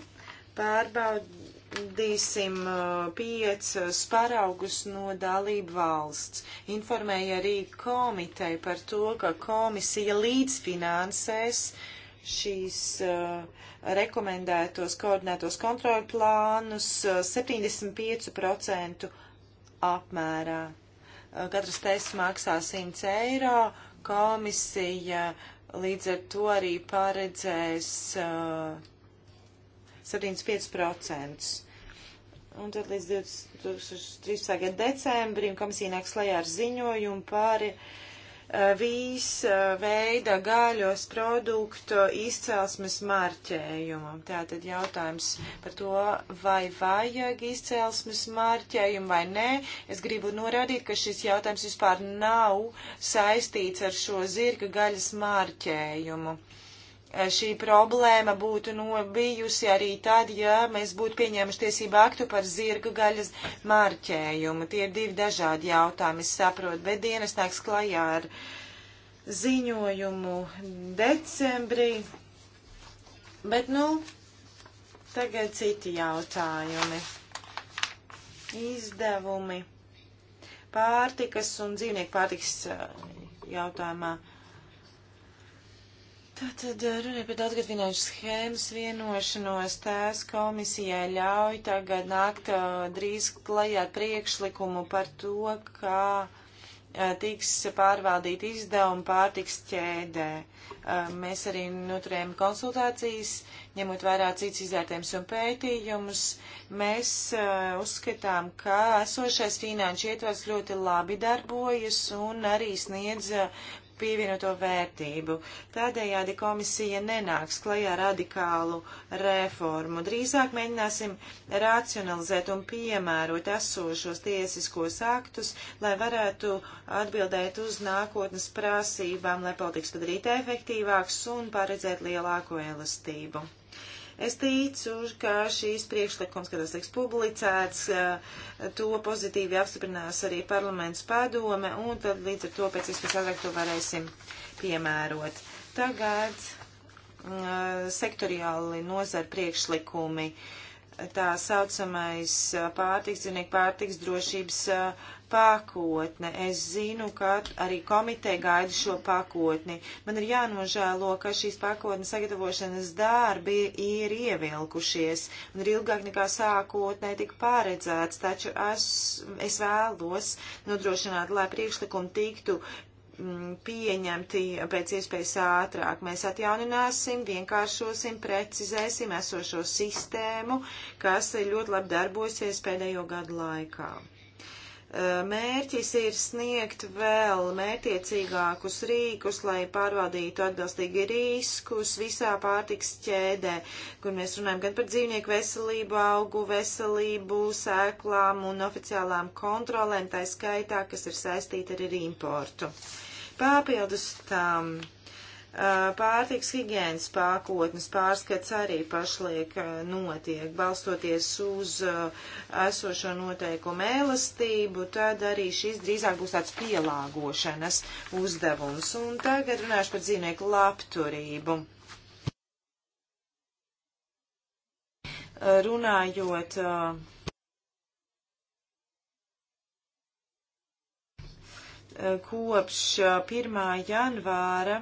Pārbaudīsim uh, piecas paraugus no dalību valsts. Informēja arī komiteja par to, ka komisija līdzfinansēs uh, šīs uh, rekomendētos koordinētos kontroļu plānus uh, 75% apmērā. Uh, katrs tests maksā 100 eiro, komisija līdz ar to arī paredzēs 75%. Uh, Un tad līdz 2013. gada decembrim komisija nāks lajā ar ziņojumu par uh, Eh, visa eh, veida gaļos produktu izcelsmes marķējumu. Tātad jautājums par to, vai vajag izcelsmes marķējumu vai nē. Es gribu norādīt, ka šis jautājums vispār nav saistīts ar šo zirga gaļas marķējumu šī problēma būtu nobijusi arī tad, ja mēs būtu pieņēmuši tiesību aktu par zirga gaļas marķējumu. Tie ir divi dažādi jautājumi, es saprotu, bet dienas nāks klajā ar ziņojumu decembrī. Bet, nu, tagad citi jautājumi. Izdevumi pārtikas un dzīvnieku pārtikas uh, jautājumā. Uh, Tātad eh, runājot par daudzgad finanšu schēmas vienošanos, tās komisijai ļauj tagad nākt eh, drīz klajā priekšlikumu par to, kā eh, tiks pārvaldīt izdevumi pārtiks ķēdē. Mēs arī noturējam konsultācijas, ņemot vērā cits izvērtējums un pētījumus. Mēs uzskatām, ka esošais finanšu ietvars ļoti labi darbojas un arī sniedz pievienoto vērtību. Tādējādi komisija nenāks klajā radikālu reformu. Drīzāk mēģināsim racionalizēt un piemērot esošos tiesiskos aktus, lai varētu atbildēt uz nākotnes prasībām, lai politikas padarītu efektīvāks un paredzēt lielāko elastību. Es ticu, ka šīs priekšlikums, kad tas tiks publicēts, eh, to pozitīvi apstiprinās arī parlaments padome, un tad līdz ar to pēc vispēc agrāk to varēsim piemērot. Tagad eh, sektoriāli nozara priekšlikumi. Tā saucamais eh, pārtiks, dzīvnieku pārtiks drošības pakotne. Es zinu, ka arī komiteja gaida šo pakotni. Man ir jānožēlo, ka šīs pakotnes sagatavošanas darbi ir ievilkušies un ir ilgāk nekā sākotnē tika paredzēts, taču es, es vēlos nodrošināt, lai priekšlikumi tiktu mm, pieņemti pēc iespējas ātrāk. Mēs atjaunināsim, vienkāršosim, precizēsim esošo sistēmu, kas ļoti labi darbosies pēdējo gadu laikā. Eh, mērķis ir sniegt vēl mērķiecīgākus rīkus, lai pārvaldītu atbilstīgi riskus visā pārtiks ķēdē, kur mēs runājam gan par dzīvnieku veselību, augu veselību, sēklām un oficiālām kontrolēm, tā skaitā, kas ir saistīta arī ar importu. Papildus tam. Um, Eh, pārtiks higiēnas pakotnes pārskats arī pašliek eh, notiek, balstoties uz eh, esošo noteikumu elastību, tad arī šis drīzāk būs tāds pielāgošanas uzdevums. Un tagad runāšu par dzīvnieku labturību. Runājot kopš 1. janvāra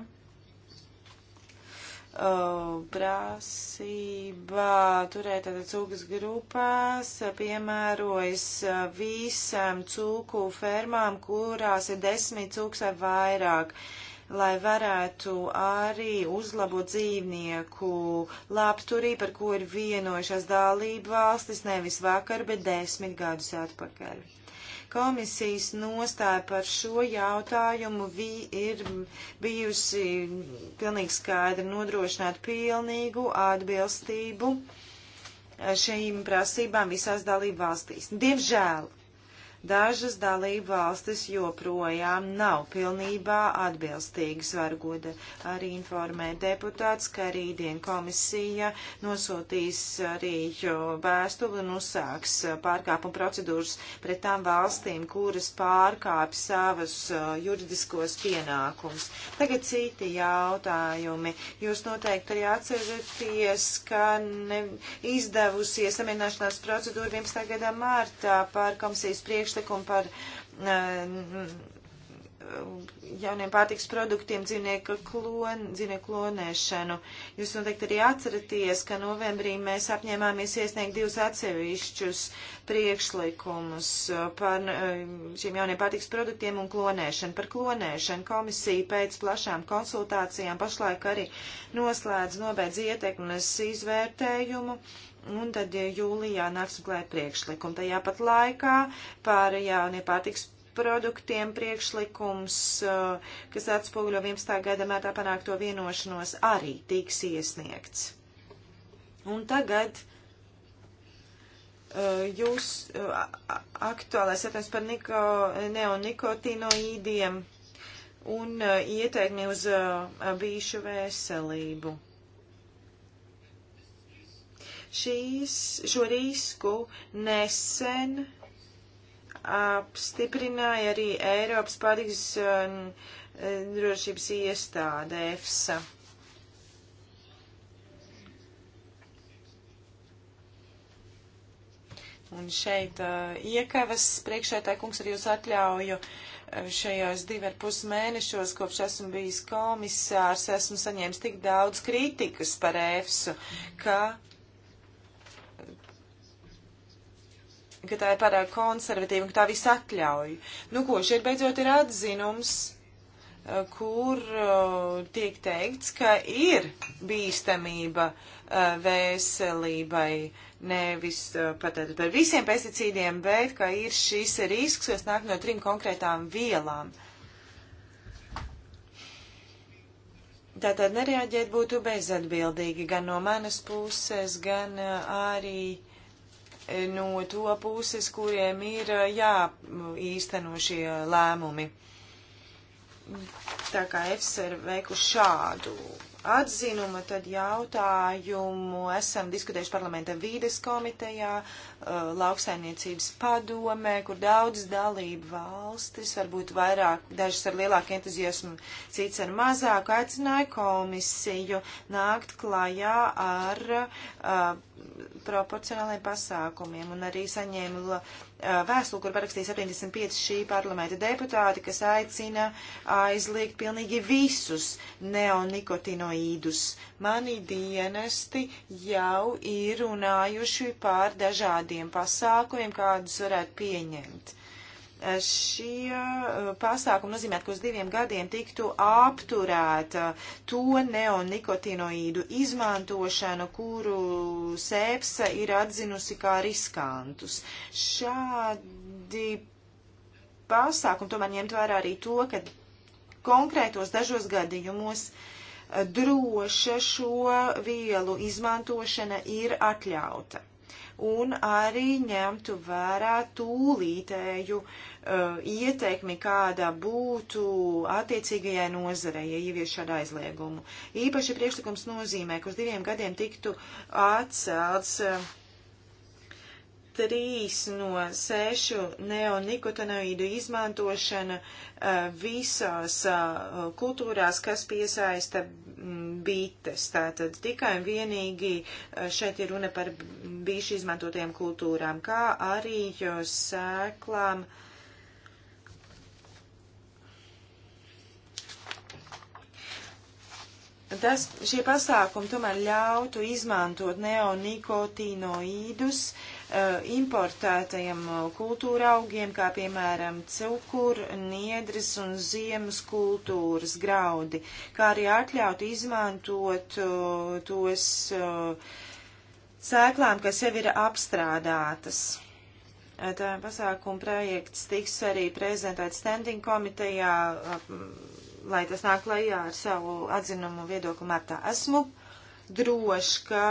Uh, prasībā turēt tātad cūkas grupās piemērojas uh, visām cūku fermām, kurās ir desmit cūks vai vairāk, lai varētu arī uzlabot dzīvnieku labturību, par ko ir vienojušās dalību valstis nevis vakar, bet desmit gadus atpakaļ. Komisijas nostāja par šo jautājumu vi, ir bijusi pilnīgi skaidra nodrošināt pilnīgu atbilstību šīm prasībām visās dalību valstīs. Diemžēl Dažas dalību valstis joprojām nav pilnībā atbilstīgas, varbūt arī informē deputāts, ka rītdien komisija nosūtīs arī vēstuli un uzsāks uh, pārkāpuma procedūras pret tām valstīm, kuras pārkāp savas uh, juridiskos pienākums. Tagad citi jautājumi. Jūs noteikti arī atceraties, ka ne izdevusies samierināšanās procedūra 11. gadā mārtā par komisijas priekšlikumu priekšlikumu par eh, jauniem pārtiks produktiem dzīvnieku, klon, dzīvnieku klonēšanu. Jūs noteikti arī atceraties, ka novembrī mēs apņēmāmies iesniegt divus atsevišķus priekšlikumus par eh, šiem jauniem pārtiks produktiem un klonēšanu. Par klonēšanu komisija pēc plašām konsultācijām pašlaik arī noslēdz nobeidz ietekmes izvērtējumu Un tad jūlijā nāks klāt priekšlikumu. Tajā pat laikā par jaunie pārtiks produktiem priekšlikums, eh, kas atspoguļo 11. gada mētā panākto vienošanos, arī tiks iesniegts. Un tagad eh, jūs eh, aktuālais jautājums par niko, neonikotinoīdiem un ieteikumi uz bīšu veselību. Šīs, šo risku nesen apstiprināja arī Eiropas pārtiks um, um, drošības iestāde EFSA. Un šeit uh, iekavas priekšētāji kungs ar jūs atļauju uh, šajos divi ar pus mēnešos, kopš esmu bijis komisārs, esmu saņēmis tik daudz kritikas par EFSU, ka ka tā ir pārāk konservatīva un ka tā viss atļauj. Nu, ko šeit beidzot ir atzinums, eh, kur eh, tiek teikts, ka ir bīstamība eh, veselībai, nevis patēt par visiem pesticīdiem, bet ka ir šis risks, kas nāk no trim konkrētām vielām. Tātad nereaģēt būtu bezatbildīgi gan no manas puses, gan arī uh, no to puses, kuriem ir eh, jāīsteno šie lēmumi. Tā kā EFS ir veikuši šādu atzinumu, tad jautājumu esam diskutējuši parlamenta vīdes komitejā, uh, lauksaimniecības padomē, kur daudz dalību valstis, varbūt vairāk, dažas ar lielāku entuziasmu, cits ar mazāku, aicināja komisiju nākt klajā ar uh, proporcionāliem pasākumiem un arī saņēma vēstuli, kur parakstīja 75 šī parlamenta deputāti, kas aicina aizliegt pilnīgi visus neonikotinoīdus. Mani dienesti jau ir runājuši pār dažādiem pasākumiem, kādus varētu pieņemt šie eh, pasākumi nozīmē, ka uz diviem gadiem tiktu apturēta to neonikotinoīdu izmantošanu, kuru sēpsa ir atzinusi kā riskantus. Šādi pasākumi tomēr ņemt vērā arī to, ka konkrētos dažos gadījumos eh, droša šo vielu izmantošana ir atļauta un arī ņemtu vērā tūlītēju uh, ieteikmi, kāda būtu attiecīgajai nozarei, ja ievies šādu aizliegumu. Īpaši priekšlikums nozīmē, ka uz diviem gadiem tiktu atcelts. Uh, trīs no sešu neonikotinoīdu izmantošana uh, visās uh, kultūrās, kas piesaista bites. Tātad tikai un vienīgi eh, šeit ir runa par bīšu izmantotajām kultūrām, kā arī sēklām. Tas, šie pasākumi tomēr ļautu izmantot neonikotinoīdus, uh, Eh, importētajiem eh, kultūra augiem, kā piemēram cukur, niedres un ziemas kultūras graudi, kā arī atļaut izmantot eh, tos sēklām, kas jau ir apstrādātas. Tā pasākuma projekts tiks arī prezentēts standing komitejā, lai tas nāk lajā ar savu atzinumu viedokli martā. Esmu droši, ka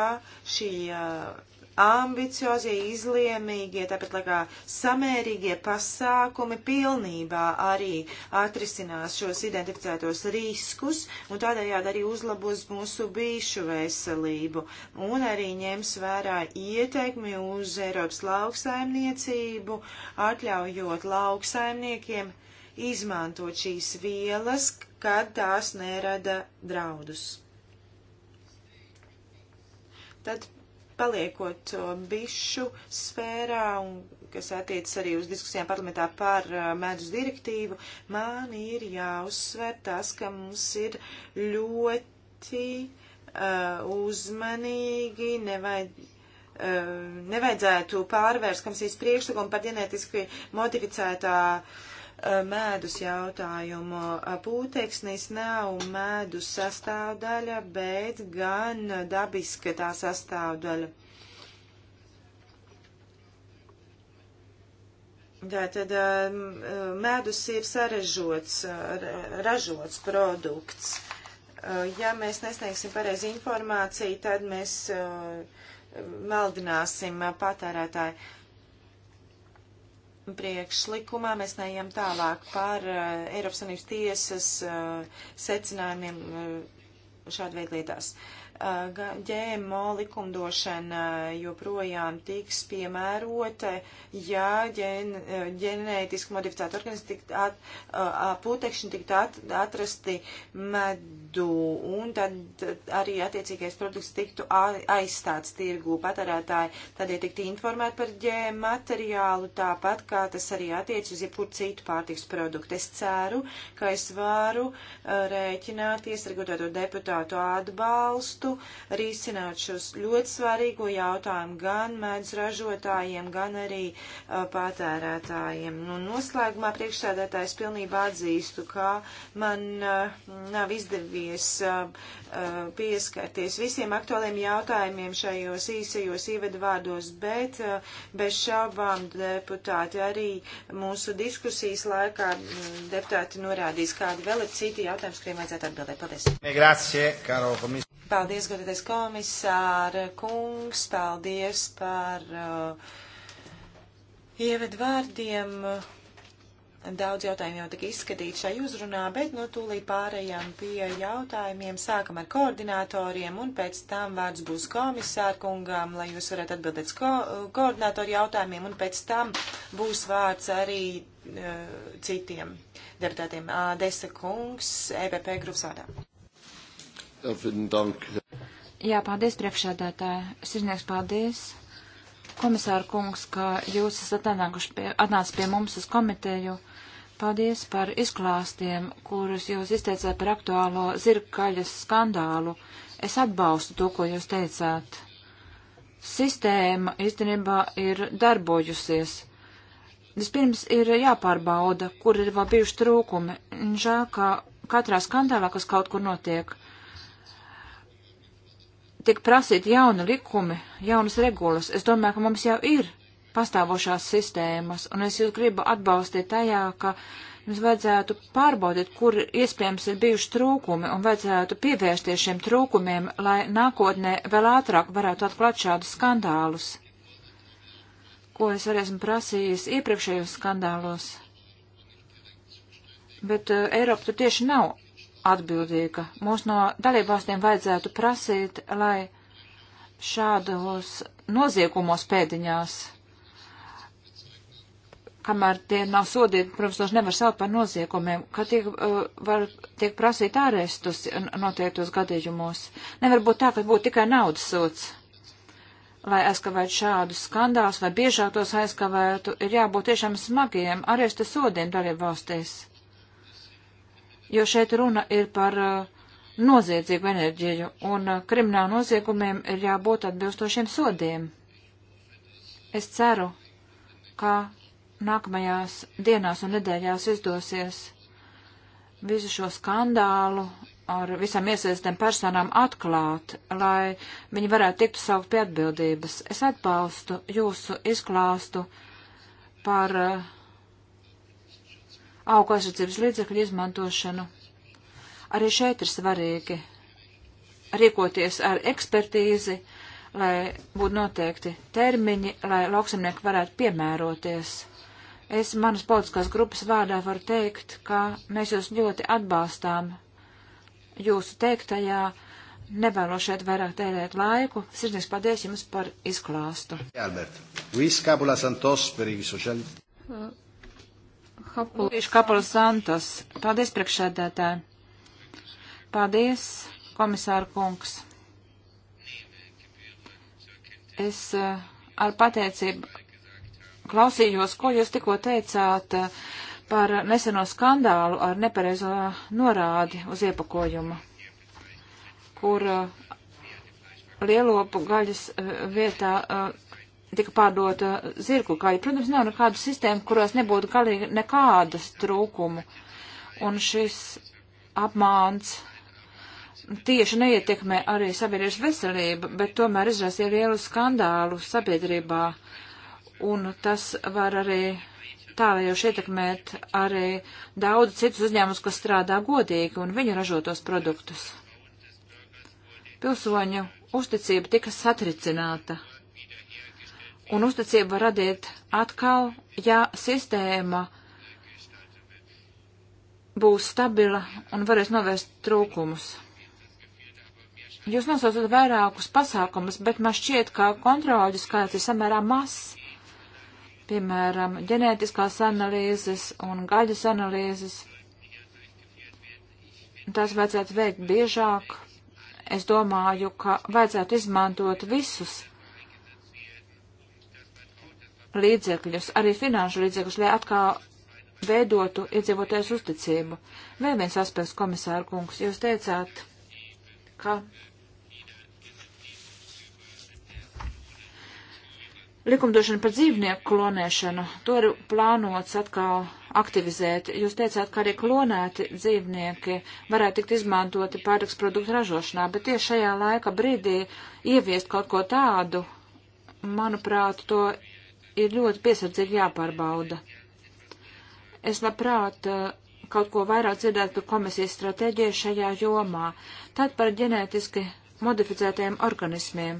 šī uh, ambiciozie, izliemīgie, tāpat laikā samērīgie pasākumi pilnībā arī atrisinās šos identificētos riskus un tādējādi arī uzlabos mūsu bīšu veselību un arī ņems vērā ieteikmi uz Eiropas lauksaimniecību, atļaujot lauksaimniekiem izmantot šīs vielas, kad tās nerada draudus. Tad paliekot uh, bišu sfērā, un kas attiecas arī uz diskusijām parlamentā par uh, medus direktīvu, man ir jāuzsver tas, ka mums ir ļoti uh, uzmanīgi, nevajag. Uh, nevajadzētu pārvērst komisijas priekšlikumu par ģenētiski modificētā uh, Uh, medus jautājumu. Uh, Pūteksnis nav medus sastāvdaļa, bet gan dabiska tā sastāvdaļa. Tātad um, uh, medus ir sarežots, ražots produkts. Ja mēs nesniegsim pareizi informāciju, tad mēs maldināsim patērētāju priekšlikumā mēs neejam tālāk par uh, Eiropas Savienības tiesas uh, secinājumiem uh, šādu veidu lietās. Uh, ģēmo likumdošana joprojām tiks piemērota, ja ģen, ģenētiski modificēta organisma tikt at, putekšņi tikt at, atrasti medu, un tad arī attiecīgais produkts tiktu aizstāts tirgu patērētāji, tad ir tikt informēt par ģēmu materiālu, tāpat kā tas arī attiec uz jebkuru citu pārtiks produktu. Es ceru, ka es varu rēķināties ar godēto deputātu atbalstu ļautu risināt šos ļoti svarīgo jautājumu gan mēdz ražotājiem, gan arī uh, patērētājiem. Nu, noslēgumā priekšsēdētājs pilnībā atzīstu, ka man uh, nav izdevies uh, pieskarties visiem aktuāliem jautājumiem šajos īsajos ievadvārdos, bet bez šaubām deputāti arī mūsu diskusijas laikā deputāti norādīs, kādi vēl ir citi jautājumi, uz kuriem vajadzētu atbildēt. Paldies! Grazie, karo komisija paldies, godīgais komisāra kungs, paldies par uh, ievedu vārdiem. Daudz jautājumu jau tika izskatīti šai uzrunā, bet no nu, tūlīt pārējām pie jautājumiem. Sākam ar koordinatoriem un pēc tam vārds būs komisārkungām, lai jūs varētu atbildēt ko koordinatoru jautājumiem un pēc tam būs vārds arī uh, citiem deputātiem. Desa kungs, EPP grupas vārdā. Jā, paldies priekšsēdētāji. Sirdnieks, paldies. Komisāra kungs, ka jūs esat pie, atnācis pie mums uz komiteju. Paldies par izklāstiem, kurus jūs izteicāt par aktuālo zirgaļas skandālu. Es atbalstu to, ko jūs teicāt. Sistēma īstenībā ir darbojusies. Vispirms ir jāpārbauda, kur ir vēl bijuši trūkumi. Žēl, ka katrā skandālā, kas kaut kur notiek, tiek prasīti jauni likumi, jaunas regulas. Es domāju, ka mums jau ir pastāvošās sistēmas, un es jūs gribu atbalstīt tajā, ka mums vajadzētu pārbaudīt, kur iespējams ir bijuši trūkumi, un vajadzētu pievērsties šiem trūkumiem, lai nākotnē vēl ātrāk varētu atklāt šādus skandālus, ko es arī esmu prasījis iepriekšējos skandālos. Bet uh, Eiropa tur tieši nav atbildīga. Mums no dalībvalstīm vajadzētu prasīt, lai šādos noziegumos pēdiņās, kamēr tie nav sodīti, protams, tos nevar saukt par noziegumiem, ka tiek, uh, var, tiek prasīt ārestus noteiktos gadījumos. Nevar būt tā, ka būtu tikai naudas sots lai aizkavētu šādus skandālus vai biežāk tos aizkavētu, ir jābūt tiešām smagiem arestu sodiem dalību valstīs jo šeit runa ir par uh, noziedzīgu enerģiju, un uh, kriminālu noziegumiem ir jābūt atbilstošiem sodiem. Es ceru, ka nākamajās dienās un nedēļās izdosies visu šo skandālu ar visām iesaistēm personām atklāt, lai viņi varētu tikt saukt pie atbildības. Es atbalstu jūsu izklāstu par uh, augu aizsardzības līdzekļu izmantošanu. Arī šeit ir svarīgi rīkoties ar ekspertīzi, lai būtu noteikti termiņi, lai lauksamnieki varētu piemēroties. Es manas politiskās grupas vārdā varu teikt, ka mēs jūs ļoti atbalstām jūsu teiktajā. Nevēlo šeit vairāk tērēt laiku. Sirdnieks paldies jums par izklāstu. Albert, Luis Capula Santos, Perīgi sociāli. Uh, Kapulīšu Kapulas Santos. Paldies, priekšsēdētāji. Paldies, komisāra kungs. Es eh, ar pateicību klausījos, ko jūs tikko teicāt eh, par neseno skandālu ar nepareizo norādi uz iepakojumu, kur eh, lielopu gaļas vietā uh, tika pārdota uh, zirgu kāja. Protams, nav nekādu sistēmu, kurās nebūtu galīgi nekādas trūkumu. Un šis apmāns tieši neietekmē arī sabiedrības veselību, bet tomēr izraisīja lielu skandālu sabiedrībā. Un tas var arī tālējuši ietekmēt arī daudz citus uzņēmumus, kas strādā godīgi un viņu ražotos produktus. Pilsoņu uzticība tika satricināta un uzticību var radīt atkal, ja sistēma būs stabila un varēs novērst trūkumus. Jūs nosaucat vairākus pasākumus, bet man šķiet, ka kontroļu skaits ir samērā mazs. Piemēram, ģenētiskās analīzes un gaļas analīzes. Tās vajadzētu veikt biežāk. Es domāju, ka vajadzētu izmantot visus līdzekļus, arī finanšu līdzekļus, lai atkal veidotu iedzīvotājs uzticību. Vēl viens aspekts, komisāra kungs, jūs teicāt, ka likumdošana par dzīvnieku klonēšanu, to ir plānots atkal aktivizēt. Jūs teicāt, ka arī klonēti dzīvnieki varētu tikt izmantoti pārtiks produktu ražošanā, bet tieši šajā laika brīdī ieviest kaut ko tādu, manuprāt, to ir ļoti piesardzīgi jāpārbauda. Es labprāt eh, kaut ko vairāk dzirdētu par komisijas stratēģiju šajā jomā, tad par ģenētiski modificētajiem organismiem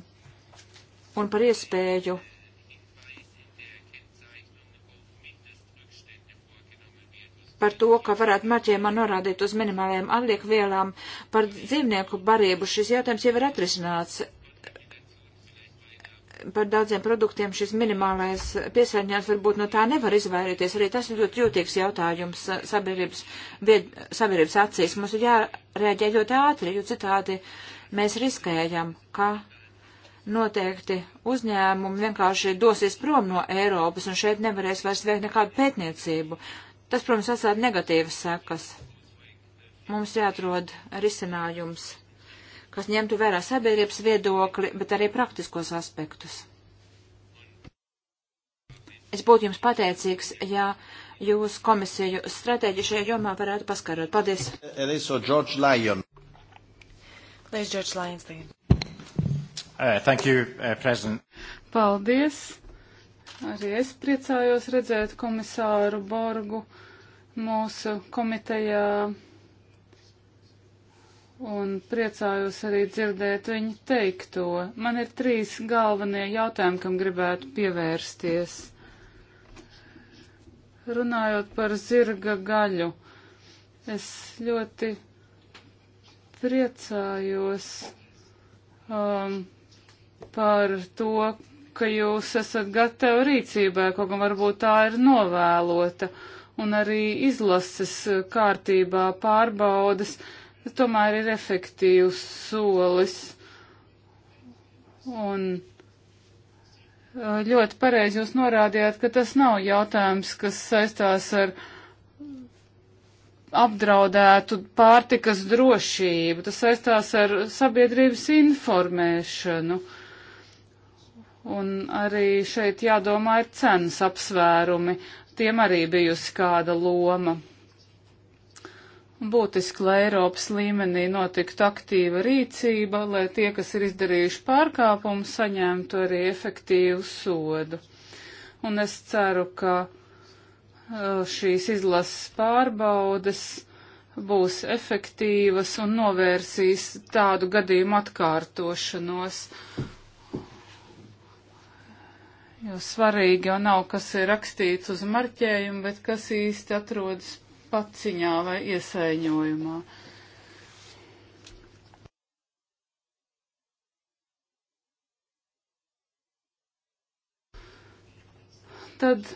un par iespēju par to, ka varētu marķējumā norādīt uz minimālajām atliekvielām par dzīvnieku barību. Šis jautājums jau ir atrisināts par daudziem produktiem šis minimālais piesārņojums varbūt no tā nevar izvairīties. Arī tas ir ļoti jūtīgs jautājums sabiedrības, vied, sabiedrības acīs. Mums ir jārēģē ļoti ātri, jo citādi mēs riskējam, ka noteikti uzņēmumi vienkārši dosies prom no Eiropas un šeit nevarēs vairs veikt nekādu pētniecību. Tas, protams, atstāja negatīvas sekas. Mums jāatrod risinājums kas ņemtu vērā sabiedrības viedokli, bet arī praktiskos aspektus. Es būtu jums pateicīgs, ja jūs komisiju stratēģi šajā jomā varētu paskarot. Paldies! Eliso George Lyon. Please, George Lyons, please. Uh, thank you, uh, President. Paldies! Arī es priecājos redzēt komisāru Borgu mūsu komitejā un priecājos arī dzirdēt viņu teikto. Man ir trīs galvenie jautājumi, kam gribētu pievērsties. Runājot par zirga gaļu, es ļoti priecājos um, par to, ka jūs esat gatavi rīcībai, kaut gan varbūt tā ir novēlota, un arī izlases kārtībā pārbaudas. Uh, Tas tomēr ir efektīvs solis. Un ļoti pareizi jūs norādījāt, ka tas nav jautājums, kas saistās ar apdraudētu pārtikas drošību, tas saistās ar sabiedrības informēšanu. Un arī šeit jādomā ir cenas apsvērumi, tiem arī bijusi kāda loma būtiski, lai Eiropas līmenī notiktu aktīva rīcība, lai tie, kas ir izdarījuši pārkāpumu, saņemtu arī efektīvu sodu. Un es ceru, ka uh, šīs izlases pārbaudes būs efektīvas un novērsīs tādu gadījumu atkārtošanos. Jo svarīgi jau nav, kas ir rakstīts uz marķējuma, bet kas īsti atrodas paciņā vai iesaiņojumā. Tad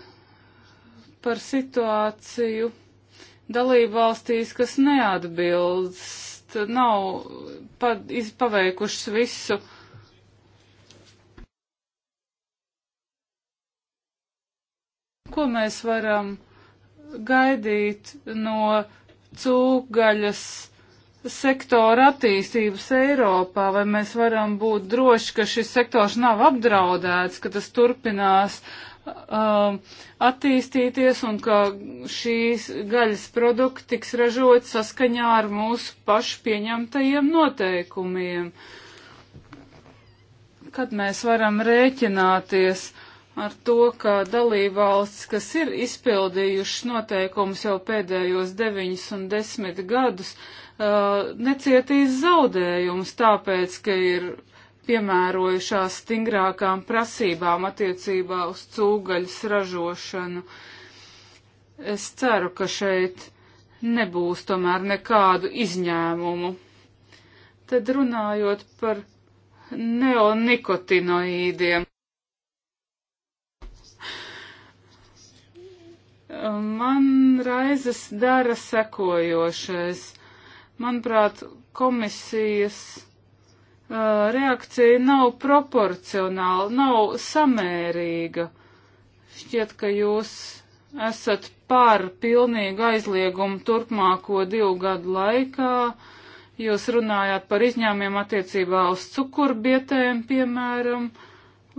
par situāciju dalībvalstīs, kas neatbilst, nav pa, paveikušas visu. Ko mēs varam gaidīt no cūgaļas sektora attīstības Eiropā, vai mēs varam būt droši, ka šis sektors nav apdraudēts, ka tas turpinās um, attīstīties un ka šīs gaļas produkti tiks ražot saskaņā ar mūsu pašu pieņemtajiem noteikumiem. Kad mēs varam rēķināties ar to, ka dalībvalsts, kas ir izpildījušas noteikumus jau pēdējos deviņus un desmit gadus, uh, necietīs zaudējumus tāpēc, ka ir piemērojušās stingrākām prasībām attiecībā uz cūgaļas ražošanu. Es ceru, ka šeit nebūs tomēr nekādu izņēmumu. Tad runājot par neonikotinoīdiem. Man raizes dara sekojošais. Manuprāt, komisijas uh, reakcija nav proporcionāla, nav samērīga. Šķiet, ka jūs esat par pilnīgu aizliegumu turpmāko divu gadu laikā. Jūs runājāt par izņēmumiem attiecībā uz cukurbietēm, piemēram. Uh,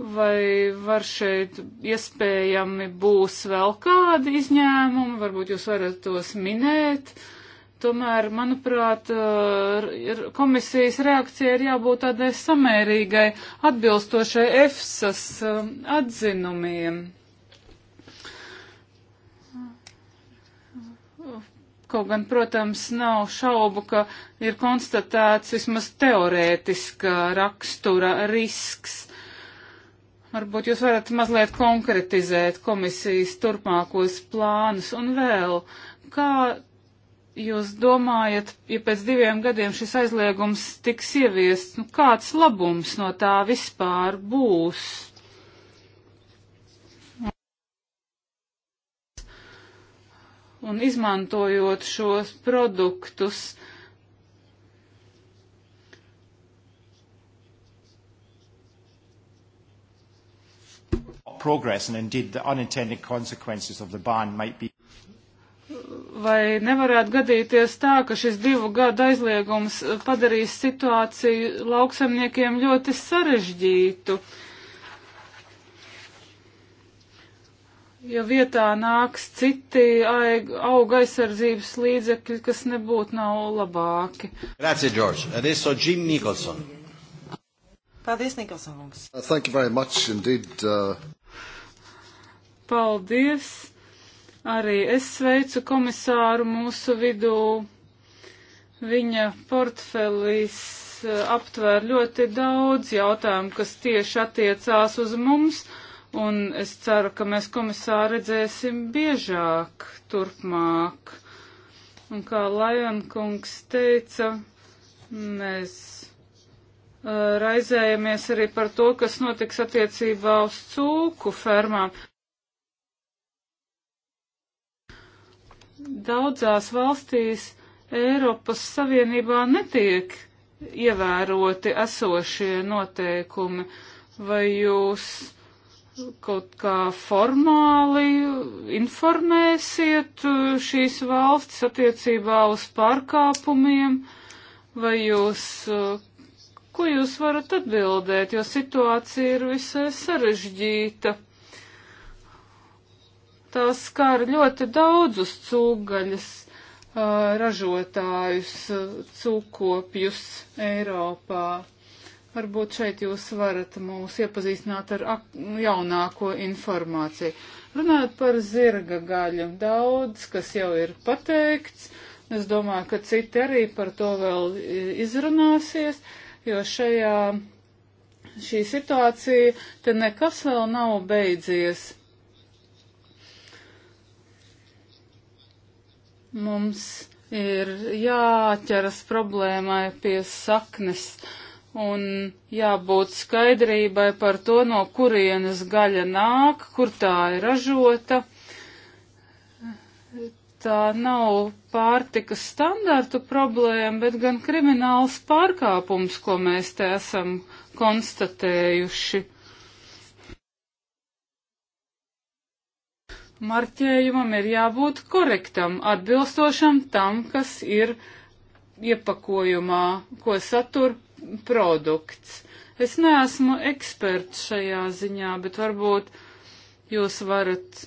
Vai var šeit iespējami būs vēl kādi izņēmumi, varbūt jūs varat tos minēt? Tomēr, manuprāt, komisijas reakcija ir jābūt tādai samērīgai, atbilstošai EFSAS um, atzinumiem. Kaut gan, protams, nav šaubu, ka ir konstatēts vismaz teorētiska rakstura risks Varbūt jūs varat mazliet konkretizēt komisijas turpmākos plānus un vēl, kā jūs domājat, ja pēc diviem gadiem šis aizliegums tiks ieviests, nu kāds labums no tā vispār būs? Un izmantojot šos produktus, uh, progress and indeed the unintended consequences of the ban might be. Vai nevarētu gadīties tā, ka šis divu gadu aizliegums padarīs situāciju lauksamniekiem ļoti sarežģītu? Jo vietā nāks citi auga aizsardzības līdzekļi, kas nebūtu nav labāki. Grazie, George. Adesso Jim Nicholson. Paldies, Nikolsons. Uh, thank you very much indeed. Uh paldies! Arī es sveicu komisāru mūsu vidū. Viņa portfelis e, aptvēr ļoti daudz jautājumu, kas tieši attiecās uz mums, un es ceru, ka mēs komisāru redzēsim biežāk turpmāk. Un kā Lajankungs teica, mēs uh, raizējamies arī par to, kas notiks attiecībā uz cūku fermām. daudzās valstīs Eiropas Savienībā netiek ievēroti esošie noteikumi, vai jūs kaut kā formāli informēsiet šīs valsts attiecībā uz pārkāpumiem, vai jūs, ko jūs varat atbildēt, jo situācija ir visai sarežģīta tās skar ļoti daudzus cūgaļas uh, ražotājus, cūkopjus Eiropā. Varbūt šeit jūs varat mūs iepazīstināt ar jaunāko informāciju. Runājot par zirga gaļu, daudz, kas jau ir pateikts, es domāju, ka citi arī par to vēl izrunāsies, jo šajā, šī situācija, te nekas vēl nav beidzies Mums ir jāķeras problēmai pie saknes un jābūt skaidrībai par to, no kurienes gaļa nāk, kur tā ir ražota. Tā nav pārtikas standartu problēma, bet gan krimināls pārkāpums, ko mēs te esam konstatējuši. marķējumam ir jābūt korektam, atbilstošam tam, kas ir iepakojumā, ko satur produkts. Es neesmu eksperts šajā ziņā, bet varbūt jūs varat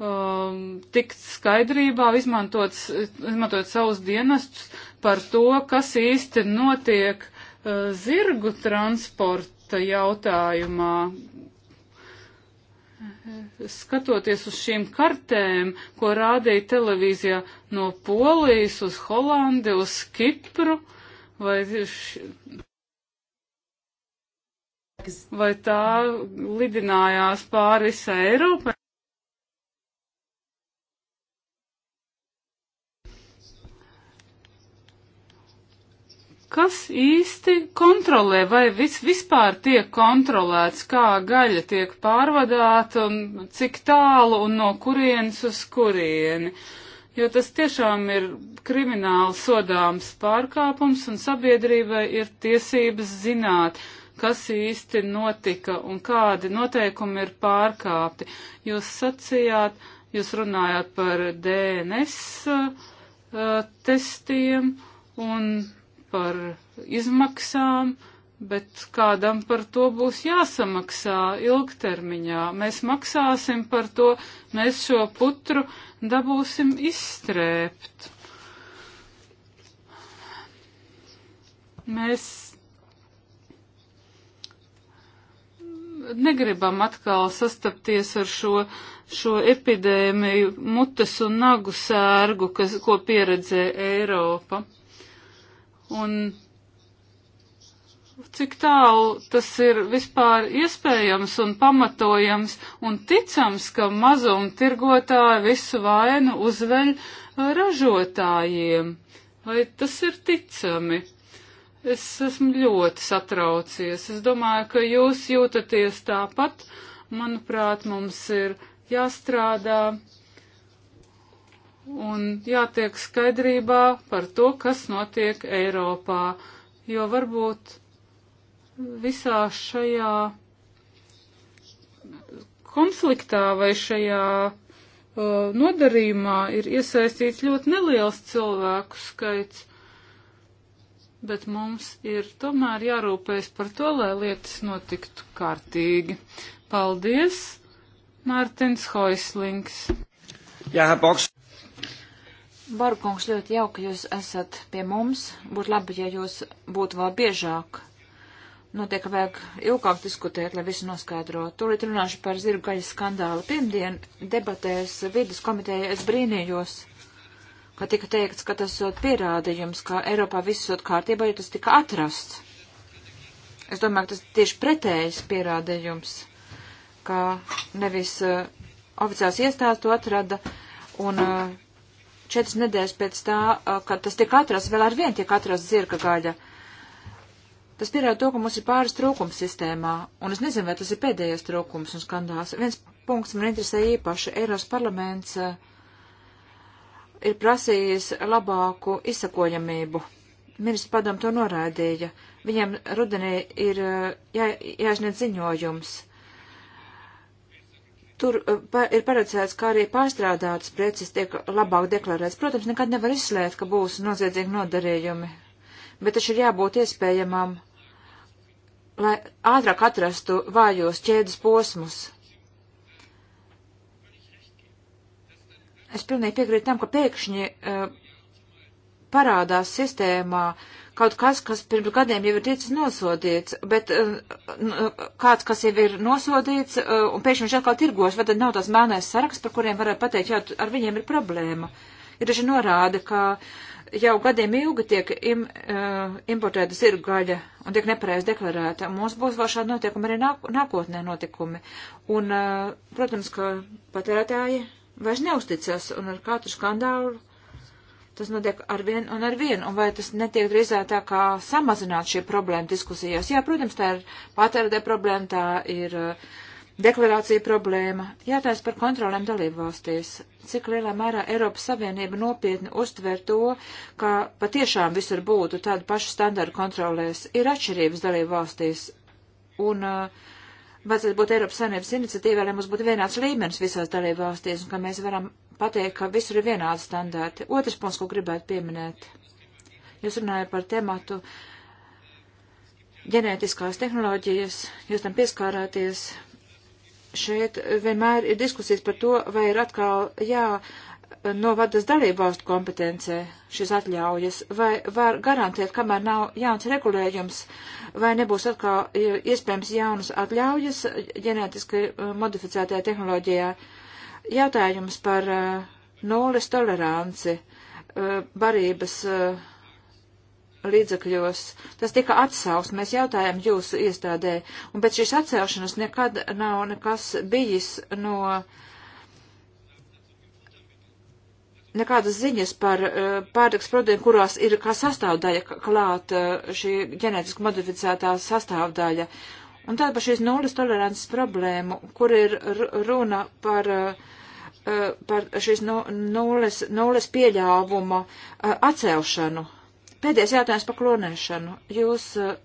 um, tikt skaidrībā, izmantot, izmantot savus dienestus par to, kas īsti notiek uh, zirgu transporta jautājumā, skatoties uz šīm kartēm, ko rādīja televīzijā no Polijas uz Holandi, uz Kipru, vai, š... vai tā lidinājās pāri visai Eiropai. Kas īsti kontrolē, vai vis, vispār tiek kontrolēts, kā gaļa tiek pārvadāta un cik tālu un no kurienes uz kurieni? Jo tas tiešām ir krimināli sodāms pārkāpums un sabiedrībai ir tiesības zināt, kas īsti notika un kādi noteikumi ir pārkāpti. Jūs sacījāt, jūs runājāt par DNS uh, eh, testiem un par izmaksām, bet kādam par to būs jāsamaksā ilgtermiņā. Mēs maksāsim par to, mēs šo putru dabūsim izstrēpt. Mēs negribam atkal sastapties ar šo, šo epidēmiju mutes un nagu sērgu, kas, ko pieredzē Eiropa. Un cik tālu tas ir vispār iespējams un pamatojams un ticams, ka mazumtirgotāji visu vainu uzveļ eh, ražotājiem. Vai tas ir ticami? Es esmu ļoti satraucies. Es domāju, ka jūs jūtaties tāpat. Manuprāt, mums ir jāstrādā un jātiek skaidrībā par to, kas notiek Eiropā, jo varbūt visā šajā konfliktā vai šajā uh, nodarījumā ir iesaistīts ļoti neliels cilvēku skaits, bet mums ir tomēr jārūpējas par to, lai lietas notiktu kārtīgi. Paldies, Mārtiņš Hoislings. Jā, Boks. Barkungs, ļoti jauki, ka jūs esat pie mums. Būtu labi, ja jūs būtu vēl biežāk. Notiek, nu, vajag ilgāk diskutēt, lai visu noskaidrotu. Tūlīt runāšu par zirgu gaļas skandālu. Pirmdien debatēs vidas komiteja es brīnījos, ka tika teikts, ka tas ir pierādījums, ka Eiropā viss ir kārtībā, jo tas tika atrasts. Es domāju, ka tas tieši pretējs pierādījums, ka nevis uh, oficiāls iestāsts to atrada un uh, Četras nedēļas pēc tā, kad tas tiek atrasts, vēl ar vienu tiek atrasts zirga gaļa. Tas pierāda to, ka mums ir pāris trūkums sistēmā, un es nezinu, vai tas ir pēdējais trūkums un skandāls. Viens punkts man interesē īpaši. Eiros parlaments ir prasījis labāku izsakojamību. Ministrs padom to noraidīja. Viņiem rudenī ir jā, jāizniedz ziņojums Tur eh, ir paredzēts, ka arī pārstrādātas preces tiek labāk deklarētas. Protams, nekad nevar izslēgt, ka būs noziedzīgi nodarījumi, bet taču ir jābūt iespējamām, lai ātrāk atrastu vājos ķēdes posmus. Es pilnīgi piekrītu tam, ka pēkšņi uh, parādās sistēmā uh, kaut kas, kas pirms gadiem jau ir ticis nosodīts, bet eh, eh, kāds, kas jau ir nosodīts eh, un pēkšņi viņš atkal tirgos, vai tad nav tās melnais saraksts, par kuriem varētu pateikt, jā, ar viņiem ir problēma. Ir arī norāda, ka jau gadiem ilgi tiek im, importēta zirga gaļa un tiek nepareizi deklarēta. Mums būs vēl šādi notiekumi arī nāk, nākotnē notikumi. Un, protams, ka patērētāji vairs neusticas un ar katru skandālu Tas notiek ar vienu un ar vienu, un vai tas netiek drīzāk tā kā samazināt šī problēma diskusijās? Jā, protams, tā ir patērētē problēma, tā ir uh, deklarācija problēma. Jātājs par kontrolēm dalību valstīs. Cik lielā mērā Eiropas Savienība nopietni uztver to, ka patiešām visur būtu tādu pašu standartu kontrolēs, ir atšķirības dalību valstīs. Un uh, vajadzētu būt Eiropas saimnības iniciatīvai, lai mums būtu vienāds līmenis visās dalību valstīs un ka mēs varam pateikt, ka visur ir vienādi standarti. Otrs punkts, ko gribētu pieminēt. Jūs runājat par tematu ģenētiskās tehnoloģijas, jūs tam pieskārāties. Šeit vienmēr ir diskusijas par to, vai ir atkal jā novadas dalībvalstu kompetencē šīs atļaujas, vai var garantēt, kamēr nav jauns regulējums, vai nebūs atkal iespējams jaunas atļaujas ģenētiski uh, modificētajā tehnoloģijā. Jautājums par uh, nulles toleranci uh, barības uh, līdzakļos. Tas tika atsausts, mēs jautājām jūsu iestādē, un pēc šīs atcelšanas nekad nav nekas bijis no uh, nekādas ziņas par eh, pārtiks produktiem, kurās ir kā sastāvdaļa klāt eh, šī ģenētiski modificētā sastāvdaļa. Un tad par šīs nulles tolerances problēmu, kur ir runa par, eh, par šīs nu, nulles, nulles pieļāvuma atcelšanu. Pēdējais jautājums par klonēšanu. Jūs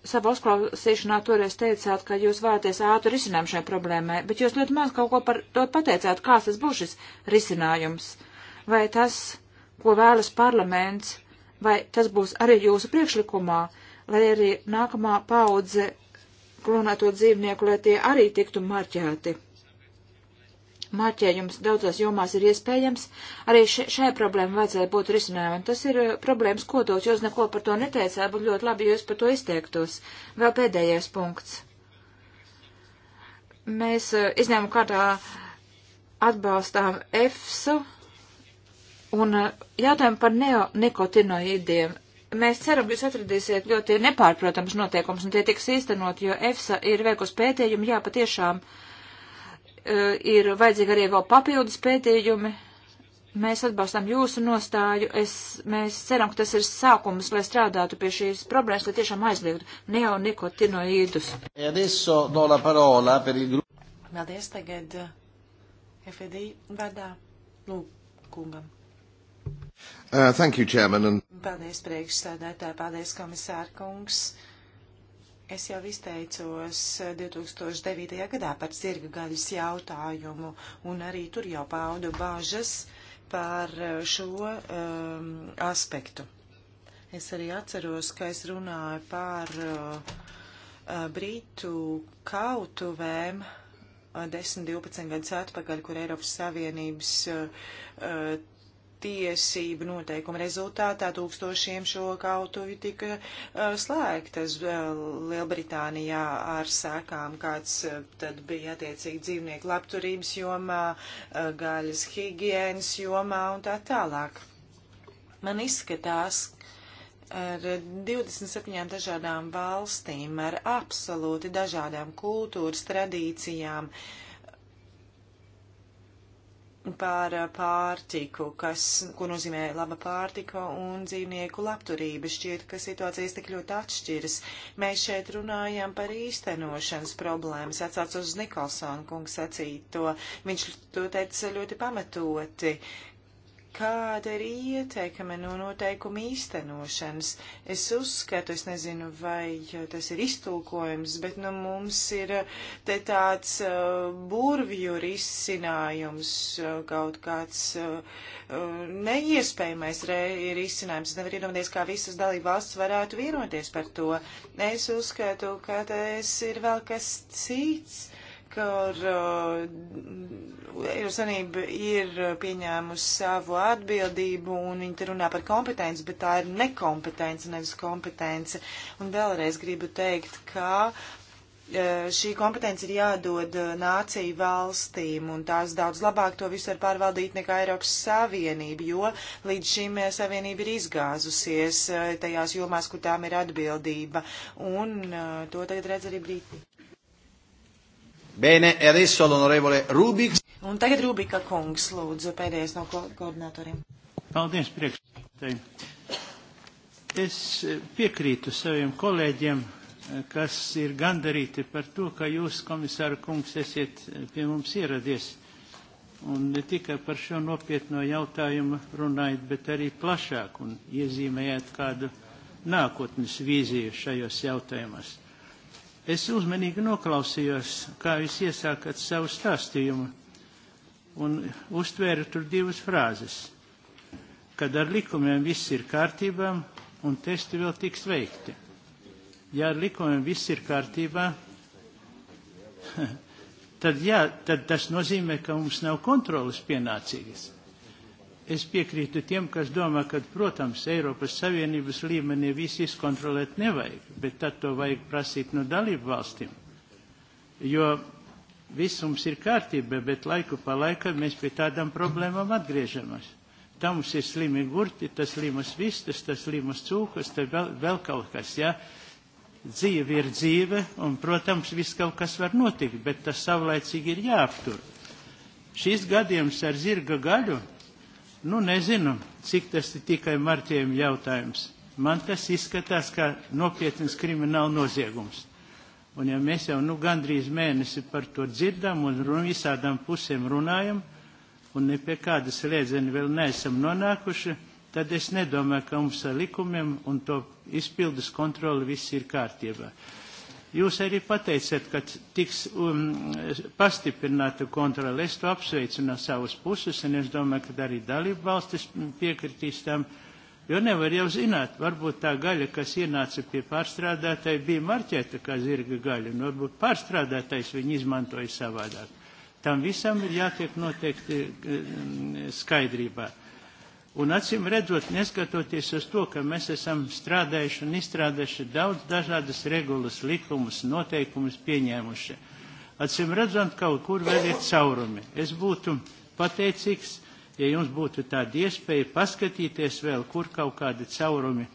savā uzklausīšanā toreiz teicāt, ka jūs vēlaties ātru risinājumu šai problēmai, bet jūs ļoti maz kaut ko par to pateicāt, kāds tas būs šis risinājums. Uh, vai tas, ko vēlas parlaments, vai tas būs arī jūsu priekšlikumā, lai arī nākamā paudze klonēto dzīvnieku, lai tie arī tiktu marķēti. Marķējums daudzās jomās ir iespējams, arī šai problēmai vajadzēja būt risinājumam. Tas ir eh, problēmas kodols, jūs neko par to neteicāt, būtu ļoti labi, ja jūs par to izteiktos. Vēl pēdējais punkts. Mēs eh, izņēmu kādā atbalstām EFSU Un eh, jautājumu par neonikotinoīdiem. Mēs ceram, ka jūs atradīsiet ļoti nepārprotams noteikums, un tie tiks īstenot, jo EFSA ir veikusi pētījumu, jā, patiešām eh, ir vajadzīgi arī vēl papildus pētījumi. Mēs atbalstam jūsu nostāju. Es, mēs ceram, ka tas ir sākums, lai strādātu pie šīs problēmas, lai tiešām aizliegtu neonikotinoīdus. E Paldies tagad eh, FED vārdā Lūkungam. Uh, thank you, Chairman. And... Paldies, priekšsēdētāji, paldies, komisāra kungs. Es jau izteicos 2009. Uh, gadā par zirga gaļas jautājumu, un arī tur jau paudu bāžas par uh, šo um, aspektu. Es arī atceros, ka es runāju par uh, uh Britu kautuvēm 10-12 gadus atpakaļ, kur Eiropas Savienības uh, tiesību noteikumu rezultātā tūkstošiem šo kautuvi tika uh, slēgtas uh, Lielbritānijā ar sēkām, kāds uh, tad bija attiecīgi dzīvnieku labturības jomā, uh, gaļas higienas jomā un tā tālāk. Man izskatās, ar 27 dažādām valstīm, ar absolūti dažādām kultūras tradīcijām, uh, par eh, pārtiku, kas, ko nozīmē laba pārtika un dzīvnieku labturība. Šķiet, ka situācijas tik ļoti atšķiras. Mēs šeit runājam par īstenošanas problēmas, atsāc uz Nikolsonu kungu sacīto. Viņš to teica ļoti pamatoti. Uh, kāda ir ieteikama no noteikuma īstenošanas. Es uzskatu, es nezinu, vai tas ir iztulkojums, bet nu, mums ir eh, te tāds uh, burvju risinājums, uh, kaut kāds uh, neiespējamais risinājums. Es nevaru iedomāties, kā visas dalība valsts varētu vienoties par to. Es uzskatu, ka tas ir vēl kas cits ka uh, Eiropas Savienība ir uh, pieņēmusi savu atbildību un viņi te runā par kompetenci, bet tā ir nekompetence, nevis kompetence. Un vēlreiz gribu teikt, ka uh, šī kompetence ir jādod nāciju valstīm, un tās daudz labāk to visu var pārvaldīt nekā Eiropas Savienība, jo līdz šim Savienība ir izgāzusies tajās jomās, kur tām ir atbildība, un to tagad redz arī Brītī. Bene, e adesso l'onorevole Rubiks. Un tagad Rubika kungs, lūdzu, pēdējais no ko koordinatoriem. Paldies, priekšsēdētāji. Es eh, piekrītu saviem kolēģiem, eh, kas ir gandarīti par to, ka jūs, komisāra kungs, esiet eh, pie mums ieradies. Un ne tikai par šo nopietno jautājumu runājat, bet arī plašāk un iezīmējat kādu nākotnes vīziju šajos jautājumos. Es uzmanīgi noklausījos, kā jūs iesākat savu stāstījumu, un uztvēru tur divas frāzes, kad ar likumiem viss ir kārtībā un testi vēl tiks veikti. Ja ar likumiem viss ir kārtībā, tad, jā, tad tas nozīmē, ka mums nav kontrolas pienācīgas es piekrītu tiem, kas domā, ka, protams, Eiropas Savienības līmenī viss izkontrolēt nevajag, bet tad to vajag prasīt no dalību valstīm. Jo viss mums ir kārtība, bet laiku pa laikam mēs pie tādām problēmām atgriežamies. Tā mums ir slimi gurti, tas slimas vistas, tas slimas cūkas, tad vēl, vēl kaut kas, jā. Ja? Dzīve ir dzīve, un, protams, viss kaut kas var notikt, bet tas savlaicīgi ir jāaptur. Šis gadījums ar zirga gaļu Nu, nezinu, cik tas ir tikai marķējuma jautājums. Man tas izskatās kā nopietnas krimināla noziegums. Un ja mēs jau nu gandrīz mēnesi par to dzirdam un visādām pusēm runājam, un ne pie kādas rēdzeni vēl neesam nonākuši, tad es nedomāju, ka mums ar likumiem un to izpildes kontroli viss ir kārtībā. Uh, Jūs arī pateicat, ka tiks um, pastiprināta kontrole. Es to apsveicu no savas puses, un es domāju, ka arī dalību valstis piekritīs tam, jo nevar jau zināt, varbūt tā gaļa, kas ienāca pie pārstrādātāja, bija marķēta kā zirga gaļa, un varbūt pārstrādātājs viņu izmantoja savādāk. Tam visam ir jātiek noteikti um, skaidrībā. Uh, Un acim redzot, neskatoties uz to, ka mēs esam strādājuši un izstrādājuši daudz dažādas regulas, likumus, noteikumus pieņēmuši, acim redzot, kaut kur vēl ir caurumi. Es būtu pateicīgs, ja jums būtu tāda iespēja paskatīties vēl, kur kaut kādi caurumi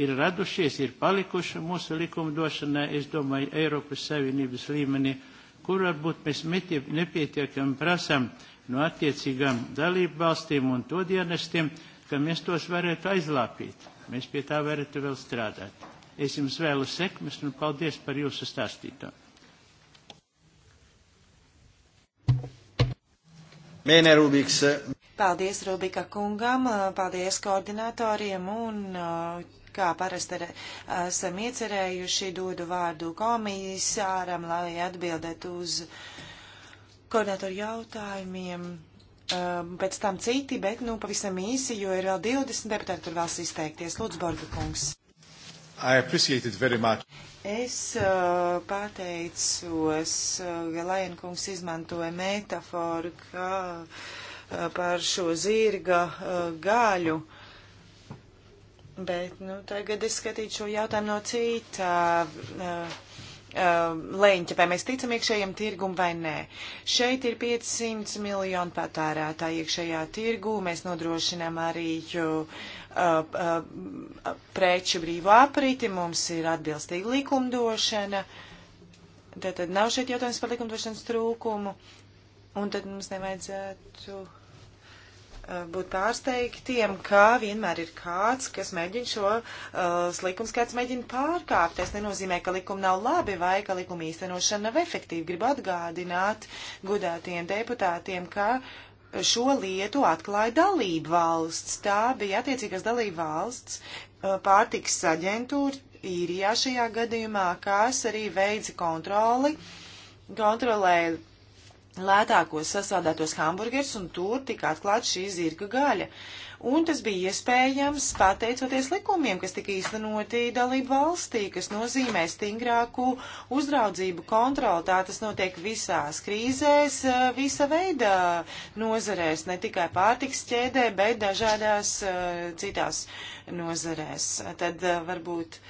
ir radušies, ir palikuši mūsu likumdošanā, es domāju, Eiropas Savienības līmenī, kur varbūt mēs nepietiekami prasam no attiecīgām dalību valstīm un to dienestiem, ka mēs tos varētu aizlāpīt. Mēs pie tā varētu vēl strādāt. Es jums vēlu sekmes un paldies par jūsu stāstīto. Mēne Rubiks. Eh, paldies Rubika kungam, eh, paldies koordinatoriem un eh, kā parasti esam iecerējuši, dodu vārdu komisāram, lai atbildētu uz koordinatoru jautājumiem. Um, pēc tam citi, bet nu pavisam īsi, jo ir vēl 20 deputāti, tur vēlas izteikties. Lūdzu, Borga kungs. Es uh, pateicos, uh, ka uh, Lajan kungs izmantoja metaforu kā, uh, par šo zirga uh, gaļu. Bet, nu, tagad es skatīšu šo jautājumu no citā. Uh, Um, leņķa, vai mēs ticam iekšējiem tirgum vai nē. Šeit ir 500 miljonu patērētāji iekšējā tirgu, mēs nodrošinām arī uh, uh, preču brīvo apriti, mums ir atbilstīga likumdošana, tad, tad nav šeit jautājums par likumdošanas trūkumu, un tad mums nevajadzētu. Uh, Eh, būt pārsteigtiem, ka vienmēr ir kāds, kas mēģina šo uh, eh, likums, kāds mēģina pārkāpt. Tas nenozīmē, ka likumi nav labi vai ka likuma īstenošana nav efektīva. Gribu atgādināt gudētiem deputātiem, ka šo lietu atklāja dalība valsts. Tā bija attiecīgās dalība valsts uh, pārtiks aģentūra īrijā šajā gadījumā, kas arī veica kontroli, kontrolēja lētākos sasādētos hamburgers, un tur tika atklāta šī zirga gaļa. Un tas bija iespējams pateicoties likumiem, kas tika īstenoti dalību valstī, kas nozīmē stingrāku uzraudzību kontroli. Tā tas notiek visās krīzēs, visa veida nozarēs, ne tikai pārtiks ķēdē, bet dažādās eh, citās nozarēs. Tad eh, varbūt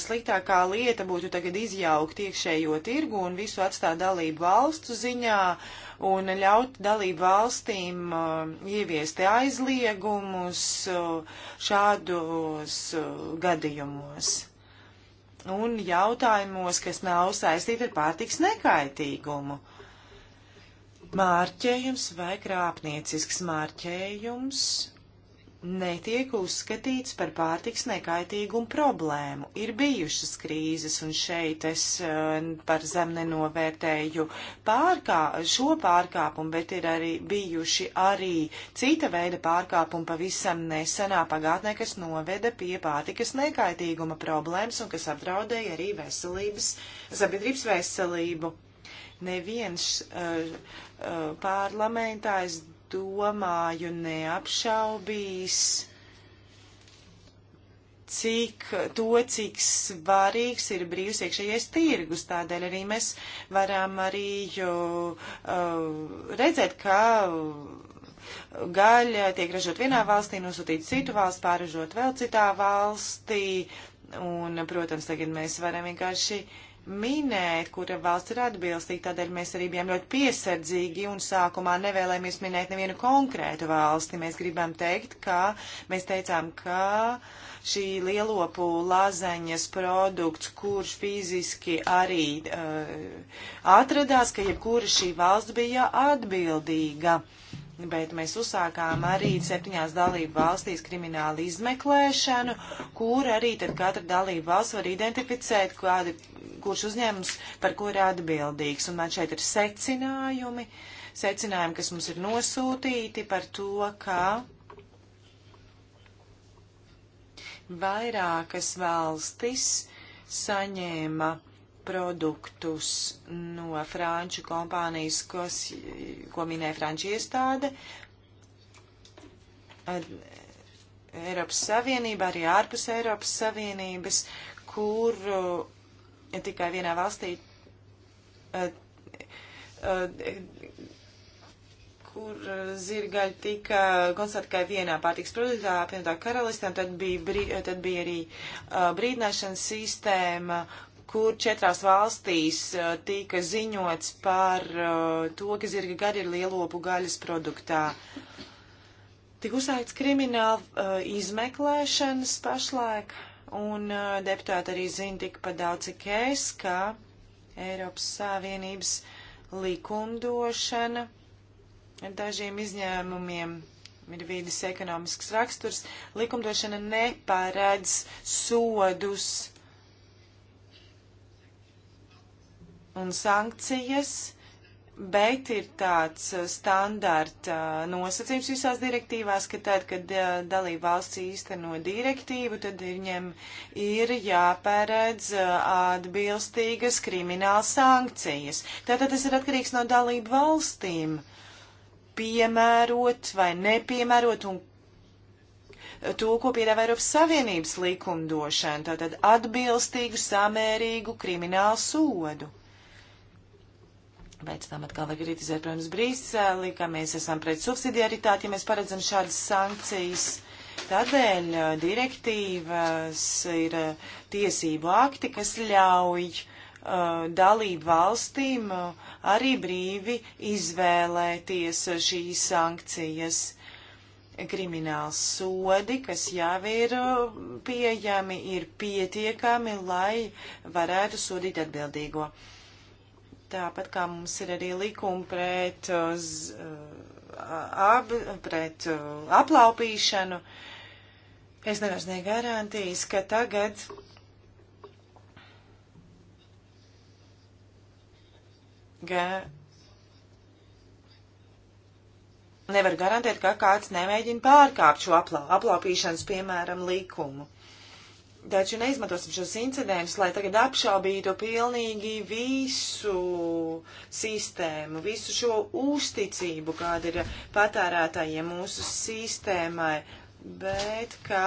sliktākā lieta būtu tagad izjaukt iekšējo tirgu un visu atstāt dalību valstu ziņā un ļaut dalību valstīm uh, ieviest aizliegumus uh, šādos uh, gadījumos un jautājumos, kas nav saistīti ar pārtiks nekaitīgumu. Mārķējums vai krāpniecisks mārķējums netiek uzskatīts par pārtiks nekaitīgumu problēmu. Ir bijušas krīzes, un šeit es eh, par zem nenovērtēju pārkā, šo pārkāpumu, bet ir arī bijuši arī cita veida pārkāpumi pavisam nesenā pagātnē, kas noveda pie pārtikas nekaitīguma problēmas un kas apdraudēja arī veselības, sabiedrības veselību. Neviens uh, uh, parlamentā, es domāju, neapšaubīs cik, to, cik svarīgs ir brīvs iekšējais tirgus. Tādēļ arī mēs varam arī jo, uh, redzēt, ka gaļa tiek ražot vienā valstī, nosūtīt citu valstu, pārražot vēl citā valstī. Un, protams, tagad mēs varam vienkārši uh, minēt, kura valsts ir atbilstīga, tādēļ mēs arī bijām ļoti piesardzīgi un sākumā nevēlēmies minēt nevienu konkrētu valsti. Mēs gribam teikt, ka mēs teicām, ka šī lielopu lazaņas produkts, kurš fiziski arī uh, atradās, ka jebkura šī valsts bija atbildīga bet mēs uzsākām arī septiņās dalību valstīs kriminālu izmeklēšanu, kur arī tad katra dalību valsts var identificēt, kādi, kurš uzņēmums par ko ir atbildīgs. Un man šeit ir secinājumi, secinājumi, kas mums ir nosūtīti par to, ka vairākas valstis saņēma produktus no franču kompānijas, kos, ko minēja franču iestāde. Eiropas Savienība, arī ārpus Eiropas Savienības, kur ja eh, tikai vienā valstī, eh, eh, kur zirgaļi tika konstatēti tikai vienā pārtiks produktā, apvienotā karalistē, tad bija, brī, tad bija arī brīdināšanas sistēma, kur četrās valstīs eh, tika ziņots par eh, to, ka zirga gaļa ir lielopu gaļas produktā. Tik uzsākts krimināla eh, izmeklēšanas pašlaik, un deputāti arī zina tik pa daudz, cik es, ka Eiropas Savienības likumdošana ar dažiem izņēmumiem ir vīdes ekonomisks raksturs, likumdošana neparedz sodus un sankcijas, bet ir tāds uh, standarta uh, nosacījums visās direktīvās, ka tad, kad uh, dalība valsts īsteno direktīvu, tad ir ņem ir jāpēredz atbilstīgas krimināla sankcijas. Tātad tas ir atkarīgs no dalību valstīm piemērot vai nepiemērot un to, ko piedāvā Eiropas Savienības likumdošana, tātad atbilstīgu, samērīgu kriminālu sodu. Pēc tam atkal var kritizēt, protams, Brīseli, ka mēs esam pret subsidiaritāti, ja mēs paredzam šādas sankcijas. Tādēļ uh, direktīvas ir uh, tiesību akti, kas ļauj uh, dalību valstīm uh, arī brīvi izvēlēties uh, šīs sankcijas krimināls sodi, kas jau ir pieejami, ir pietiekami, lai varētu sodīt atbildīgo. Uh, Tāpat kā mums ir arī likumi pret, uz, uh, uh, ab, pret uh, aplaupīšanu, es nevaru sniegt garantijas, ka tagad ka nevar garantēt, ka kāds nemēģina pārkāpt šo apla, aplaupīšanas, piemēram, likumu. Taču neizmantosim šos incidentus, lai tagad apšaubītu pilnīgi visu sistēmu, visu šo uzticību, kāda ir patērētājiem mūsu sistēmai, bet kā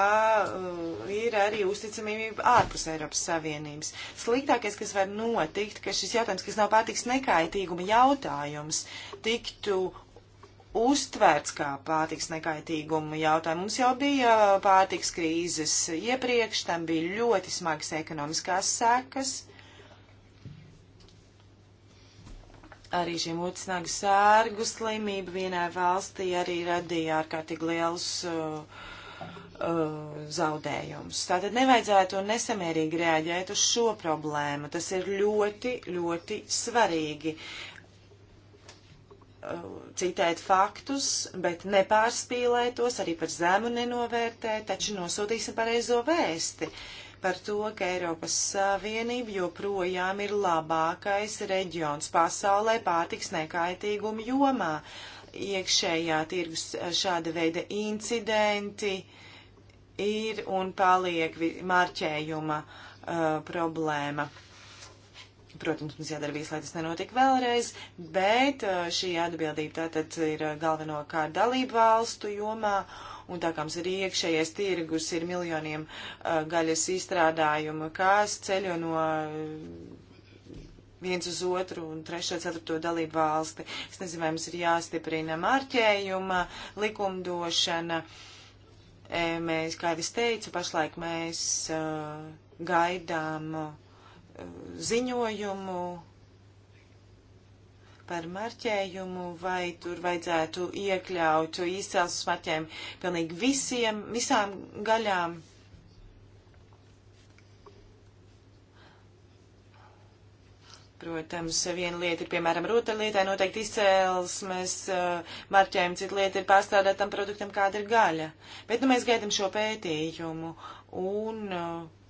uh, ir arī uzticamība ārpus Eiropas Savienības. Sliktākais, kas var notikt, ka šis jautājums, kas nav pārtiks nekaitīguma jautājums, tiktu uztvērts kā pārtiks nekaitīguma jautājums. Mums jau bija uh, pārtiks krīzes iepriekš, tam bija ļoti smagas ekonomiskās sekas. arī šī mutisnāga sērgu slimība vienai valstī arī radīja ārkārtīgi lielus uh, uh, zaudējumus. Tātad nevajadzētu nesamērīgi reaģēt uz šo problēmu. Tas ir ļoti, ļoti svarīgi citēt faktus, bet nepārspīlēt tos, arī par zemu nenovērtēt, taču nosūtīsim pareizo vēsti par to, ka Eiropas Savienība joprojām ir labākais reģions pasaulē pārtiks nekaitīgumu jomā. Iekšējā tirgus šāda veida incidenti ir un paliek marķējuma uh, problēma. Protams, mums jādara viss, lai tas nenotika vēlreiz, bet uh, šī atbildība tātad ir uh, galvenokārt dalību valstu jomā, un tā kā mums ir iekšējais tirgus, ir miljoniem uh, gaļas izstrādājumu, kas ceļo no uh, viens uz otru un trešo, ceturto dalību valsti. Es nezinu, vai mums ir jāstiprina marķējuma, likumdošana. E, mēs, kā jau es teicu, pašlaik mēs uh, gaidām. Uh, ziņojumu par marķējumu, vai tur vajadzētu iekļaut izcelsmes marķējumu pilnīgi visiem, visām gaļām. Protams, viena lieta ir, piemēram, rotaļlietai noteikti izcēlesmes eh, marķējumi, cita lieta ir pārstrādātam produktam, kāda ir gaļa. Bet, nu, mēs gaidam šo pētījumu un uh,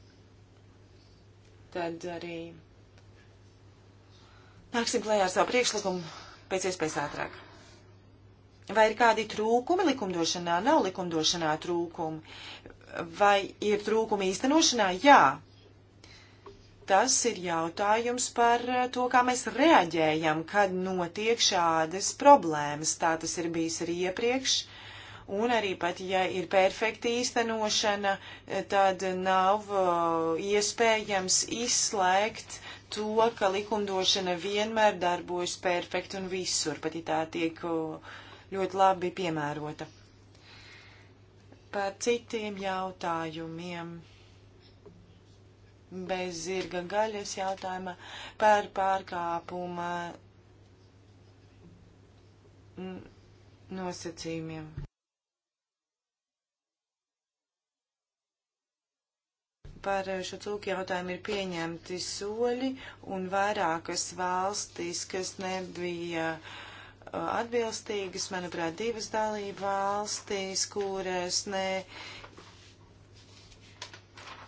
tad arī nāksim klējā ar savu priekšlikumu pēc iespējas ātrāk. Vai ir kādi trūkumi likumdošanā? Nav likumdošanā trūkumi. Vai ir trūkumi īstenošanā? Jā. Tas ir jautājums par eh, to, kā mēs reaģējam, kad notiek šādas problēmas. Tā tas ir bijis arī iepriekš. Un arī pat, ja ir perfekta īstenošana, eh, tad nav eh, iespējams izslēgt to, ka likumdošana vienmēr darbojas perfekti un visur, pat ja tā tiek eh, ļoti labi piemērota. Par citiem jautājumiem bez zirga gaļas jautājuma par pārkāpuma mm, nosacījumiem. par eh, šo cūku jautājumu ir pieņemti soļi un vairākas valstis, kas nebija eh, atbilstīgas, manuprāt, divas dalība valstis, kuras ne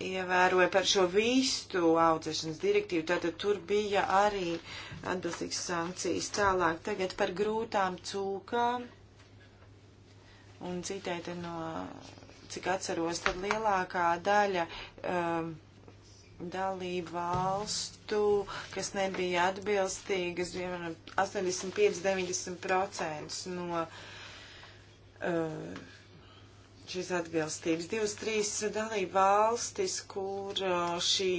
ievēroja par šo vīstu audzēšanas direktīvu, tātad tur bija arī atbilstīgas sankcijas. Tālāk tagad par grūtām cūkām un citēta no cik atceros, tad lielākā daļa um, dalību valstu, kas nebija atbilstīgas, piemēram, 85-90% no uh, šīs atbilstības. Divas, trīs dalību valstis, kur uh, šī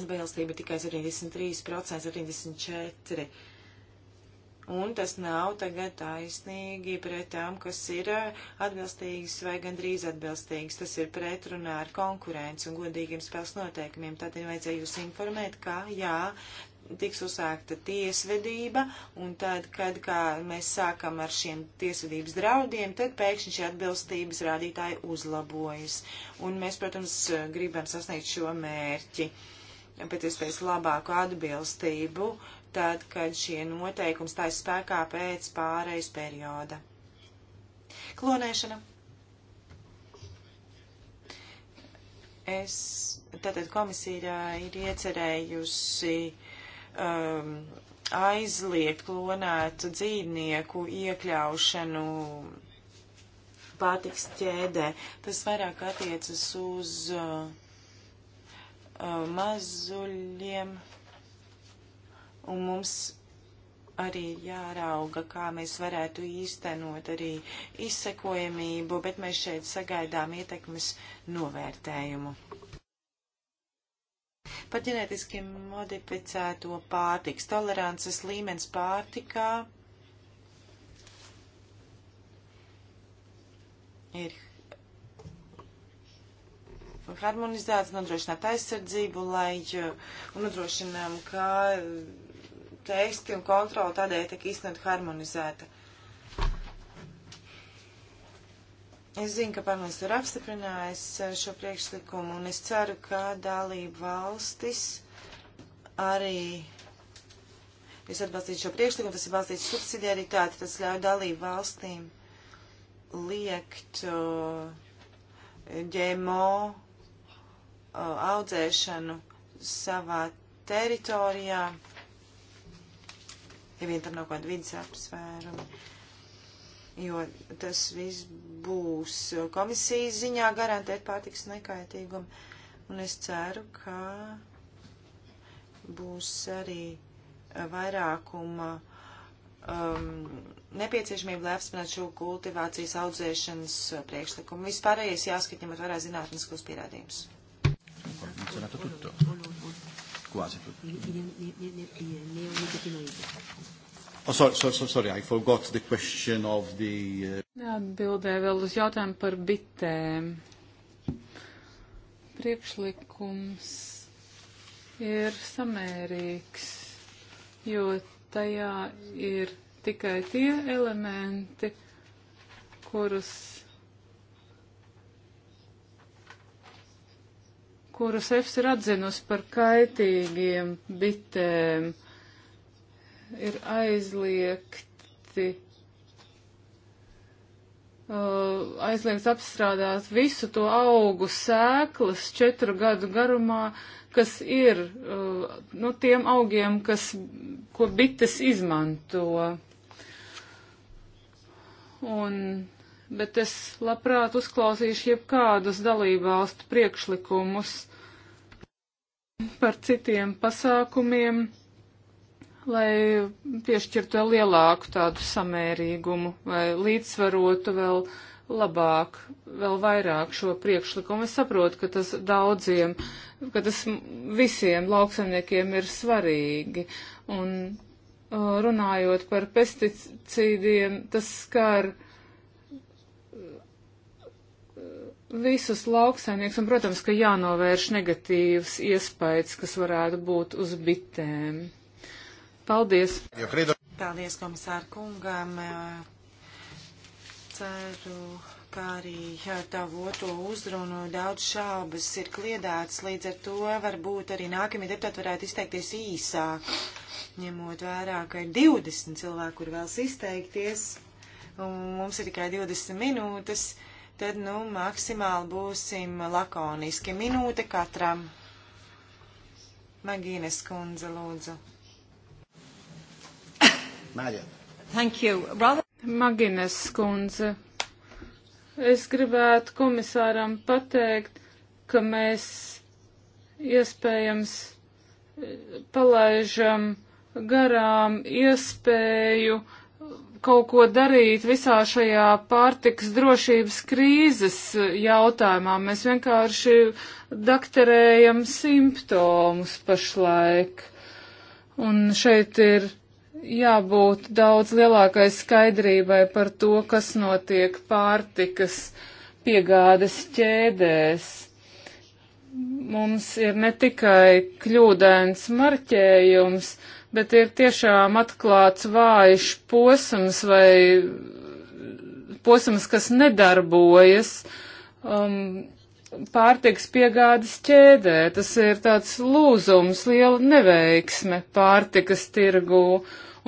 atbilstība tikai 73%, 74% un tas nav tagad taisnīgi pret tām, kas ir eh, atbilstīgas vai gandrīz atbilstīgas. Tas ir pretrunā ar konkurenci un godīgiem spēles noteikumiem. Tad ir vajadzēja jūs informēt, ka jā, tiks uzsākta tiesvedība, un tad, kad kā mēs sākam ar šiem tiesvedības draudiem, tad pēkšņi šie atbilstības rādītāji uzlabojas. Un mēs, protams, gribam sasniegt šo mērķi pēc iespējas labāku atbilstību. Uh, tad, kad šie noteikumi stājas spēkā pēc pārejas perioda. Klonēšana. Es, tātad komisija ir uh, iecerējusi um, aizliegt klonētu dzīvnieku iekļaušanu pārtiks ķēdē. Tas vairāk attiecas uz uh, uh mazuļiem un mums arī jārauga, kā mēs varētu īstenot arī izsekojamību, bet mēs šeit sagaidām ietekmes novērtējumu. Par ģenētiski modificēto pārtiks tolerances līmenis pārtikā ir harmonizēts, nodrošināt aizsardzību, lai uh, un nodrošinām, ka testi un kontroli tādēļ tiek īstenot harmonizēta. Es zinu, ka parlaments ir apstiprinājis šo priekšlikumu, un es ceru, ka dalība valstis arī. Es atbalstīšu šo priekšlikumu, tas ir balstīts subsidiaritāti, tas ļauj dalību valstīm liekt uh, ģēmo uh, audzēšanu savā teritorijā ja vien tam nav kāda vidas apsvēruma. Jo tas viss būs komisijas ziņā garantēt pārtiks nekaitīgumu. Un es ceru, ka būs arī vairākuma um, nepieciešamība, lai apspriestu šo kultivācijas audzēšanas priekšlikumu. Vispārējais jāskat, ņemot vērā zinātniskos pierādījumus quasi. Oh, sorry, sorry, sorry, I forgot the question of the... Atbildēju vēl uz jautājumu par bitēm. Priekšlikums ir samērīgs, jo tajā ir tikai tie elementi, kurus kurus EFS ir atzinusi par kaitīgiem bitēm, ir aizliegti, uh, aizliegts apstrādāt visu to augu sēklas četru gadu garumā, kas ir uh, no nu, tiem augiem, kas, ko bites izmanto. Un bet es labprāt uzklausīšu jebkādus dalībvalstu priekšlikumus par citiem pasākumiem, lai piešķirtu vēl lielāku tādu samērīgumu vai līdzsvarotu vēl labāk, vēl vairāk šo priekšlikumu. Es saprotu, ka tas daudziem, ka tas visiem lauksaimniekiem ir svarīgi. Un uh, runājot par pesticīdiem, tas skar. Kā visus lauksaimnieks, un, protams, ka jānovērš negatīvs iespējas, kas varētu būt uz bitēm. Paldies! Paldies, komisāra kungam! Ceru, ka arī tavu otro uzrunu daudz šaubas ir kliedēts, līdz ar to varbūt arī nākamie deputāti varētu izteikties īsāk, ņemot vērā, ka ir 20 cilvēku, kur vēlas izteikties, un mums ir tikai 20 minūtes tad, nu, maksimāli būsim lakoniski. Minūte katram. Magīnes kundze, lūdzu. Maļa. Thank you. Brother... Magīnes kundze. Es gribētu komisāram pateikt, ka mēs iespējams eh, palaižam garām iespēju uh, kaut ko darīt visā šajā pārtiks drošības krīzes jautājumā. Mēs vienkārši dakterējam simptomus pašlaik. Un šeit ir jābūt daudz lielākai skaidrībai par to, kas notiek pārtikas piegādes ķēdēs. Mums ir ne tikai kļūdains marķējums, bet ir tiešām atklāts vājš posms vai posms, kas nedarbojas um, pārtiks piegādes ķēdē. Tas ir tāds lūzums, liela neveiksme pārtikas tirgū.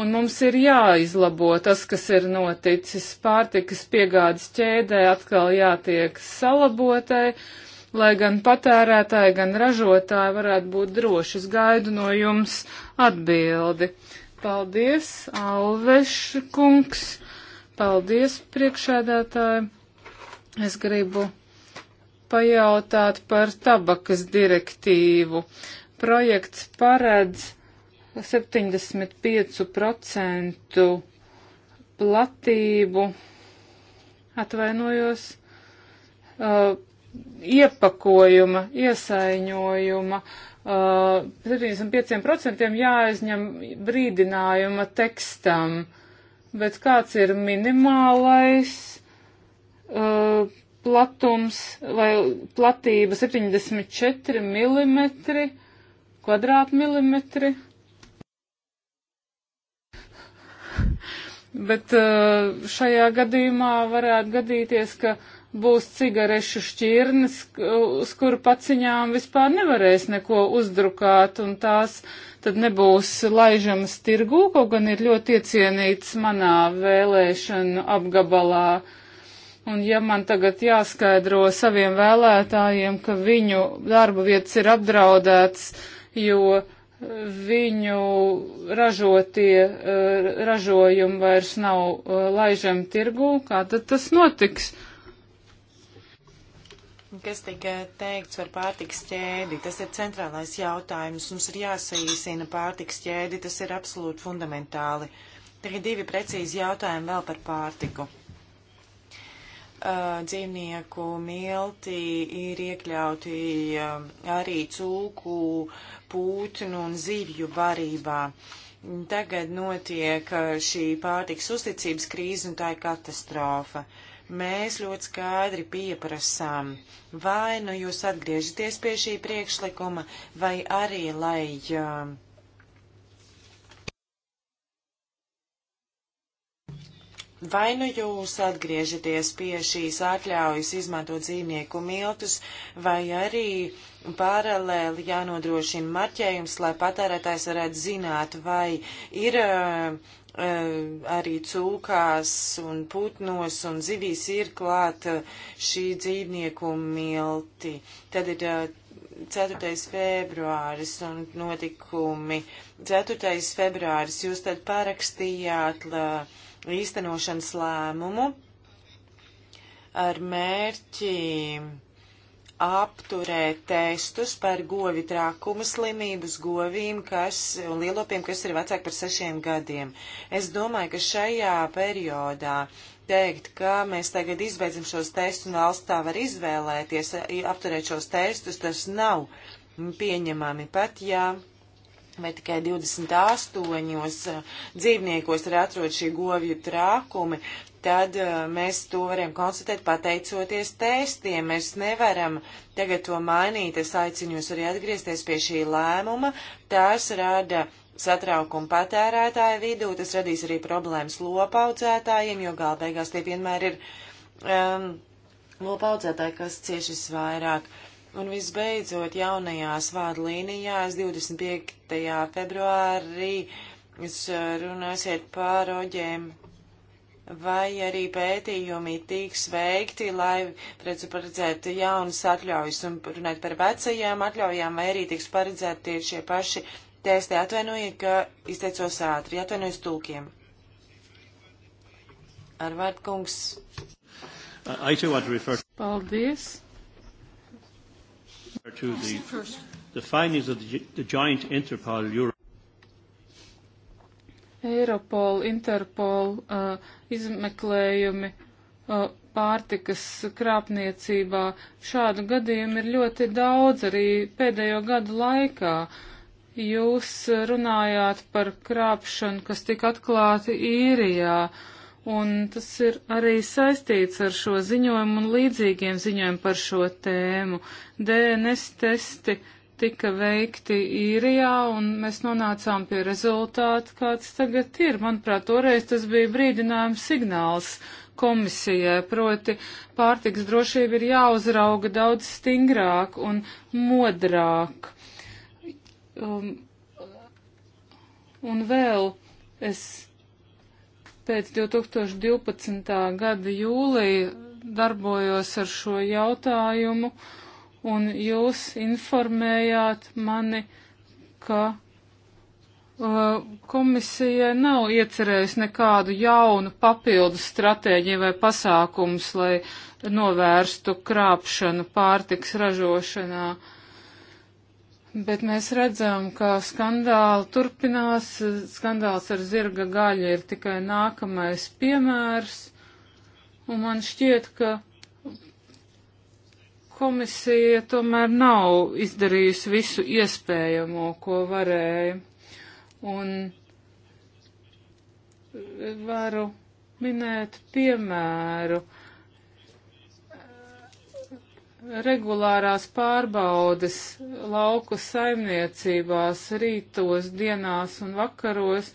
Un mums ir jāizlabo tas, kas ir noticis. Pārtikas piegādes ķēdē atkal jātiek salabotai. Uh, lai gan patērētāji, gan ražotāji varētu būt droši. Es gaidu no jums atbildi. Paldies, Alveša kungs. Paldies, priekšēdētāji. Es gribu pajautāt par tabakas direktīvu. Projekts paredz 75% platību, atvainojos, uh, iepakojuma, iesaiņojuma. Uh, 75% jāaizņem brīdinājuma tekstam, bet kāds ir minimālais uh, platums vai platība 74 mm kvadrātmilimetri? Bet uh, šajā gadījumā varētu gadīties, ka uh, būs cigarešu šķirnes, uz kuru paciņām vispār nevarēs neko uzdrukāt, un tās tad nebūs laižamas tirgū, kaut gan ir ļoti iecienīts manā vēlēšanu apgabalā. Un ja man tagad jāskaidro saviem vēlētājiem, ka viņu darba vietas ir apdraudēts, jo viņu ražotie eh, ražojumi vairs nav eh, laižami tirgū, kā tad tas notiks? Kas tika teikts par pārtiks ķēdi? Tas ir centrālais jautājums. Mums ir jāsaīsina pārtiks ķēdi, tas ir absolūti fundamentāli. Tagad divi precīzi jautājumi vēl par pārtiku. Uh, dzīvnieku milti ir iekļauti uh, arī cūku, pūtnu un zivju varībā. Tagad notiek uh, šī pārtiks uzticības krīze un tā ir katastrofa. Uh, Mēs ļoti skaidri pieprasām, vai nu jūs atgriežaties pie šī priekšlikuma, vai arī lai. Vai nu jūs atgriežaties pie šīs atļaujas izmantot dzīvnieku miltus, vai arī paralēli jānodrošina marķējums, lai patērētājs varētu zināt, vai ir uh, Eh, arī cūkās un putnos un zivīs ir klāt eh, šī dzīvnieku milti. Tad ir 4. Eh, februāris un notikumi. 4. februāris jūs tad parakstījāt īstenošanas lēmumu ar mērķi apturēt testus par govi trakuma slimības govīm kas, un lielopiem, kas ir vecāki par sešiem gadiem. Es domāju, ka šajā periodā teikt, ka mēs tagad izbeidzam šos testus un valsts tā var izvēlēties, apturēt šos testus, tas nav pieņemami pat, ja vai tikai 28 eh, dzīvniekos ir atrod šī govju trākumi, tad uh, mēs to varam konstatēt pateicoties testiem. Mēs nevaram tagad to mainīt. Es aicinu jūs arī atgriezties pie šī lēmuma. Tas rada satraukumu patērētāju vidū, tas radīs arī problēmas lopaudzētājiem, jo gala beigās tie vienmēr ir um, lopaudzētāji, kas cieši visvairāk. Un visbeidzot, jaunajās vārdu līnijās 25. februārī jūs eh, runāsiet par oģēm vai arī pētījumi tiks veikti, lai paredzētu jaunas atļaujas un runāt par vecajām atļaujām, vai arī tiks paredzēti tieši šie paši testi. Atvainojiet, ka izteicos ātri, atvainojos tulkiem. Arvārd kungs. Paldies. To the, the findings of the, the joint Interpol Europe. Eiropol, Interpol uh, izmeklējumi uh, pārtikas krāpniecībā. Šādu gadījumu ir ļoti daudz arī pēdējo gadu laikā. Jūs runājāt par krāpšanu, kas tika atklāti īrijā, un tas ir arī saistīts ar šo ziņojumu un līdzīgiem ziņojumu par šo tēmu. DNS testi uh, tika veikti īrijā, un mēs nonācām pie rezultātu, kāds tagad ir. Manuprāt, toreiz tas bija brīdinājums signāls komisijai, proti pārtiks drošība ir jāuzrauga daudz stingrāk un modrāk. Um, un vēl es pēc 2012. gada jūlija darbojos ar šo jautājumu. Uh, un jūs informējāt mani, ka uh, komisija nav iecerējusi nekādu jaunu papildu stratēģiju vai pasākumus, lai novērstu krāpšanu pārtiks ražošanā. Bet mēs redzam, ka skandāli turpinās, skandāls ar zirga gaļu ir tikai nākamais piemērs, un man šķiet, ka Komisija tomēr nav izdarījusi visu iespējamo, ko varēja. Un varu minēt piemēru regulārās pārbaudes lauku saimniecībās, rītos, dienās un vakaros.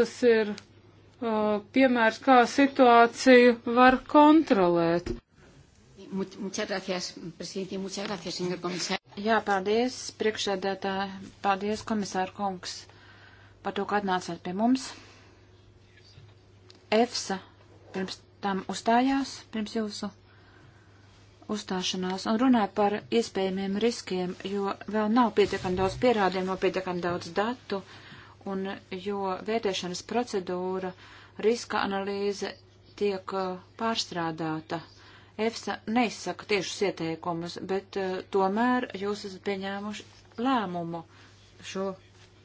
Tas ir uh, piemērs, kā situāciju var kontrolēt. Muchas gracias, presidente. Muchas gracias, senor komisār. Jā, paldies, priekšsēdētāji. Paldies, komisāra kungs, par to, ka atnācāt pie mums. EFSA pirms tam uzstājās, pirms jūsu uzstāšanās, un runāja par iespējamiem riskiem, jo vēl nav pietiekami daudz pierādījumu, nav pietiekami daudz datu, un jo vērtēšanas procedūra, riska analīze tiek uh, pārstrādāta EFSA neizsaka tiešus ieteikumus, bet uh, tomēr jūs esat pieņēmuši lēmumu šo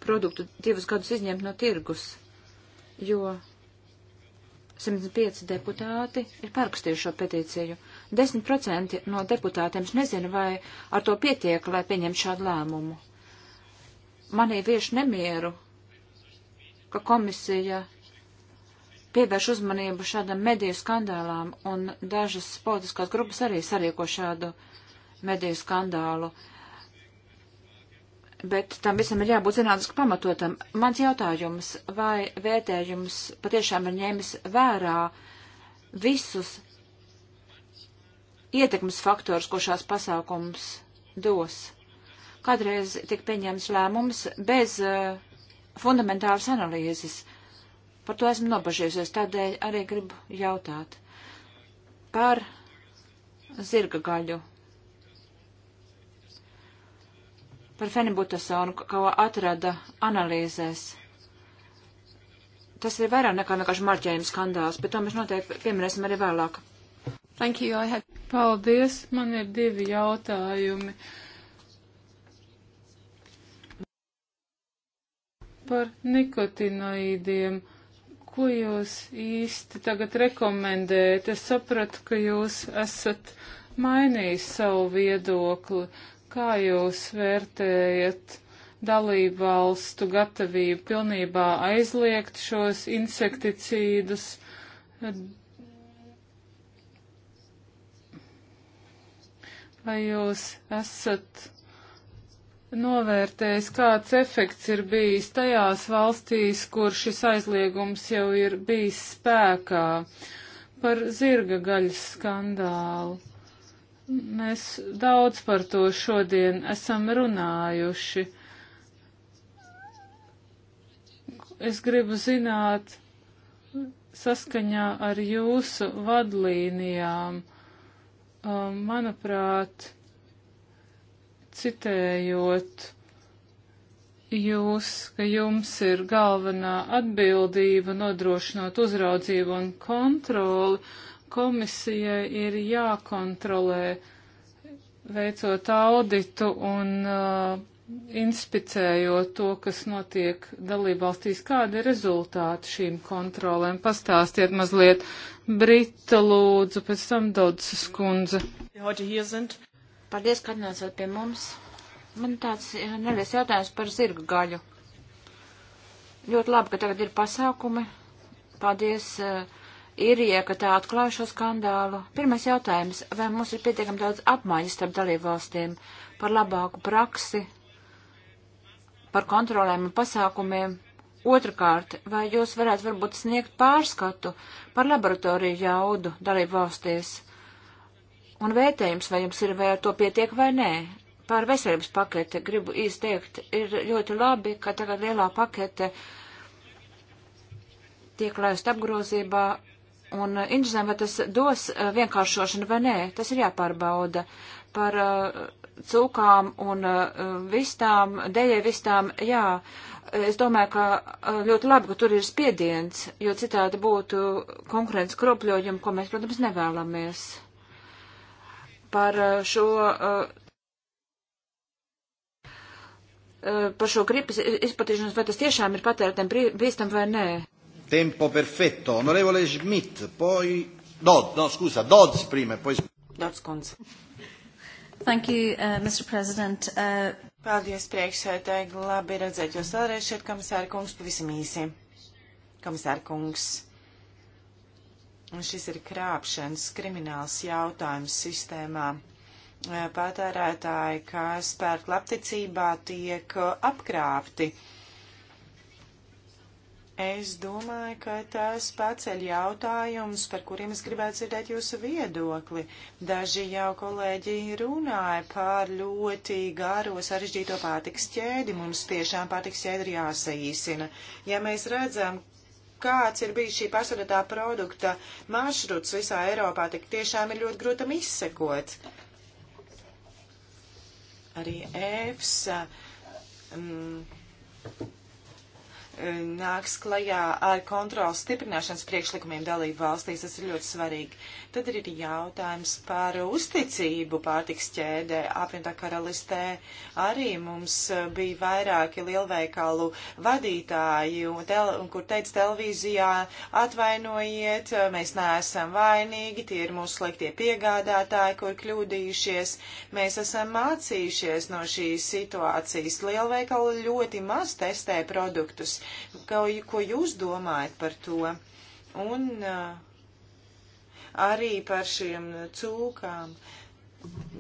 produktu divus gadus izņemt no tirgus, jo 105 deputāti ir parakstījuši šo petīciju. 10% no deputātiem nezina, vai ar to pietiek, lai pieņemtu šādu lēmumu. Manī vieši nemieru, ka komisija pievērš uzmanību šādam mediju skandālām, un dažas politiskās grupas arī sarīko šādu mediju skandālu. Bet tam visam ir jābūt zinātniski pamatotam. Mans jautājums, vai vērtējums patiešām ir ņēmis vērā visus ietekmes faktors, ko šās pasākums dos? Kādreiz tika pieņemts lēmums bez uh, fundamentālas analīzes. Par to esmu nobažījusies, tādēļ arī gribu jautāt par zirga gaļu, par fenibutasonu, ko atrada analīzēs. Tas ir vairāk nekā vienkārši marķējuma skandāls, bet to mēs noteikti pieminēsim arī vēlāk. Thank you, I had... Paldies, man ir divi jautājumi. Par nikotinoīdiem Ko jūs īsti tagad rekomendējat? Es sapratu, ka jūs esat mainījis savu viedokli. Kā jūs vērtējat dalību valstu gatavību pilnībā aizliegt šos insekticīdus? Vai jūs esat novērtējis, kāds efekts ir bijis tajās valstīs, kur šis aizliegums jau ir bijis spēkā par zirga gaļas skandālu. Mēs daudz par to šodien esam runājuši. Es gribu zināt, saskaņā ar jūsu vadlīnijām, um, manuprāt, citējot jūs, ka jums ir galvenā atbildība nodrošinot uzraudzību un kontroli, komisijai ir jākontrolē, veicot auditu un uh, inspicējot to, kas notiek dalībvalstīs, kādi ir rezultāti šīm kontrolēm. Pastāstiet mazliet Brita lūdzu, pēc tam Dodas skundze. Paldies, ka atnācāt pie mums. Man tāds eh, nevis jautājums par zirgu gaļu. Ļoti labi, ka tagad ir pasākumi. Paldies uh, eh, īrijai, ka tā atklāja šo skandālu. Pirmais jautājums, vai mums ir pietiekami daudz apmaiņas starp dalībvalstīm par labāku praksi, par kontrolēm un pasākumiem? Otrakārt, vai jūs varētu varbūt sniegt pārskatu par laboratoriju jaudu dalībvalstīs? valstīs? un vērtējums, vai jums ir, vai ar to pietiek vai nē. Pār veselības pakete gribu izteikt, ir ļoti labi, ka tagad lielā pakete tiek laist apgrozībā, un eh, interesanti, vai tas dos eh, vienkāršošanu vai nē, tas ir jāpārbauda. Par uh, cūkām un uh, vistām, dēļai vistām, jā, es domāju, ka uh, ļoti labi, ka tur ir spiediens, jo citādi būtu konkurence kropļojumi, ko mēs, protams, nevēlamies par uh, šo, uh, uh, par šo gripas izplatīšanos, vai tas tiešām ir patērētēm bīstam vai nē. Tempo perfetto, onorevole Schmidt, poi Dodd, no scusa, Dodds prima e poi... Dodds kundze. Thank you, uh, Mr. President. Uh... Paldies priekšsēdētāji, labi redzēt jūs vēlreiz šeit, komisāra kungs, pavisam īsi. Komisāra kungs. Un šis ir krāpšanas krimināls jautājums sistēmā. Patērētāji, kas pērk labticībā, tiek apkrāpti. Es domāju, ka tas paceļ jautājums, par kuriem es gribētu dzirdēt jūsu viedokli. Daži jau kolēģi runāja par ļoti gāro sarežģīto pārtiks ķēdi. Mums tiešām pārtiks ķēdi ir jāsaīsina. Ja mēs redzam, kāds ir bijis šī pārstrādātā produkta maršruts visā Eiropā, tik tiešām ir ļoti grūtam izsekot. Arī EFSA. Mm, nāks klajā ar kontrolas stiprināšanas priekšlikumiem dalību valstīs. Tas ir ļoti svarīgi. Tad ir jautājums par uzticību pārtiks ķēdē. Apvienotā karalistē arī mums bija vairāki lielveikalu vadītāji, un tel, un kur teica televīzijā, atvainojiet, mēs neesam vainīgi, tie ir mūsu sliktie piegādātāji, kur kļūdījušies. Mēs esam mācījušies no šīs situācijas. Lielveikali ļoti maz testē produktus ko, ko jūs domājat par to. Un uh, arī par šiem cūkām.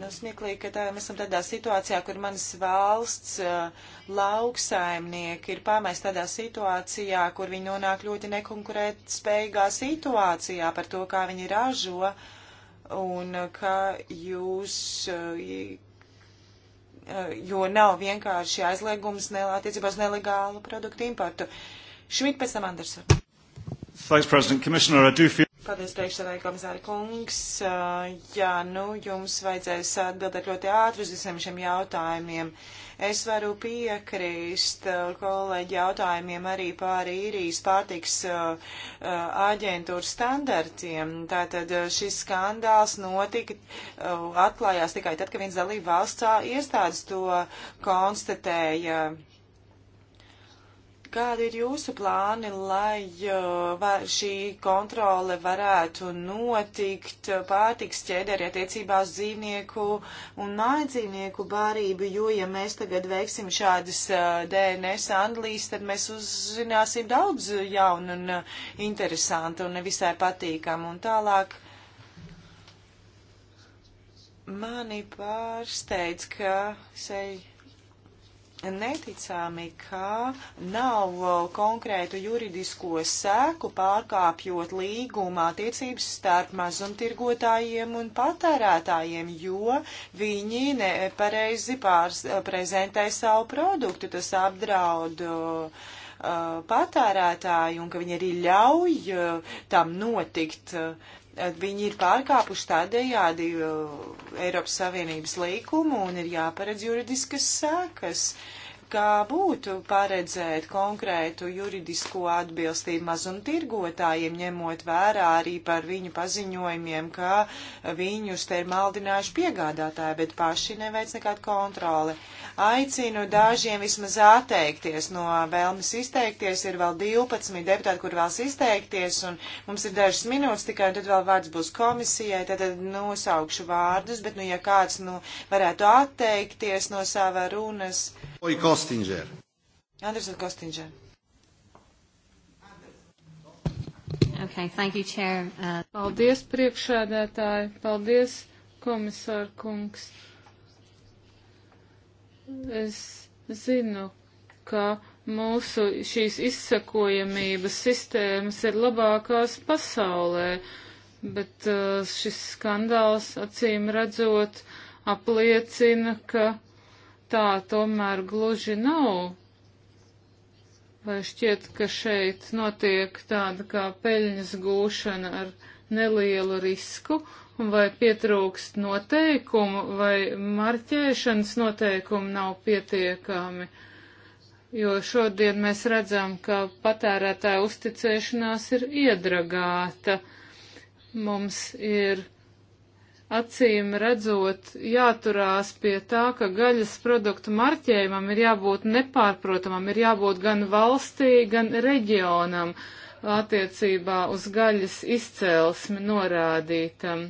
Nu, smieklīgi, ka tā, mēs esam tādā situācijā, kur manas valsts uh, lauksaimnieki ir pamest tādā situācijā, kur viņi nonāk ļoti nekonkurēt spējīgā situācijā par to, kā viņi ražo un uh, ka jūs uh, Eh, jo nav vienkārši aizliegums attiecībā uz nelegālu produktu importu. Šmit pēc tam Andersona. Thanks, President. Commissioner, I do feel... Paldies, priekšsēdētāji komisāri kungs. Uh, jā, nu, jums vajadzēs atbildēt ļoti ātri uz visiem šiem jautājumiem. Es varu piekrīst uh, kolēģi jautājumiem arī par īrijas pārtiks uh, aģentūras standartiem. Tātad šis skandāls notika, atklājās tikai tad, kad viens dalība valsts iestādes to konstatēja. Kādi ir jūsu plāni, lai uh, šī kontrole varētu notikt uh, pārtiks ķēdē arī attiecībā uz dzīvnieku un mājdzīvnieku barību, jo, ja mēs tagad veiksim šādas uh, DNS analīzes, tad mēs uzzināsim daudz jaunu un interesantu un nevisai patīkamu. Un tālāk mani pārsteidz, ka seji neticami, ka nav uh, konkrētu juridisko sēku pārkāpjot līguma attiecības starp mazumtirgotājiem un patērētājiem, jo viņi nepareizi uh, prezentē savu produktu. Tas apdraud uh, uh, patērētāju un ka viņi arī ļauj uh, tam notikt. Uh, Viņi ir pārkāpuši tādējādi uh, Eiropas Savienības līkumu un ir jāparedz juridiskas sēkas, kā būtu paredzēt konkrētu juridisko atbilstību mazumtirgotājiem, ņemot vērā arī par viņu paziņojumiem, ka viņus te ir maldinājuši piegādātāji, bet paši neveic nekādu kontroli. Uh, aicinu dažiem vismaz atteikties no vēlmes izteikties. Ir vēl 12 deputāti, kur vēlas izteikties, un mums ir dažas minūtes tikai, un tad vēl vārds būs komisijai, tad, tad nosaukšu vārdus, bet, nu, ja kāds, nu, varētu atteikties no sava runas. Oi, Kostinger. Andres Kostinger. Okay, thank you, Chair. Uh... Paldies, priekšādētāji. Paldies, komisār kungs. Es zinu, ka mūsu šīs izsakojamības sistēmas ir labākās pasaulē, bet uh, šis skandāls acīm redzot apliecina, ka tā tomēr gluži nav. Vai šķiet, ka šeit notiek tāda kā peļņas gūšana ar nelielu risku, vai pietrūkst noteikumu, vai marķēšanas noteikumi nav pietiekami. Jo šodien mēs redzam, ka patērētāja uzticēšanās ir iedragāta. Mums ir acīm redzot jāturās pie tā, ka gaļas produktu marķējumam ir jābūt nepārprotamam, ir jābūt gan valstī, gan reģionam attiecībā uz gaļas izcelsmi norādītam.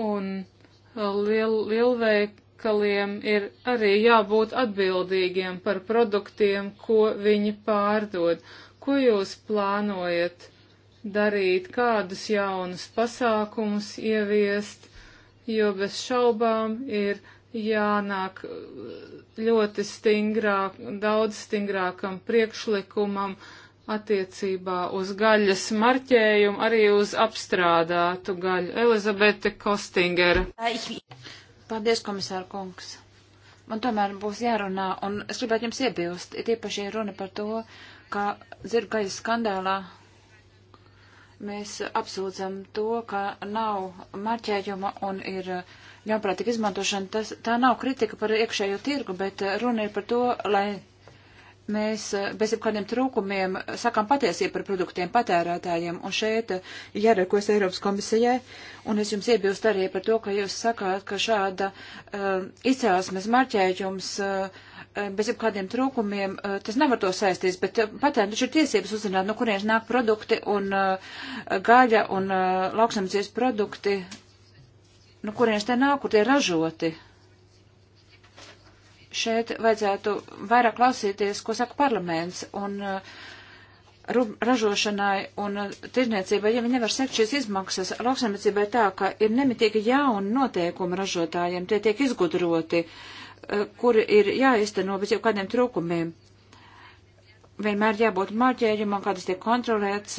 Un uh, liel, lielveikaliem ir arī jābūt atbildīgiem par produktiem, ko viņi pārdod. Ko jūs plānojat darīt, kādus jaunus pasākumus ieviest, jo bez šaubām ir jānāk uh, ļoti stingrāk, daudz stingrākam priekšlikumam, uh, attiecībā uz gaļas marķējumu, arī uz apstrādātu gaļu. Elizabete Kostingera. Paldies, komisāra kungs. Man tomēr būs jārunā, un es gribētu jums iebilst, ir īpaši runa par to, ka zirga gaļas skandālā mēs apsūdzam to, ka nav marķējuma un ir ļaunprātīga izmantošana. Tas, tā nav kritika par iekšējo tirgu, bet runa ir par to, lai mēs eh, bez jebkādiem trūkumiem sakām patiesību par produktiem patērētājiem, un šeit eh, jārēkojas Eiropas komisijai, un es jums iebilstu arī par to, ka jūs sakāt, ka šāda uh, eh, izcēlesmes marķējums uh, bez jebkādiem trūkumiem, uh, tas nevar to saistīts, bet uh, patērētājiem ir tiesības uzzināt, no kurienes nāk produkti un uh, gaļa un uh, lauksamcības produkti, no kurienes te nāk, kur tie ražoti. Uh, šeit vajadzētu vairāk klausīties, ko saka parlaments un uh, ražošanai un uh, tirniecībai, ja viņi nevar sekt šīs izmaksas. Lauksaimniecībai tā, ka ir nemitīgi jauni noteikumi ražotājiem, tie tiek izgudroti, uh, kuri ir jāizteno bez jau kādiem trūkumiem. Vienmēr jābūt marķējumam, kādas tiek kontrolēts,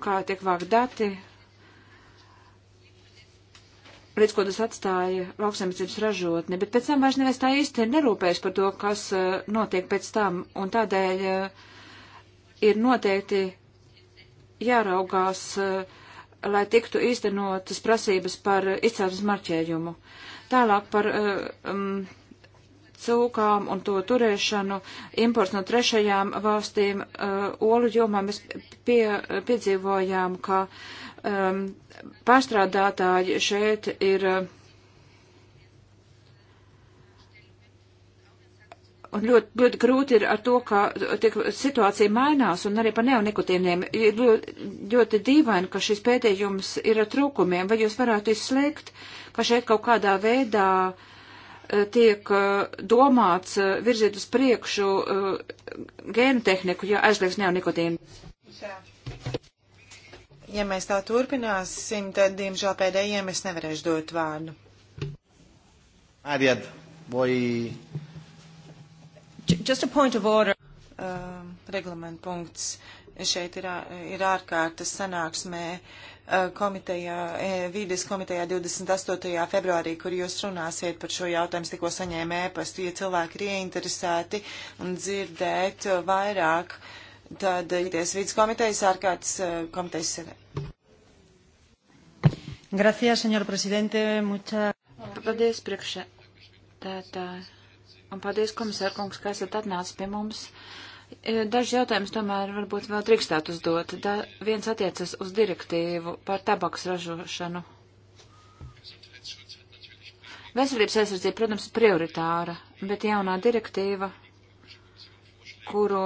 kā tiek vākt dati, priekš, ko tas atstāja lauksaimniecības ražotni, bet pēc tam vairs neviens tā īsti nerūpējas par to, kas uh, notiek pēc tam, un tādēļ uh, ir noteikti jāraugās, uh, lai tiktu īstenotas prasības par izcelsmes marķējumu. Tālāk par um, cūkām un to turēšanu, imports no trešajām valstīm, uh, olu jomā mēs pie, piedzīvojām, ka uh, um, pārstrādātāji šeit ir. Uh, un ļoti, ļoti grūti ir ar to, ka tiek, situācija mainās un arī par neonikotīniem. Ir ļoti, ļoti dīvaini, ka šis pētījums ir ar trūkumiem. Vai jūs varētu izslēgt, ka šeit kaut kādā veidā uh, tiek uh, domāts uh, virzīt uz priekšu gēnu tehniku, ja aizliegs neonikotīnu ja mēs tā turpināsim, tad, diemžēl, pēdējiem es nevarēšu dot vārdu. Ariad, vai... Just a point of order. Uh, reglamenta punkts. Šeit ir, ir ārkārtas sanāksmē uh, komitejā, uh, vides komitejā 28. februārī, kur jūs runāsiet par šo jautājumu, tikko saņēma ēpastu, ja cilvēki ir ieinteresēti un dzirdēt vairāk uh, tad Jūties eh, vidas komitejas ārkārtas eh, komitejas sēdē. Gracias, senor presidente. Mucha... Paldies, priekšsēdētāji. Un paldies, komisārkungs, ka esat atnācis pie mums. E, Daži jautājums tomēr varbūt vēl drīkstāt uzdot. Da, viens attiecas uz direktīvu par tabaks ražošanu. Veselības aizsardzība, protams, ir prioritāra, bet jaunā direktīva, kuru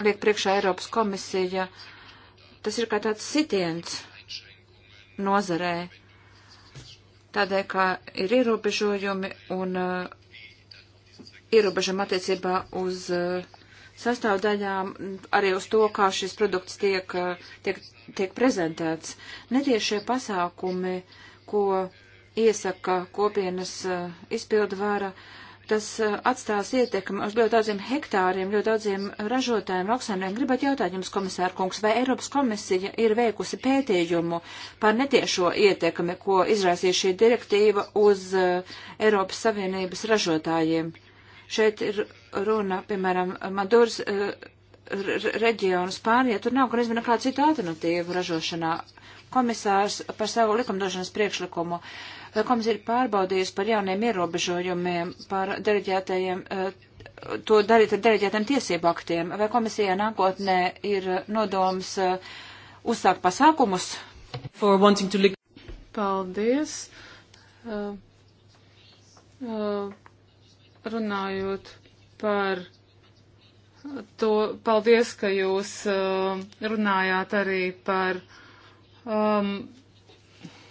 liek priekšā Eiropas komisija, tas ir kā tāds sitiens nozarē. Tādēļ, ka ir ierobežojumi un uh, ierobežojumi attiecībā uz uh, sastāvdaļām, arī uz to, kā šis produkts tiek, uh, tiek, tiek prezentēts. Netiešie pasākumi, ko iesaka kopienas uh, izpildu vāra, uh, tas eh, atstās ietekmi uz ļoti daudziem hektāriem, ļoti daudziem ražotājiem, lauksaimniekiem. Gribētu jautāt jums, komisāra kungs, vai Eiropas komisija ir veikusi pētījumu par netiešo ietekmi, ko izraisīja šī direktīva uz eh, Eiropas Savienības ražotājiem? Šeit ir runa, piemēram, Maduras eh, reģionu Spānijā, tur nav, kur nezinu, kāda cita alternatīva ražošanā komisārs par savu likumdošanas priekšlikumu. Komisija ir pārbaudījusi par jauniem ierobežojumiem, par deleģētajiem, eh, to darīt ar deleģētiem tiesību aktiem. Vai komisijā nākotnē ir nodoms eh, uzsākt pasākumus? To... Paldies. Uh, uh, runājot par to, paldies, ka jūs uh, runājāt arī par uh, um,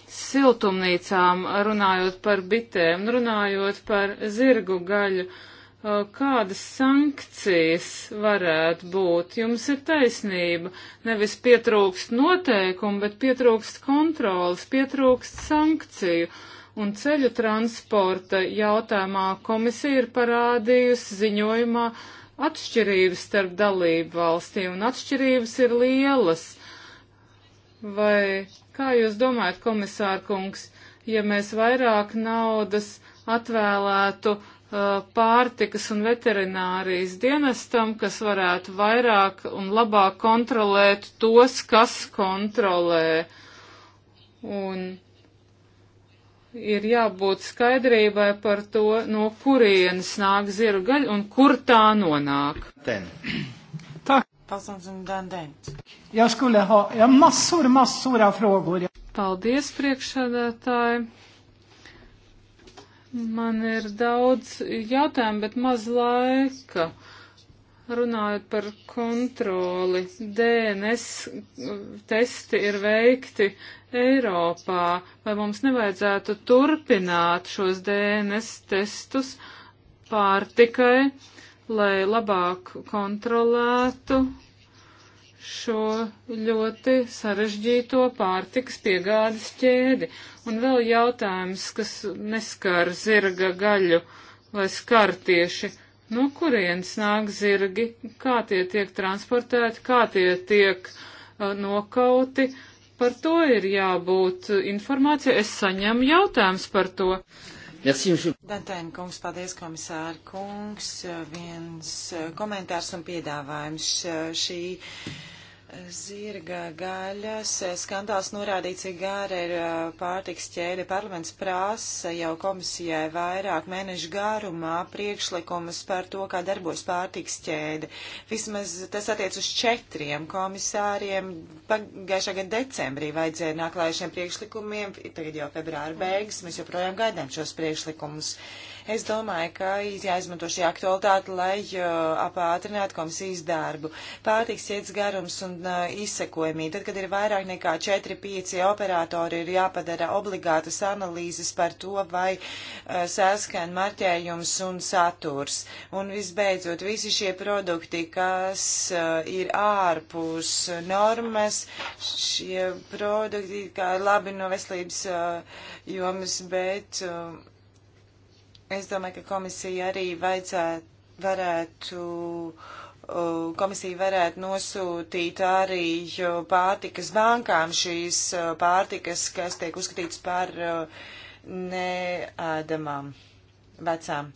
siltumnīcām, runājot par bitēm, runājot par zirgu gaļu, uh, kādas sankcijas varētu būt? Jums ir taisnība, nevis pietrūkst noteikumu, bet pietrūkst kontrolas, pietrūkst sankciju. Un ceļu transporta jautājumā komisija ir parādījusi ziņojumā atšķirības starp dalību valstīm, un atšķirības ir lielas Vai kā jūs domājat, komisārkungs, ja mēs vairāk naudas atvēlētu uh, pārtikas un veterinārijas dienestam, kas varētu vairāk un labāk kontrolēt tos, kas kontrolē? Un ir jābūt skaidrībai par to, no kurienes nāk zirgaļa un kur tā nonāk. Ten. Paslundzen Dandens. Jag skulle ha, jag massor, massor av frågor. Paldies, priekšsēdētāji. Man ir daudz jautājumu, bet maz laika. Runājot par kontroli, DNS testi ir veikti Eiropā. Vai mums nevajadzētu turpināt šos DNS testus pārtikai? lai labāk kontrolētu šo ļoti sarežģīto pārtikas piegādes ķēdi. Un vēl jautājums, kas neskar zirga gaļu vai skar tieši, no kurienes nāk zirgi, kā tie tiek transportēti, kā tie tiek uh, nokauti. Par to ir jābūt informācija. Es saņemu jautājums par to. Merci, monsieur. Dantēna kungs, paldies, komisāra kungs. Viens eh, komentārs un piedāvājums eh, šī Zirga gaļas eh, skandāls norādīts, cik gara ir eh, pārtiks ķēde. Parlaments prasa jau komisijai vairāk mēnešu garumā priekšlikumus par to, kā darbojas pārtiks ķēde. Vismaz tas attiec uz četriem komisāriem. Pagājušā gada decembrī vajadzēja nāk lai šiem priekšlikumiem. Tagad jau februāra beigas, mēs joprojām gaidām šos priekšlikumus. Uh, Es domāju, ka jāizmanto šī aktualitāte, lai uh, apātrinātu komisijas darbu. Pārtiks iets garums un uh, izsekojamība. Tad, kad ir vairāk nekā 4-5 operatori, ir jāpadara obligātas analīzes par to, vai uh, saskan marķējums un saturs. Un visbeidzot, visi šie produkti, kas uh, ir ārpus normas, šie produkti, kā labi no veselības uh, jomas, bet um, Es domāju, ka komisija arī vajadzētu, varētu, komisija varētu nosūtīt arī pārtikas bankām šīs pārtikas, kas tiek uzskatītas par neēdamām. Uh, vecām.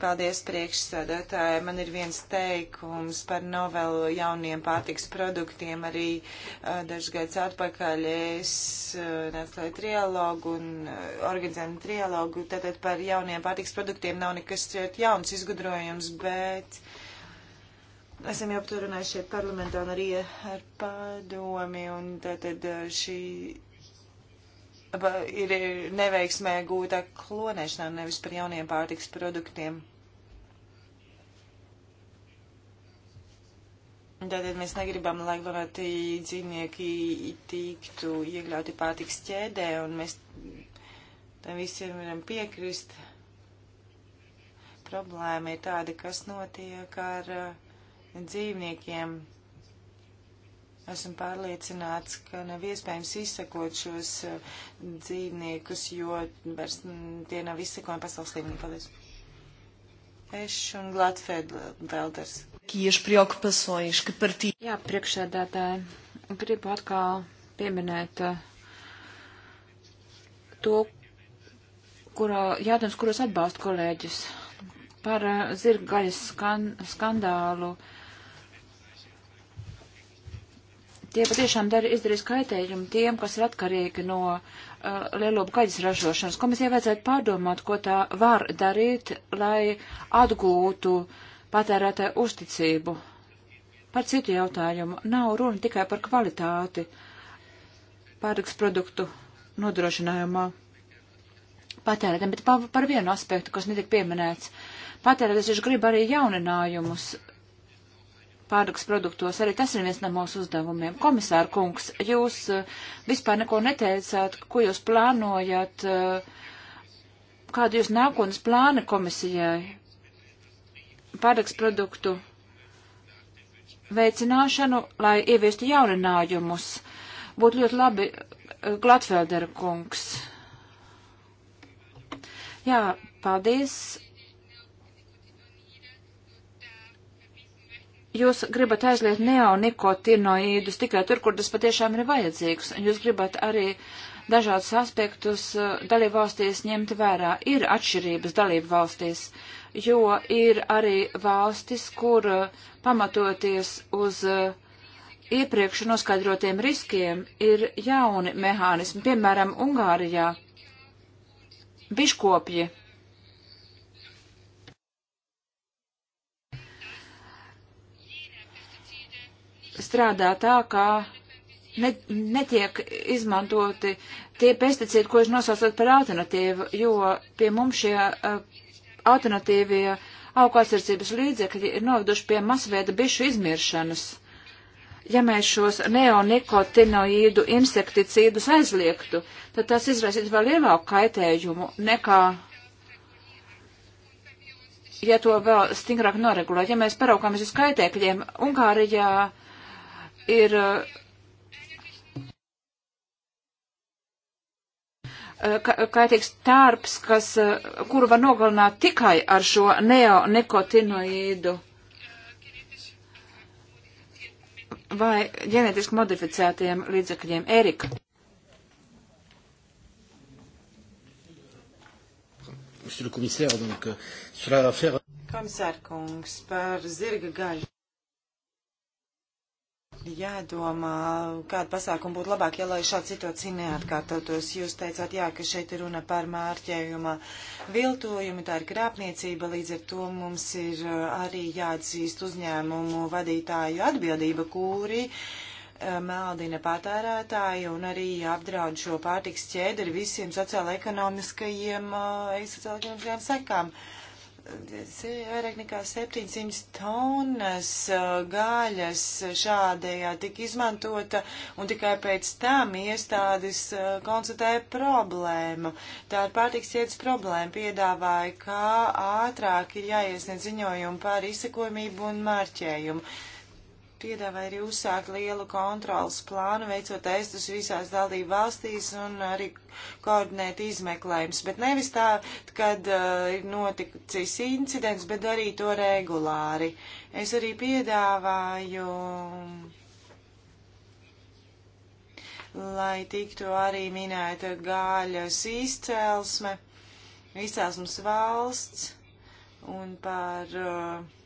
Paldies priekšsēdētāji. Man ir viens teikums par novelu jauniem pārtiks produktiem. Arī uh, dažgads atpakaļ es uh, neatklāju trialogu un uh, organizēju trialogu. Tātad par jauniem pārtiks produktiem nav nekas jauns izgudrojums, bet. Esam jau par to runājuši šeit parlamentā un arī ar padomi, un tātad šī ir neveiksmē gūta klonēšanā, nevis par jauniem pārtiks produktiem. Tātad mēs negribam, lai varētu dzīvnieki tiktu iekļauti pārtiks ķēdē, un mēs tam visiem varam piekrist. Problēma ir tāda, kas notiek ar uh, dzīvniekiem. Esmu pārliecināts, ka nav iespējams izsekot šos eh, dzīvniekus, jo vairs tie nav izsekojami pasaules līmenī. Paldies. Eš un Glatfelders. Eh, Jā, priekšsēdētāji, gribu atkal pieminēt eh, to, kurā, jautājums, kuros atbalstu kolēģis par zirga gaļas skan, skandālu. Uh, tie patiešām dar, izdarīs kaitējumu tiem, kas ir atkarīgi no uh, lielopu kaļas ražošanas. Komisijai vajadzētu pārdomāt, ko tā var darīt, lai atgūtu patērētāju uzticību. Par citu jautājumu nav runa tikai par kvalitāti pārtiks produktu nodrošinājumā patērētājiem, bet par, par vienu aspektu, kas netika pieminēts. Patērētājs viņš grib arī jauninājumus pārtiks produktos. Arī tas ir viens no mūsu uzdevumiem. Komisāra kungs, jūs eh, vispār neko neteicāt, ko jūs plānojat, eh, kādi jūs nākotnes plāni komisijai pārtiks produktu veicināšanu, lai ieviestu jauninājumus. Būtu ļoti labi, eh, Glatfeldera kungs. Jā, paldies. jūs gribat aizliegt neonikotinoīdus tikai tur, kur tas patiešām ir vajadzīgs, un jūs gribat arī dažādus aspektus uh, dalību valstīs ņemt vērā. Ir atšķirības dalību valstīs, jo ir arī valstis, kur uh, pamatoties uz uh, iepriekš noskaidrotiem riskiem ir jauni mehānismi, piemēram, Ungārijā. Biškopji strādā tā, ka ne, netiek izmantoti tie pesticīdi, ko jūs nosaucat par alternatīvu, jo pie mums šie uh, alternatīvie augu aizsardzības līdzekļi ir noveduši pie masveida bišu izmiršanas. Ja mēs šos neonikotinoīdu insekticīdus aizliegtu, tad tas izraisītu vēl lielāku kaitējumu nekā, ja to vēl stingrāk noregulētu. Ja mēs paraugāmies uz kaitēkļiem, Ungārijā. Uh, ir eh, kaitīgs tārps, kas, eh, kuru var nogalināt tikai ar šo neonikotinoīdu vai ģenētiski modificētiem līdzekļiem. Erika. Komisār kungs par zirga gaļu jādomā, kāda pasākuma būtu labāk, ja lai šāda situācija neatkārtotos. Jūs teicāt, jā, ka šeit ir runa par mārķējuma viltojumu, tā ir krāpniecība, līdz ar to mums ir uh, arī jāatzīst uzņēmumu vadītāju atbildība, kuri uh, meldina patērētāju un arī apdraud šo pārtiks ķēdi ar visiem sociāla-ekonomiskajiem, uh, sociāla-ekonomiskajām sekām. Uh, vairāk nekā 700 tonnas uh, gaļas šādējā tika izmantota, un tikai pēc tam iestādes uh, konstatēja problēmu. Tā ir pārtiks ietas problēma, piedāvāja, kā ātrāk ir jāiesniedz ziņojumi par izsekojumību un marķējumu piedāvāja arī uzsākt lielu kontrolas plānu, veicot testus visās dalību valstīs un arī koordinēt izmeklējums. Bet nevis tā, kad uh, ir noticis incidents, bet arī to regulāri. Es arī piedāvāju, lai tiktu arī minēta gāļas izcelsme, izcelsmes valsts un par. Uh,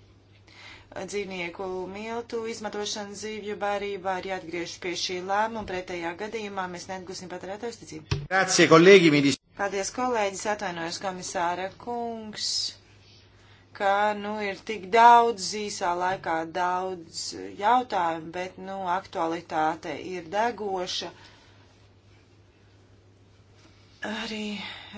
dzīvnieku miltu izmantošana zīvju barībā ir jāatgriež pie šī lēmuma, pretējā gadījumā mēs neatgūsim patērētāju uzticību. Grazie, kolēģi, ministrs. Paldies, kolēģis, atvainojos komisāra kungs, ka, nu, ir tik daudz īsā laikā daudz jautājumu, bet, nu, aktualitāte ir degoša. Arī,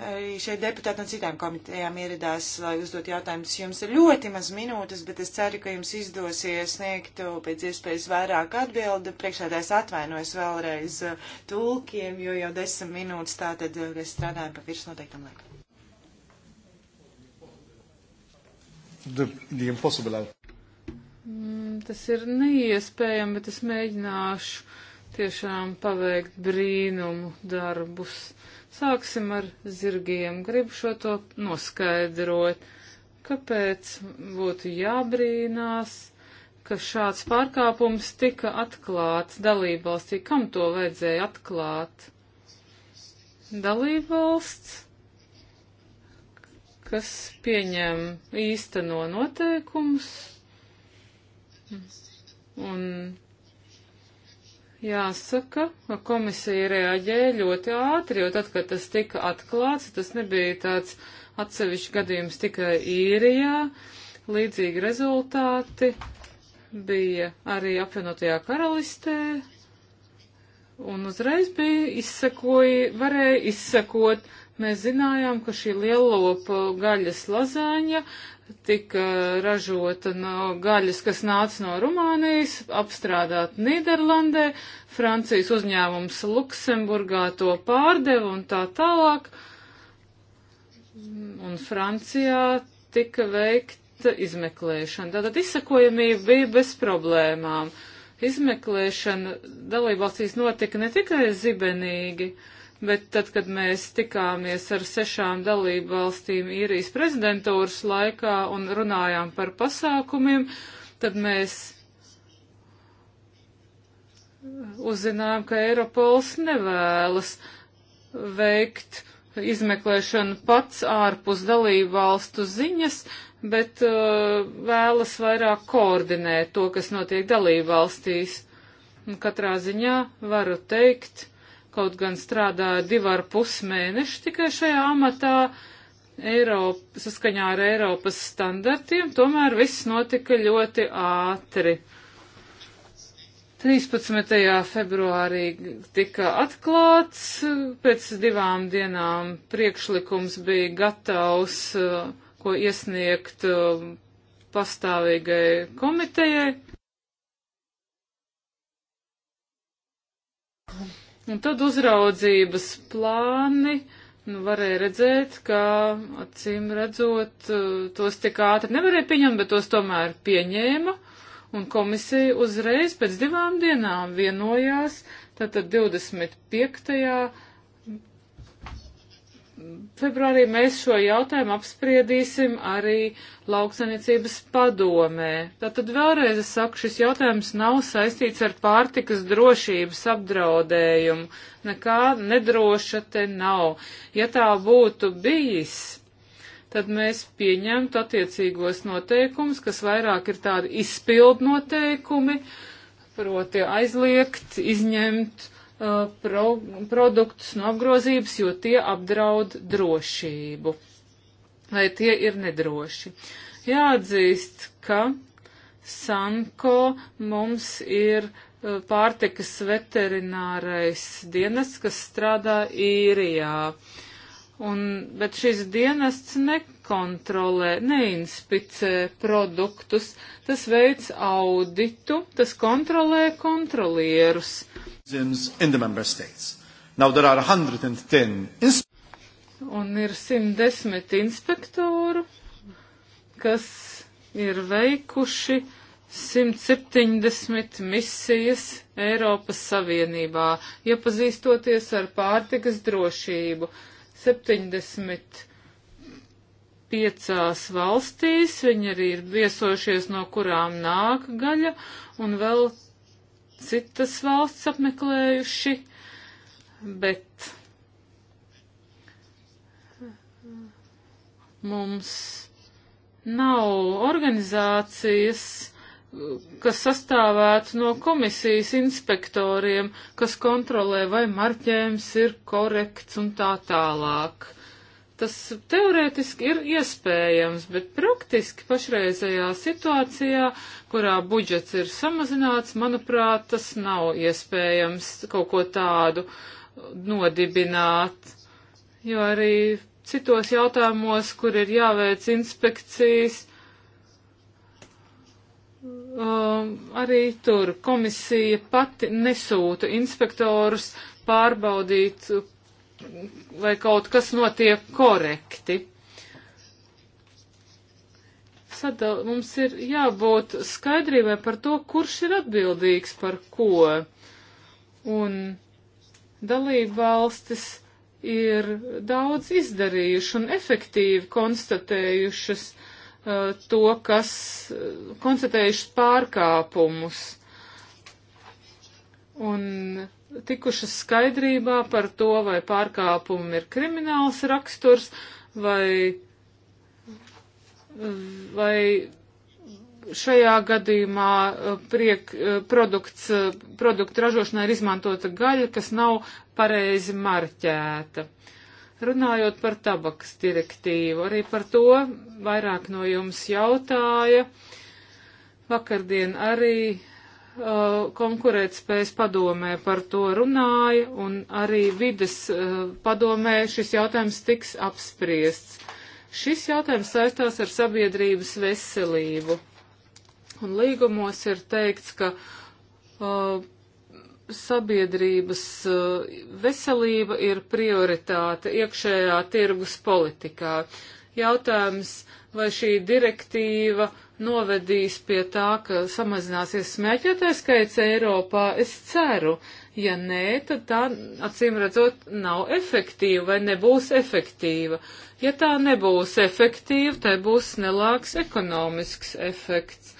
arī šeit deputāti no citām komitejām ieradās, lai uzdot jautājumus. Jums ir ļoti maz minūtes, bet es ceru, ka jums izdosies sniegt pēc iespējas vairāk atbildi. Priekšādājs atvainojas vēlreiz uh, tulkiem, jo jau desmit minūtes tātad uh, mēs strādājam pa virs noteiktam laikam. The, the impossible. Mm, tas ir neiespējami, bet es mēģināšu tiešām paveikt brīnumu darbus. Sāksim ar zirgiem. Gribu šo to noskaidrot. Kāpēc būtu jābrīnās, ka šāds pārkāpums tika atklāts dalībvalstī? Kam to vajadzēja atklāt? Dalībvalsts, kas pieņem īsteno noteikumus un Jāsaka, ka komisija reaģēja ļoti ātri, jo tad, kad tas tika atklāts, tas nebija tāds atsevišķi gadījums tikai īrijā. Līdzīgi rezultāti bija arī apvienotajā karalistē, un uzreiz bija izsakoji, varēja izsakot. Mēs zinājām, ka šī lielopa gaļas lazāņa tika ražota no gaļas, kas nāca no Rumānijas, apstrādāt Nīderlandē, Francijas uzņēmums Luksemburgā to pārdeva un tā tālāk. Un Francijā tika veikta izmeklēšana. Tātad izsakojamība bija bez problēmām. Izmeklēšana dalībvalstīs notika ne tikai zibenīgi, uh, bet tad, kad mēs tikāmies ar sešām dalību valstīm īrijas prezidentūras laikā un runājām par pasākumiem, tad mēs uzzinājām, ka Eiropols nevēlas veikt izmeklēšanu pats ārpus dalību valstu ziņas, bet uh, vēlas vairāk koordinēt to, kas notiek dalību valstīs. Un katrā ziņā varu teikt, uh, kaut gan strādāju divu ar pus mēnešu tikai šajā amatā, Eiropa, saskaņā ar Eiropas standartiem, tomēr viss notika ļoti ātri. 13. februārī tika atklāts, pēc divām dienām priekšlikums bija gatavs, ko iesniegt um, pastāvīgai komitejai. Un tad uzraudzības plāni, nu, varēja redzēt, ka, acīm redzot, eh, tos tik ātri nevarēja pieņemt, bet tos tomēr pieņēma, un komisija uzreiz pēc divām dienām vienojās, tātad 25 februārī mēs šo jautājumu apspriedīsim arī lauksaimniecības padomē. Tātad vēlreiz es saku, šis jautājums nav saistīts ar pārtikas drošības apdraudējumu. Nekā nedroša te nav. Ja tā būtu bijis, tad mēs pieņemtu attiecīgos noteikumus, kas vairāk ir tādi izpildu noteikumi, proti aizliegt, izņemt uh, pro, produktus no apgrozības, jo tie apdraud drošību, vai tie ir nedroši. Jāatzīst, ka Sanko mums ir uh, pārtikas veterinārais dienas, kas strādā īrijā. Un, bet šis dienests nekontrolē, neinspicē produktus, tas veids auditu, tas kontrolē kontrolierus in the member states. Now there are 110 Un ir 110 inspektoru, kas ir veikuši 170 misijas Eiropas Savienībā, iepazīstoties ar pārtikas drošību. 70 piecās valstīs, viņi arī ir viesojušies, no kurām nāk gaļa, un vēl citas valsts apmeklējuši, bet mums nav organizācijas, kas sastāvētu no komisijas inspektoriem, kas kontrolē, vai marķējums ir korekts un tā tālāk. Tas teorētiski ir iespējams, bet praktiski pašreizējā situācijā, kurā budžets ir samazināts, manuprāt, tas nav iespējams kaut ko tādu nodibināt, jo arī citos jautājumos, kur ir jāveic inspekcijas, um, arī tur komisija pati nesūta inspektorus pārbaudīt lai kaut kas notiek korekti. Sadal, mums ir jābūt skaidrībai par to, kurš ir atbildīgs par ko. Un dalība valstis ir daudz izdarījuši un efektīvi konstatējušas uh, to, kas uh, konstatējušas pārkāpumus. Un tikušas skaidrībā par to, vai pārkāpumi ir krimināls raksturs, vai, vai šajā gadījumā uh, priek, uh, produkts, uh, produktu ražošanā ir izmantota gaļa, kas nav pareizi marķēta. Runājot par tabaks direktīvu, arī par to vairāk no jums jautāja. Vakardien arī Uh, konkurētspējas padomē par to runāja, un arī vides uh, padomē šis jautājums tiks apspriests. Šis jautājums saistās ar sabiedrības veselību. Un līgumos ir teikts, ka uh, sabiedrības uh, veselība ir prioritāte iekšējā tirgus politikā. Jautājums uh, vai šī direktīva novedīs pie tā, ka samazināsies smēķētāju skaits Eiropā. Es ceru, ja nē, tad tā acīm redzot nav efektīva vai nebūs efektīva. Ja tā nebūs efektīva, tai būs nelāks ekonomisks efekts.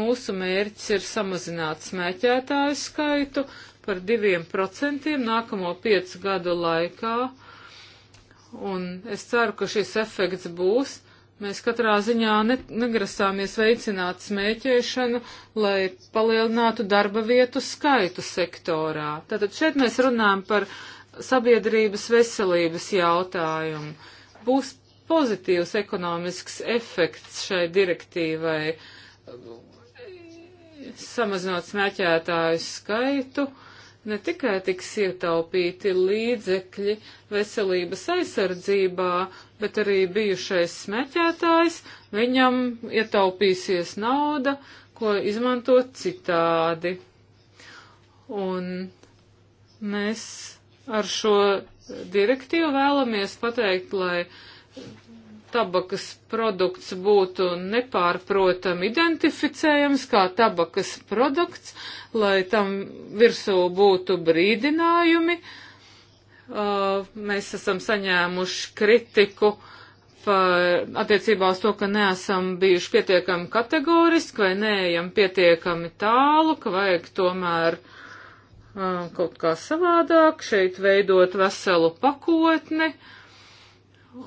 Mūsu mērķis ir samazināt smēķētāju skaitu par diviem procentiem nākamo piecu gadu laikā, un es ceru, ka šis efekts būs Mēs katrā ziņā ne, negrasāmies veicināt smēķēšanu, lai palielinātu darba vietu skaitu sektorā. Tātad šeit mēs runājam par sabiedrības veselības jautājumu. Būs pozitīvs ekonomisks efekts šai direktīvai, samazinot smēķētāju skaitu. Uh, ne tikai tiks ietaupīti līdzekļi veselības aizsardzībā, bet arī bijušais smēķētājs, viņam ietaupīsies nauda, ko izmantot citādi. Un mēs ar šo direktīvu vēlamies pateikt, lai tabakas produkts būtu nepārprotam identificējams kā tabakas produkts, lai tam virsū būtu brīdinājumi. Uh, mēs esam saņēmuši kritiku par attiecībā uz to, ka neesam bijuši pietiekami kategoriski vai neejam pietiekami tālu, ka vajag tomēr uh, kaut kā savādāk šeit veidot veselu pakotni. Uh,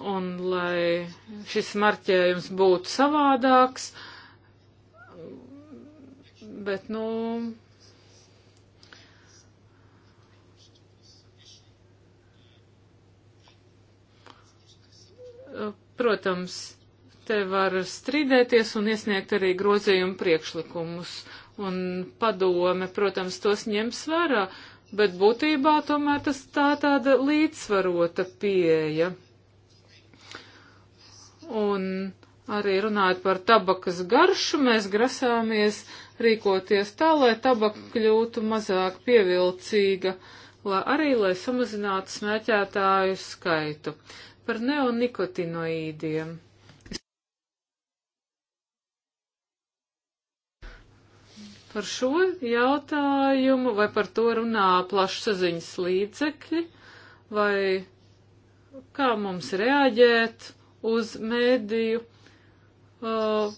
un lai šis marķējums būtu savādāks, bet, nu, protams, te var strīdēties un iesniegt arī grozījumu priekšlikumus, un padome, protams, tos ņems vērā, bet būtībā tomēr tas tā tāda līdzsvarota pieeja. Un arī runājot par tabakas garšu, mēs grasāmies rīkoties tā, lai tabaka kļūtu mazāk pievilcīga, lai arī lai samazinātu smēķētāju skaitu. Par neonikotinoīdiem. Par šo jautājumu vai par to runā plašsaziņas līdzekļi vai kā mums reaģēt? uz mēdīju uh,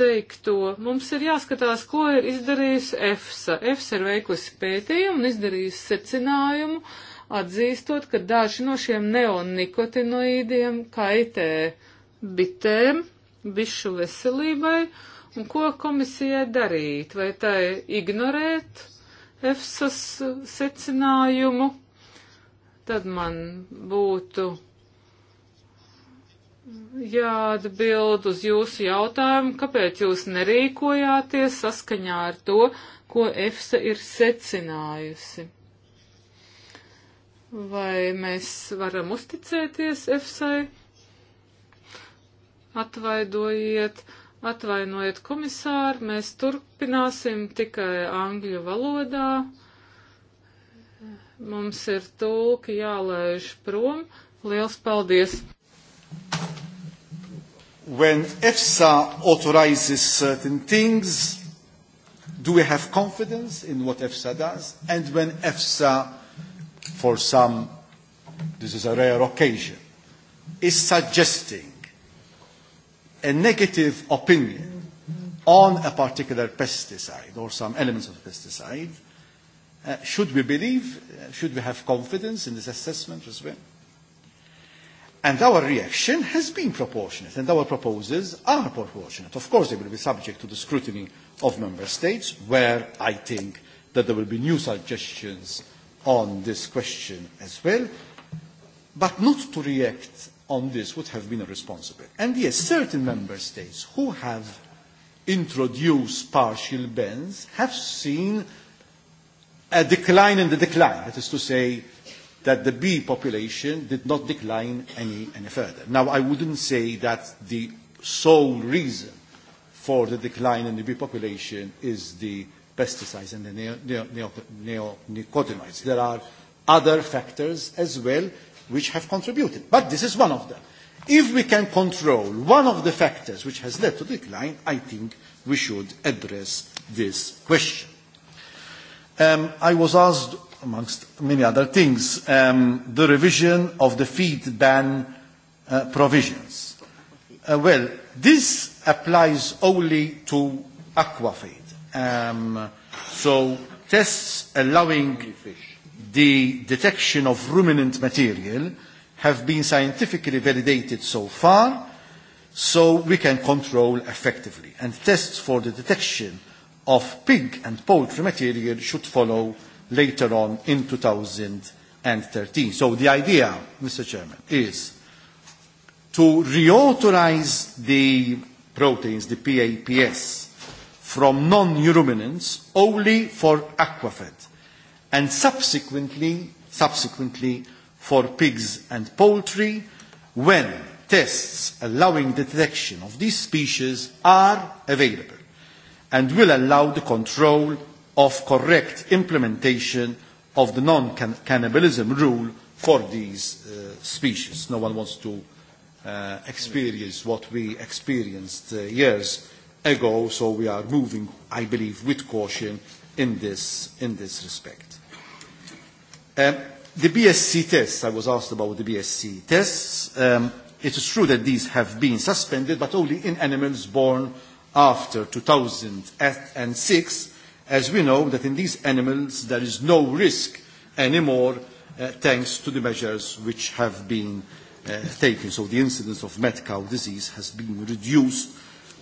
teikto. Mums ir jāskatās, ko ir izdarījusi EFSA. EFSA ir veikusi pētījumu un izdarījusi secinājumu, atzīstot, ka daži no šiem neonikotinoīdiem kaitē bitēm, bišu veselībai, un ko komisijai darīt, vai tai ignorēt EFSAS secinājumu, tad man būtu jāatbild uz jūsu jautājumu, kāpēc jūs nerīkojāties saskaņā ar to, ko EFSA ir secinājusi. Vai mēs varam uzticēties EFSAI? Atvaidojiet, atvainojiet komisāru, mēs turpināsim tikai angļu valodā. Mums ir tulki jālaiž prom. Liels paldies! when EFSA authorizes certain things, do we have confidence in what EFSA does? And when EFSA, for some, this is a rare occasion, is suggesting a negative opinion on a particular pesticide or some elements of the pesticide, uh, should we believe, uh, should we have confidence in this assessment as well? And our reaction has been proportionate, and our proposals are proportionate. Of course, they will be subject to the scrutiny of member states, where I think that there will be new suggestions on this question as well. But not to react on this would have been irresponsible. And yes, certain member states who have introduced partial bans have seen a decline in the decline, that is to say, that the bee population did not decline any, any further. Now, I wouldn't say that the sole reason for the decline in the bee population is the pesticides and the neonicotinoids. There are other factors as well which have contributed, but this is one of them. If we can control one of the factors which has led to decline, I think we should address this question. Um, I was asked amongst many other things, um, the revision of the feed ban uh, provisions. Uh, well, this applies only to aquafeed. Um, so tests allowing the detection of ruminant material have been scientifically validated so far, so we can control effectively. And tests for the detection of pig and poultry material should follow later on in 2013. So the idea, Mr. Chairman, is to reauthorize the proteins, the PAPS, from non-ruminants only for aquafed and subsequently, subsequently for pigs and poultry when tests allowing detection of these species are available and will allow the control of correct implementation of the non-cannibalism rule for these uh, species. No one wants to uh, experience what we experienced uh, years ago, so we are moving, I believe, with caution in this, in this respect. Um, the BSC tests, I was asked about the BSC tests. Um, it is true that these have been suspended, but only in animals born after 2006 as we know that in these animals there is no risk anymore uh, thanks to the measures which have been uh, taken. So the incidence of mad cow disease has been reduced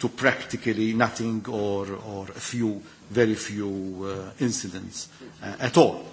to practically nothing or, or a few, very few uh, incidents uh, at all.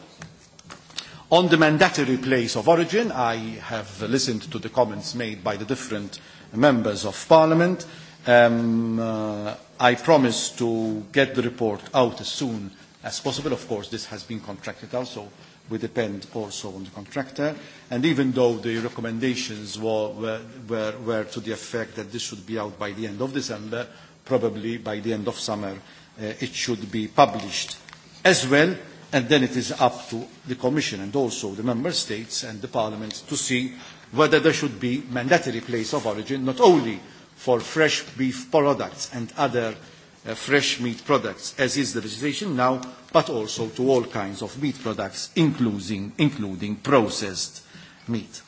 On the mandatory place of origin, I have listened to the comments made by the different members of parliament. Um, uh, I promise to get the report out as soon as possible. Of course, this has been contracted also. We depend also on the contractor. And even though the recommendations were, were, were, were to the effect that this should be out by the end of December, probably by the end of summer, uh, it should be published as well. And then it is up to the Commission and also the Member States and the Parliament to see whether there should be mandatory place of origin, not only for fresh beef products and other uh, fresh meat products, as is the legislation now, but also to all kinds of meat products, including, including processed meat.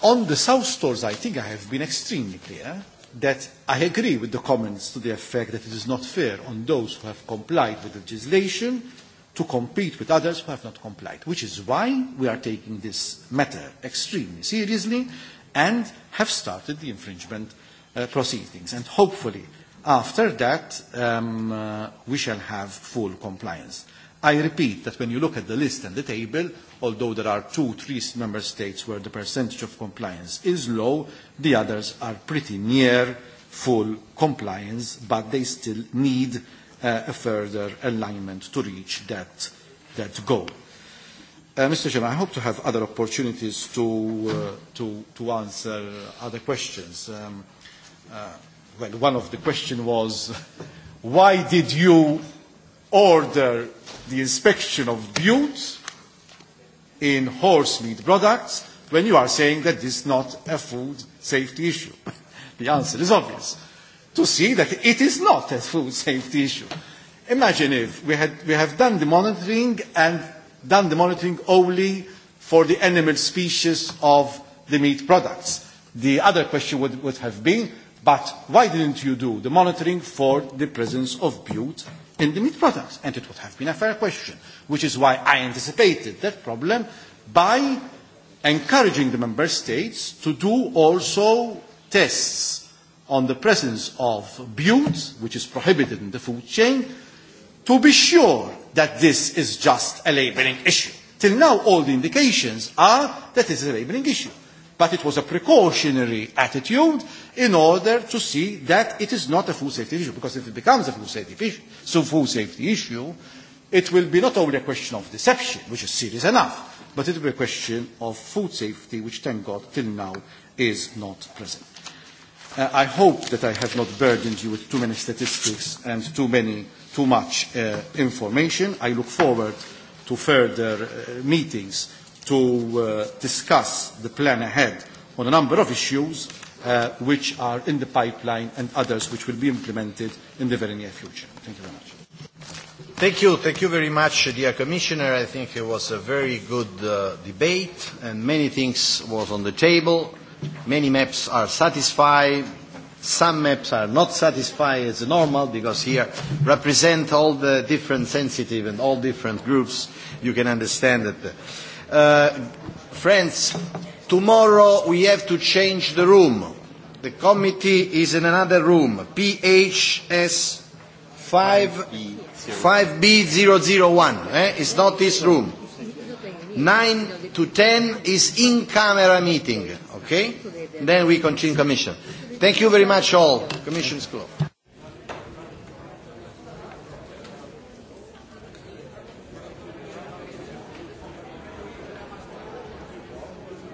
On the South stores, I think I have been extremely clear that I agree with the comments to the effect that it is not fair on those who have complied with legislation to compete with others who have not complied, which is why we are taking this matter extremely seriously and have started the infringement uh, proceedings. And hopefully, after that, um, uh, we shall have full compliance. I repeat that when you look at the list and the table, although there are two, three member states where the percentage of compliance is low, the others are pretty near full compliance, but they still need uh, a further alignment to reach that, that goal. Uh, Mr. Chairman, I hope to have other opportunities to, uh, to, to answer other questions. Um, uh, well, one of the questions was, why did you order the inspection of butte in horse meat products when you are saying that this is not a food safety issue? the answer is obvious. To see that it is not a food safety issue. Imagine if we, had, we have done the monitoring and done the monitoring only for the animal species of the meat products. The other question would, would have been, but why didn't you do the monitoring for the presence of bute in the meat products? And it would have been a fair question, which is why I anticipated that problem by encouraging the member states to do also tests on the presence of bute, which is prohibited in the food chain, to be sure that this is just a labelling issue. Till now, all the indications are that it's a labelling issue. But it was a precautionary attitude in order to see that it is not a food safety issue, because if it becomes a food safety issue, so food safety issue, it will be not only a question of deception, which is serious enough, but it will be a question of food safety, which, thank God, till now is not present. Uh, I hope that I have not burdened you with too many statistics and too many uh, too much uh, information. I look forward to further uh, meetings to uh, discuss the plan ahead on a number of issues uh, which are in the pipeline and others which will be implemented in the very near future. Thank you very much. Thank you. Thank you very much, dear Commissioner. I think it was a very good uh, debate and many things was on the table. Many maps are satisfied Some maps are not satisfied as normal because here represent all the different sensitive and all different groups. You can understand that. Uh, friends, tomorrow we have to change the room. The committee is in another room, PHS 5, 5B001. Eh? It's not this room. 9 to 10 is in-camera meeting, okay? Then we continue commission. Thank you very much all. Commission's closed.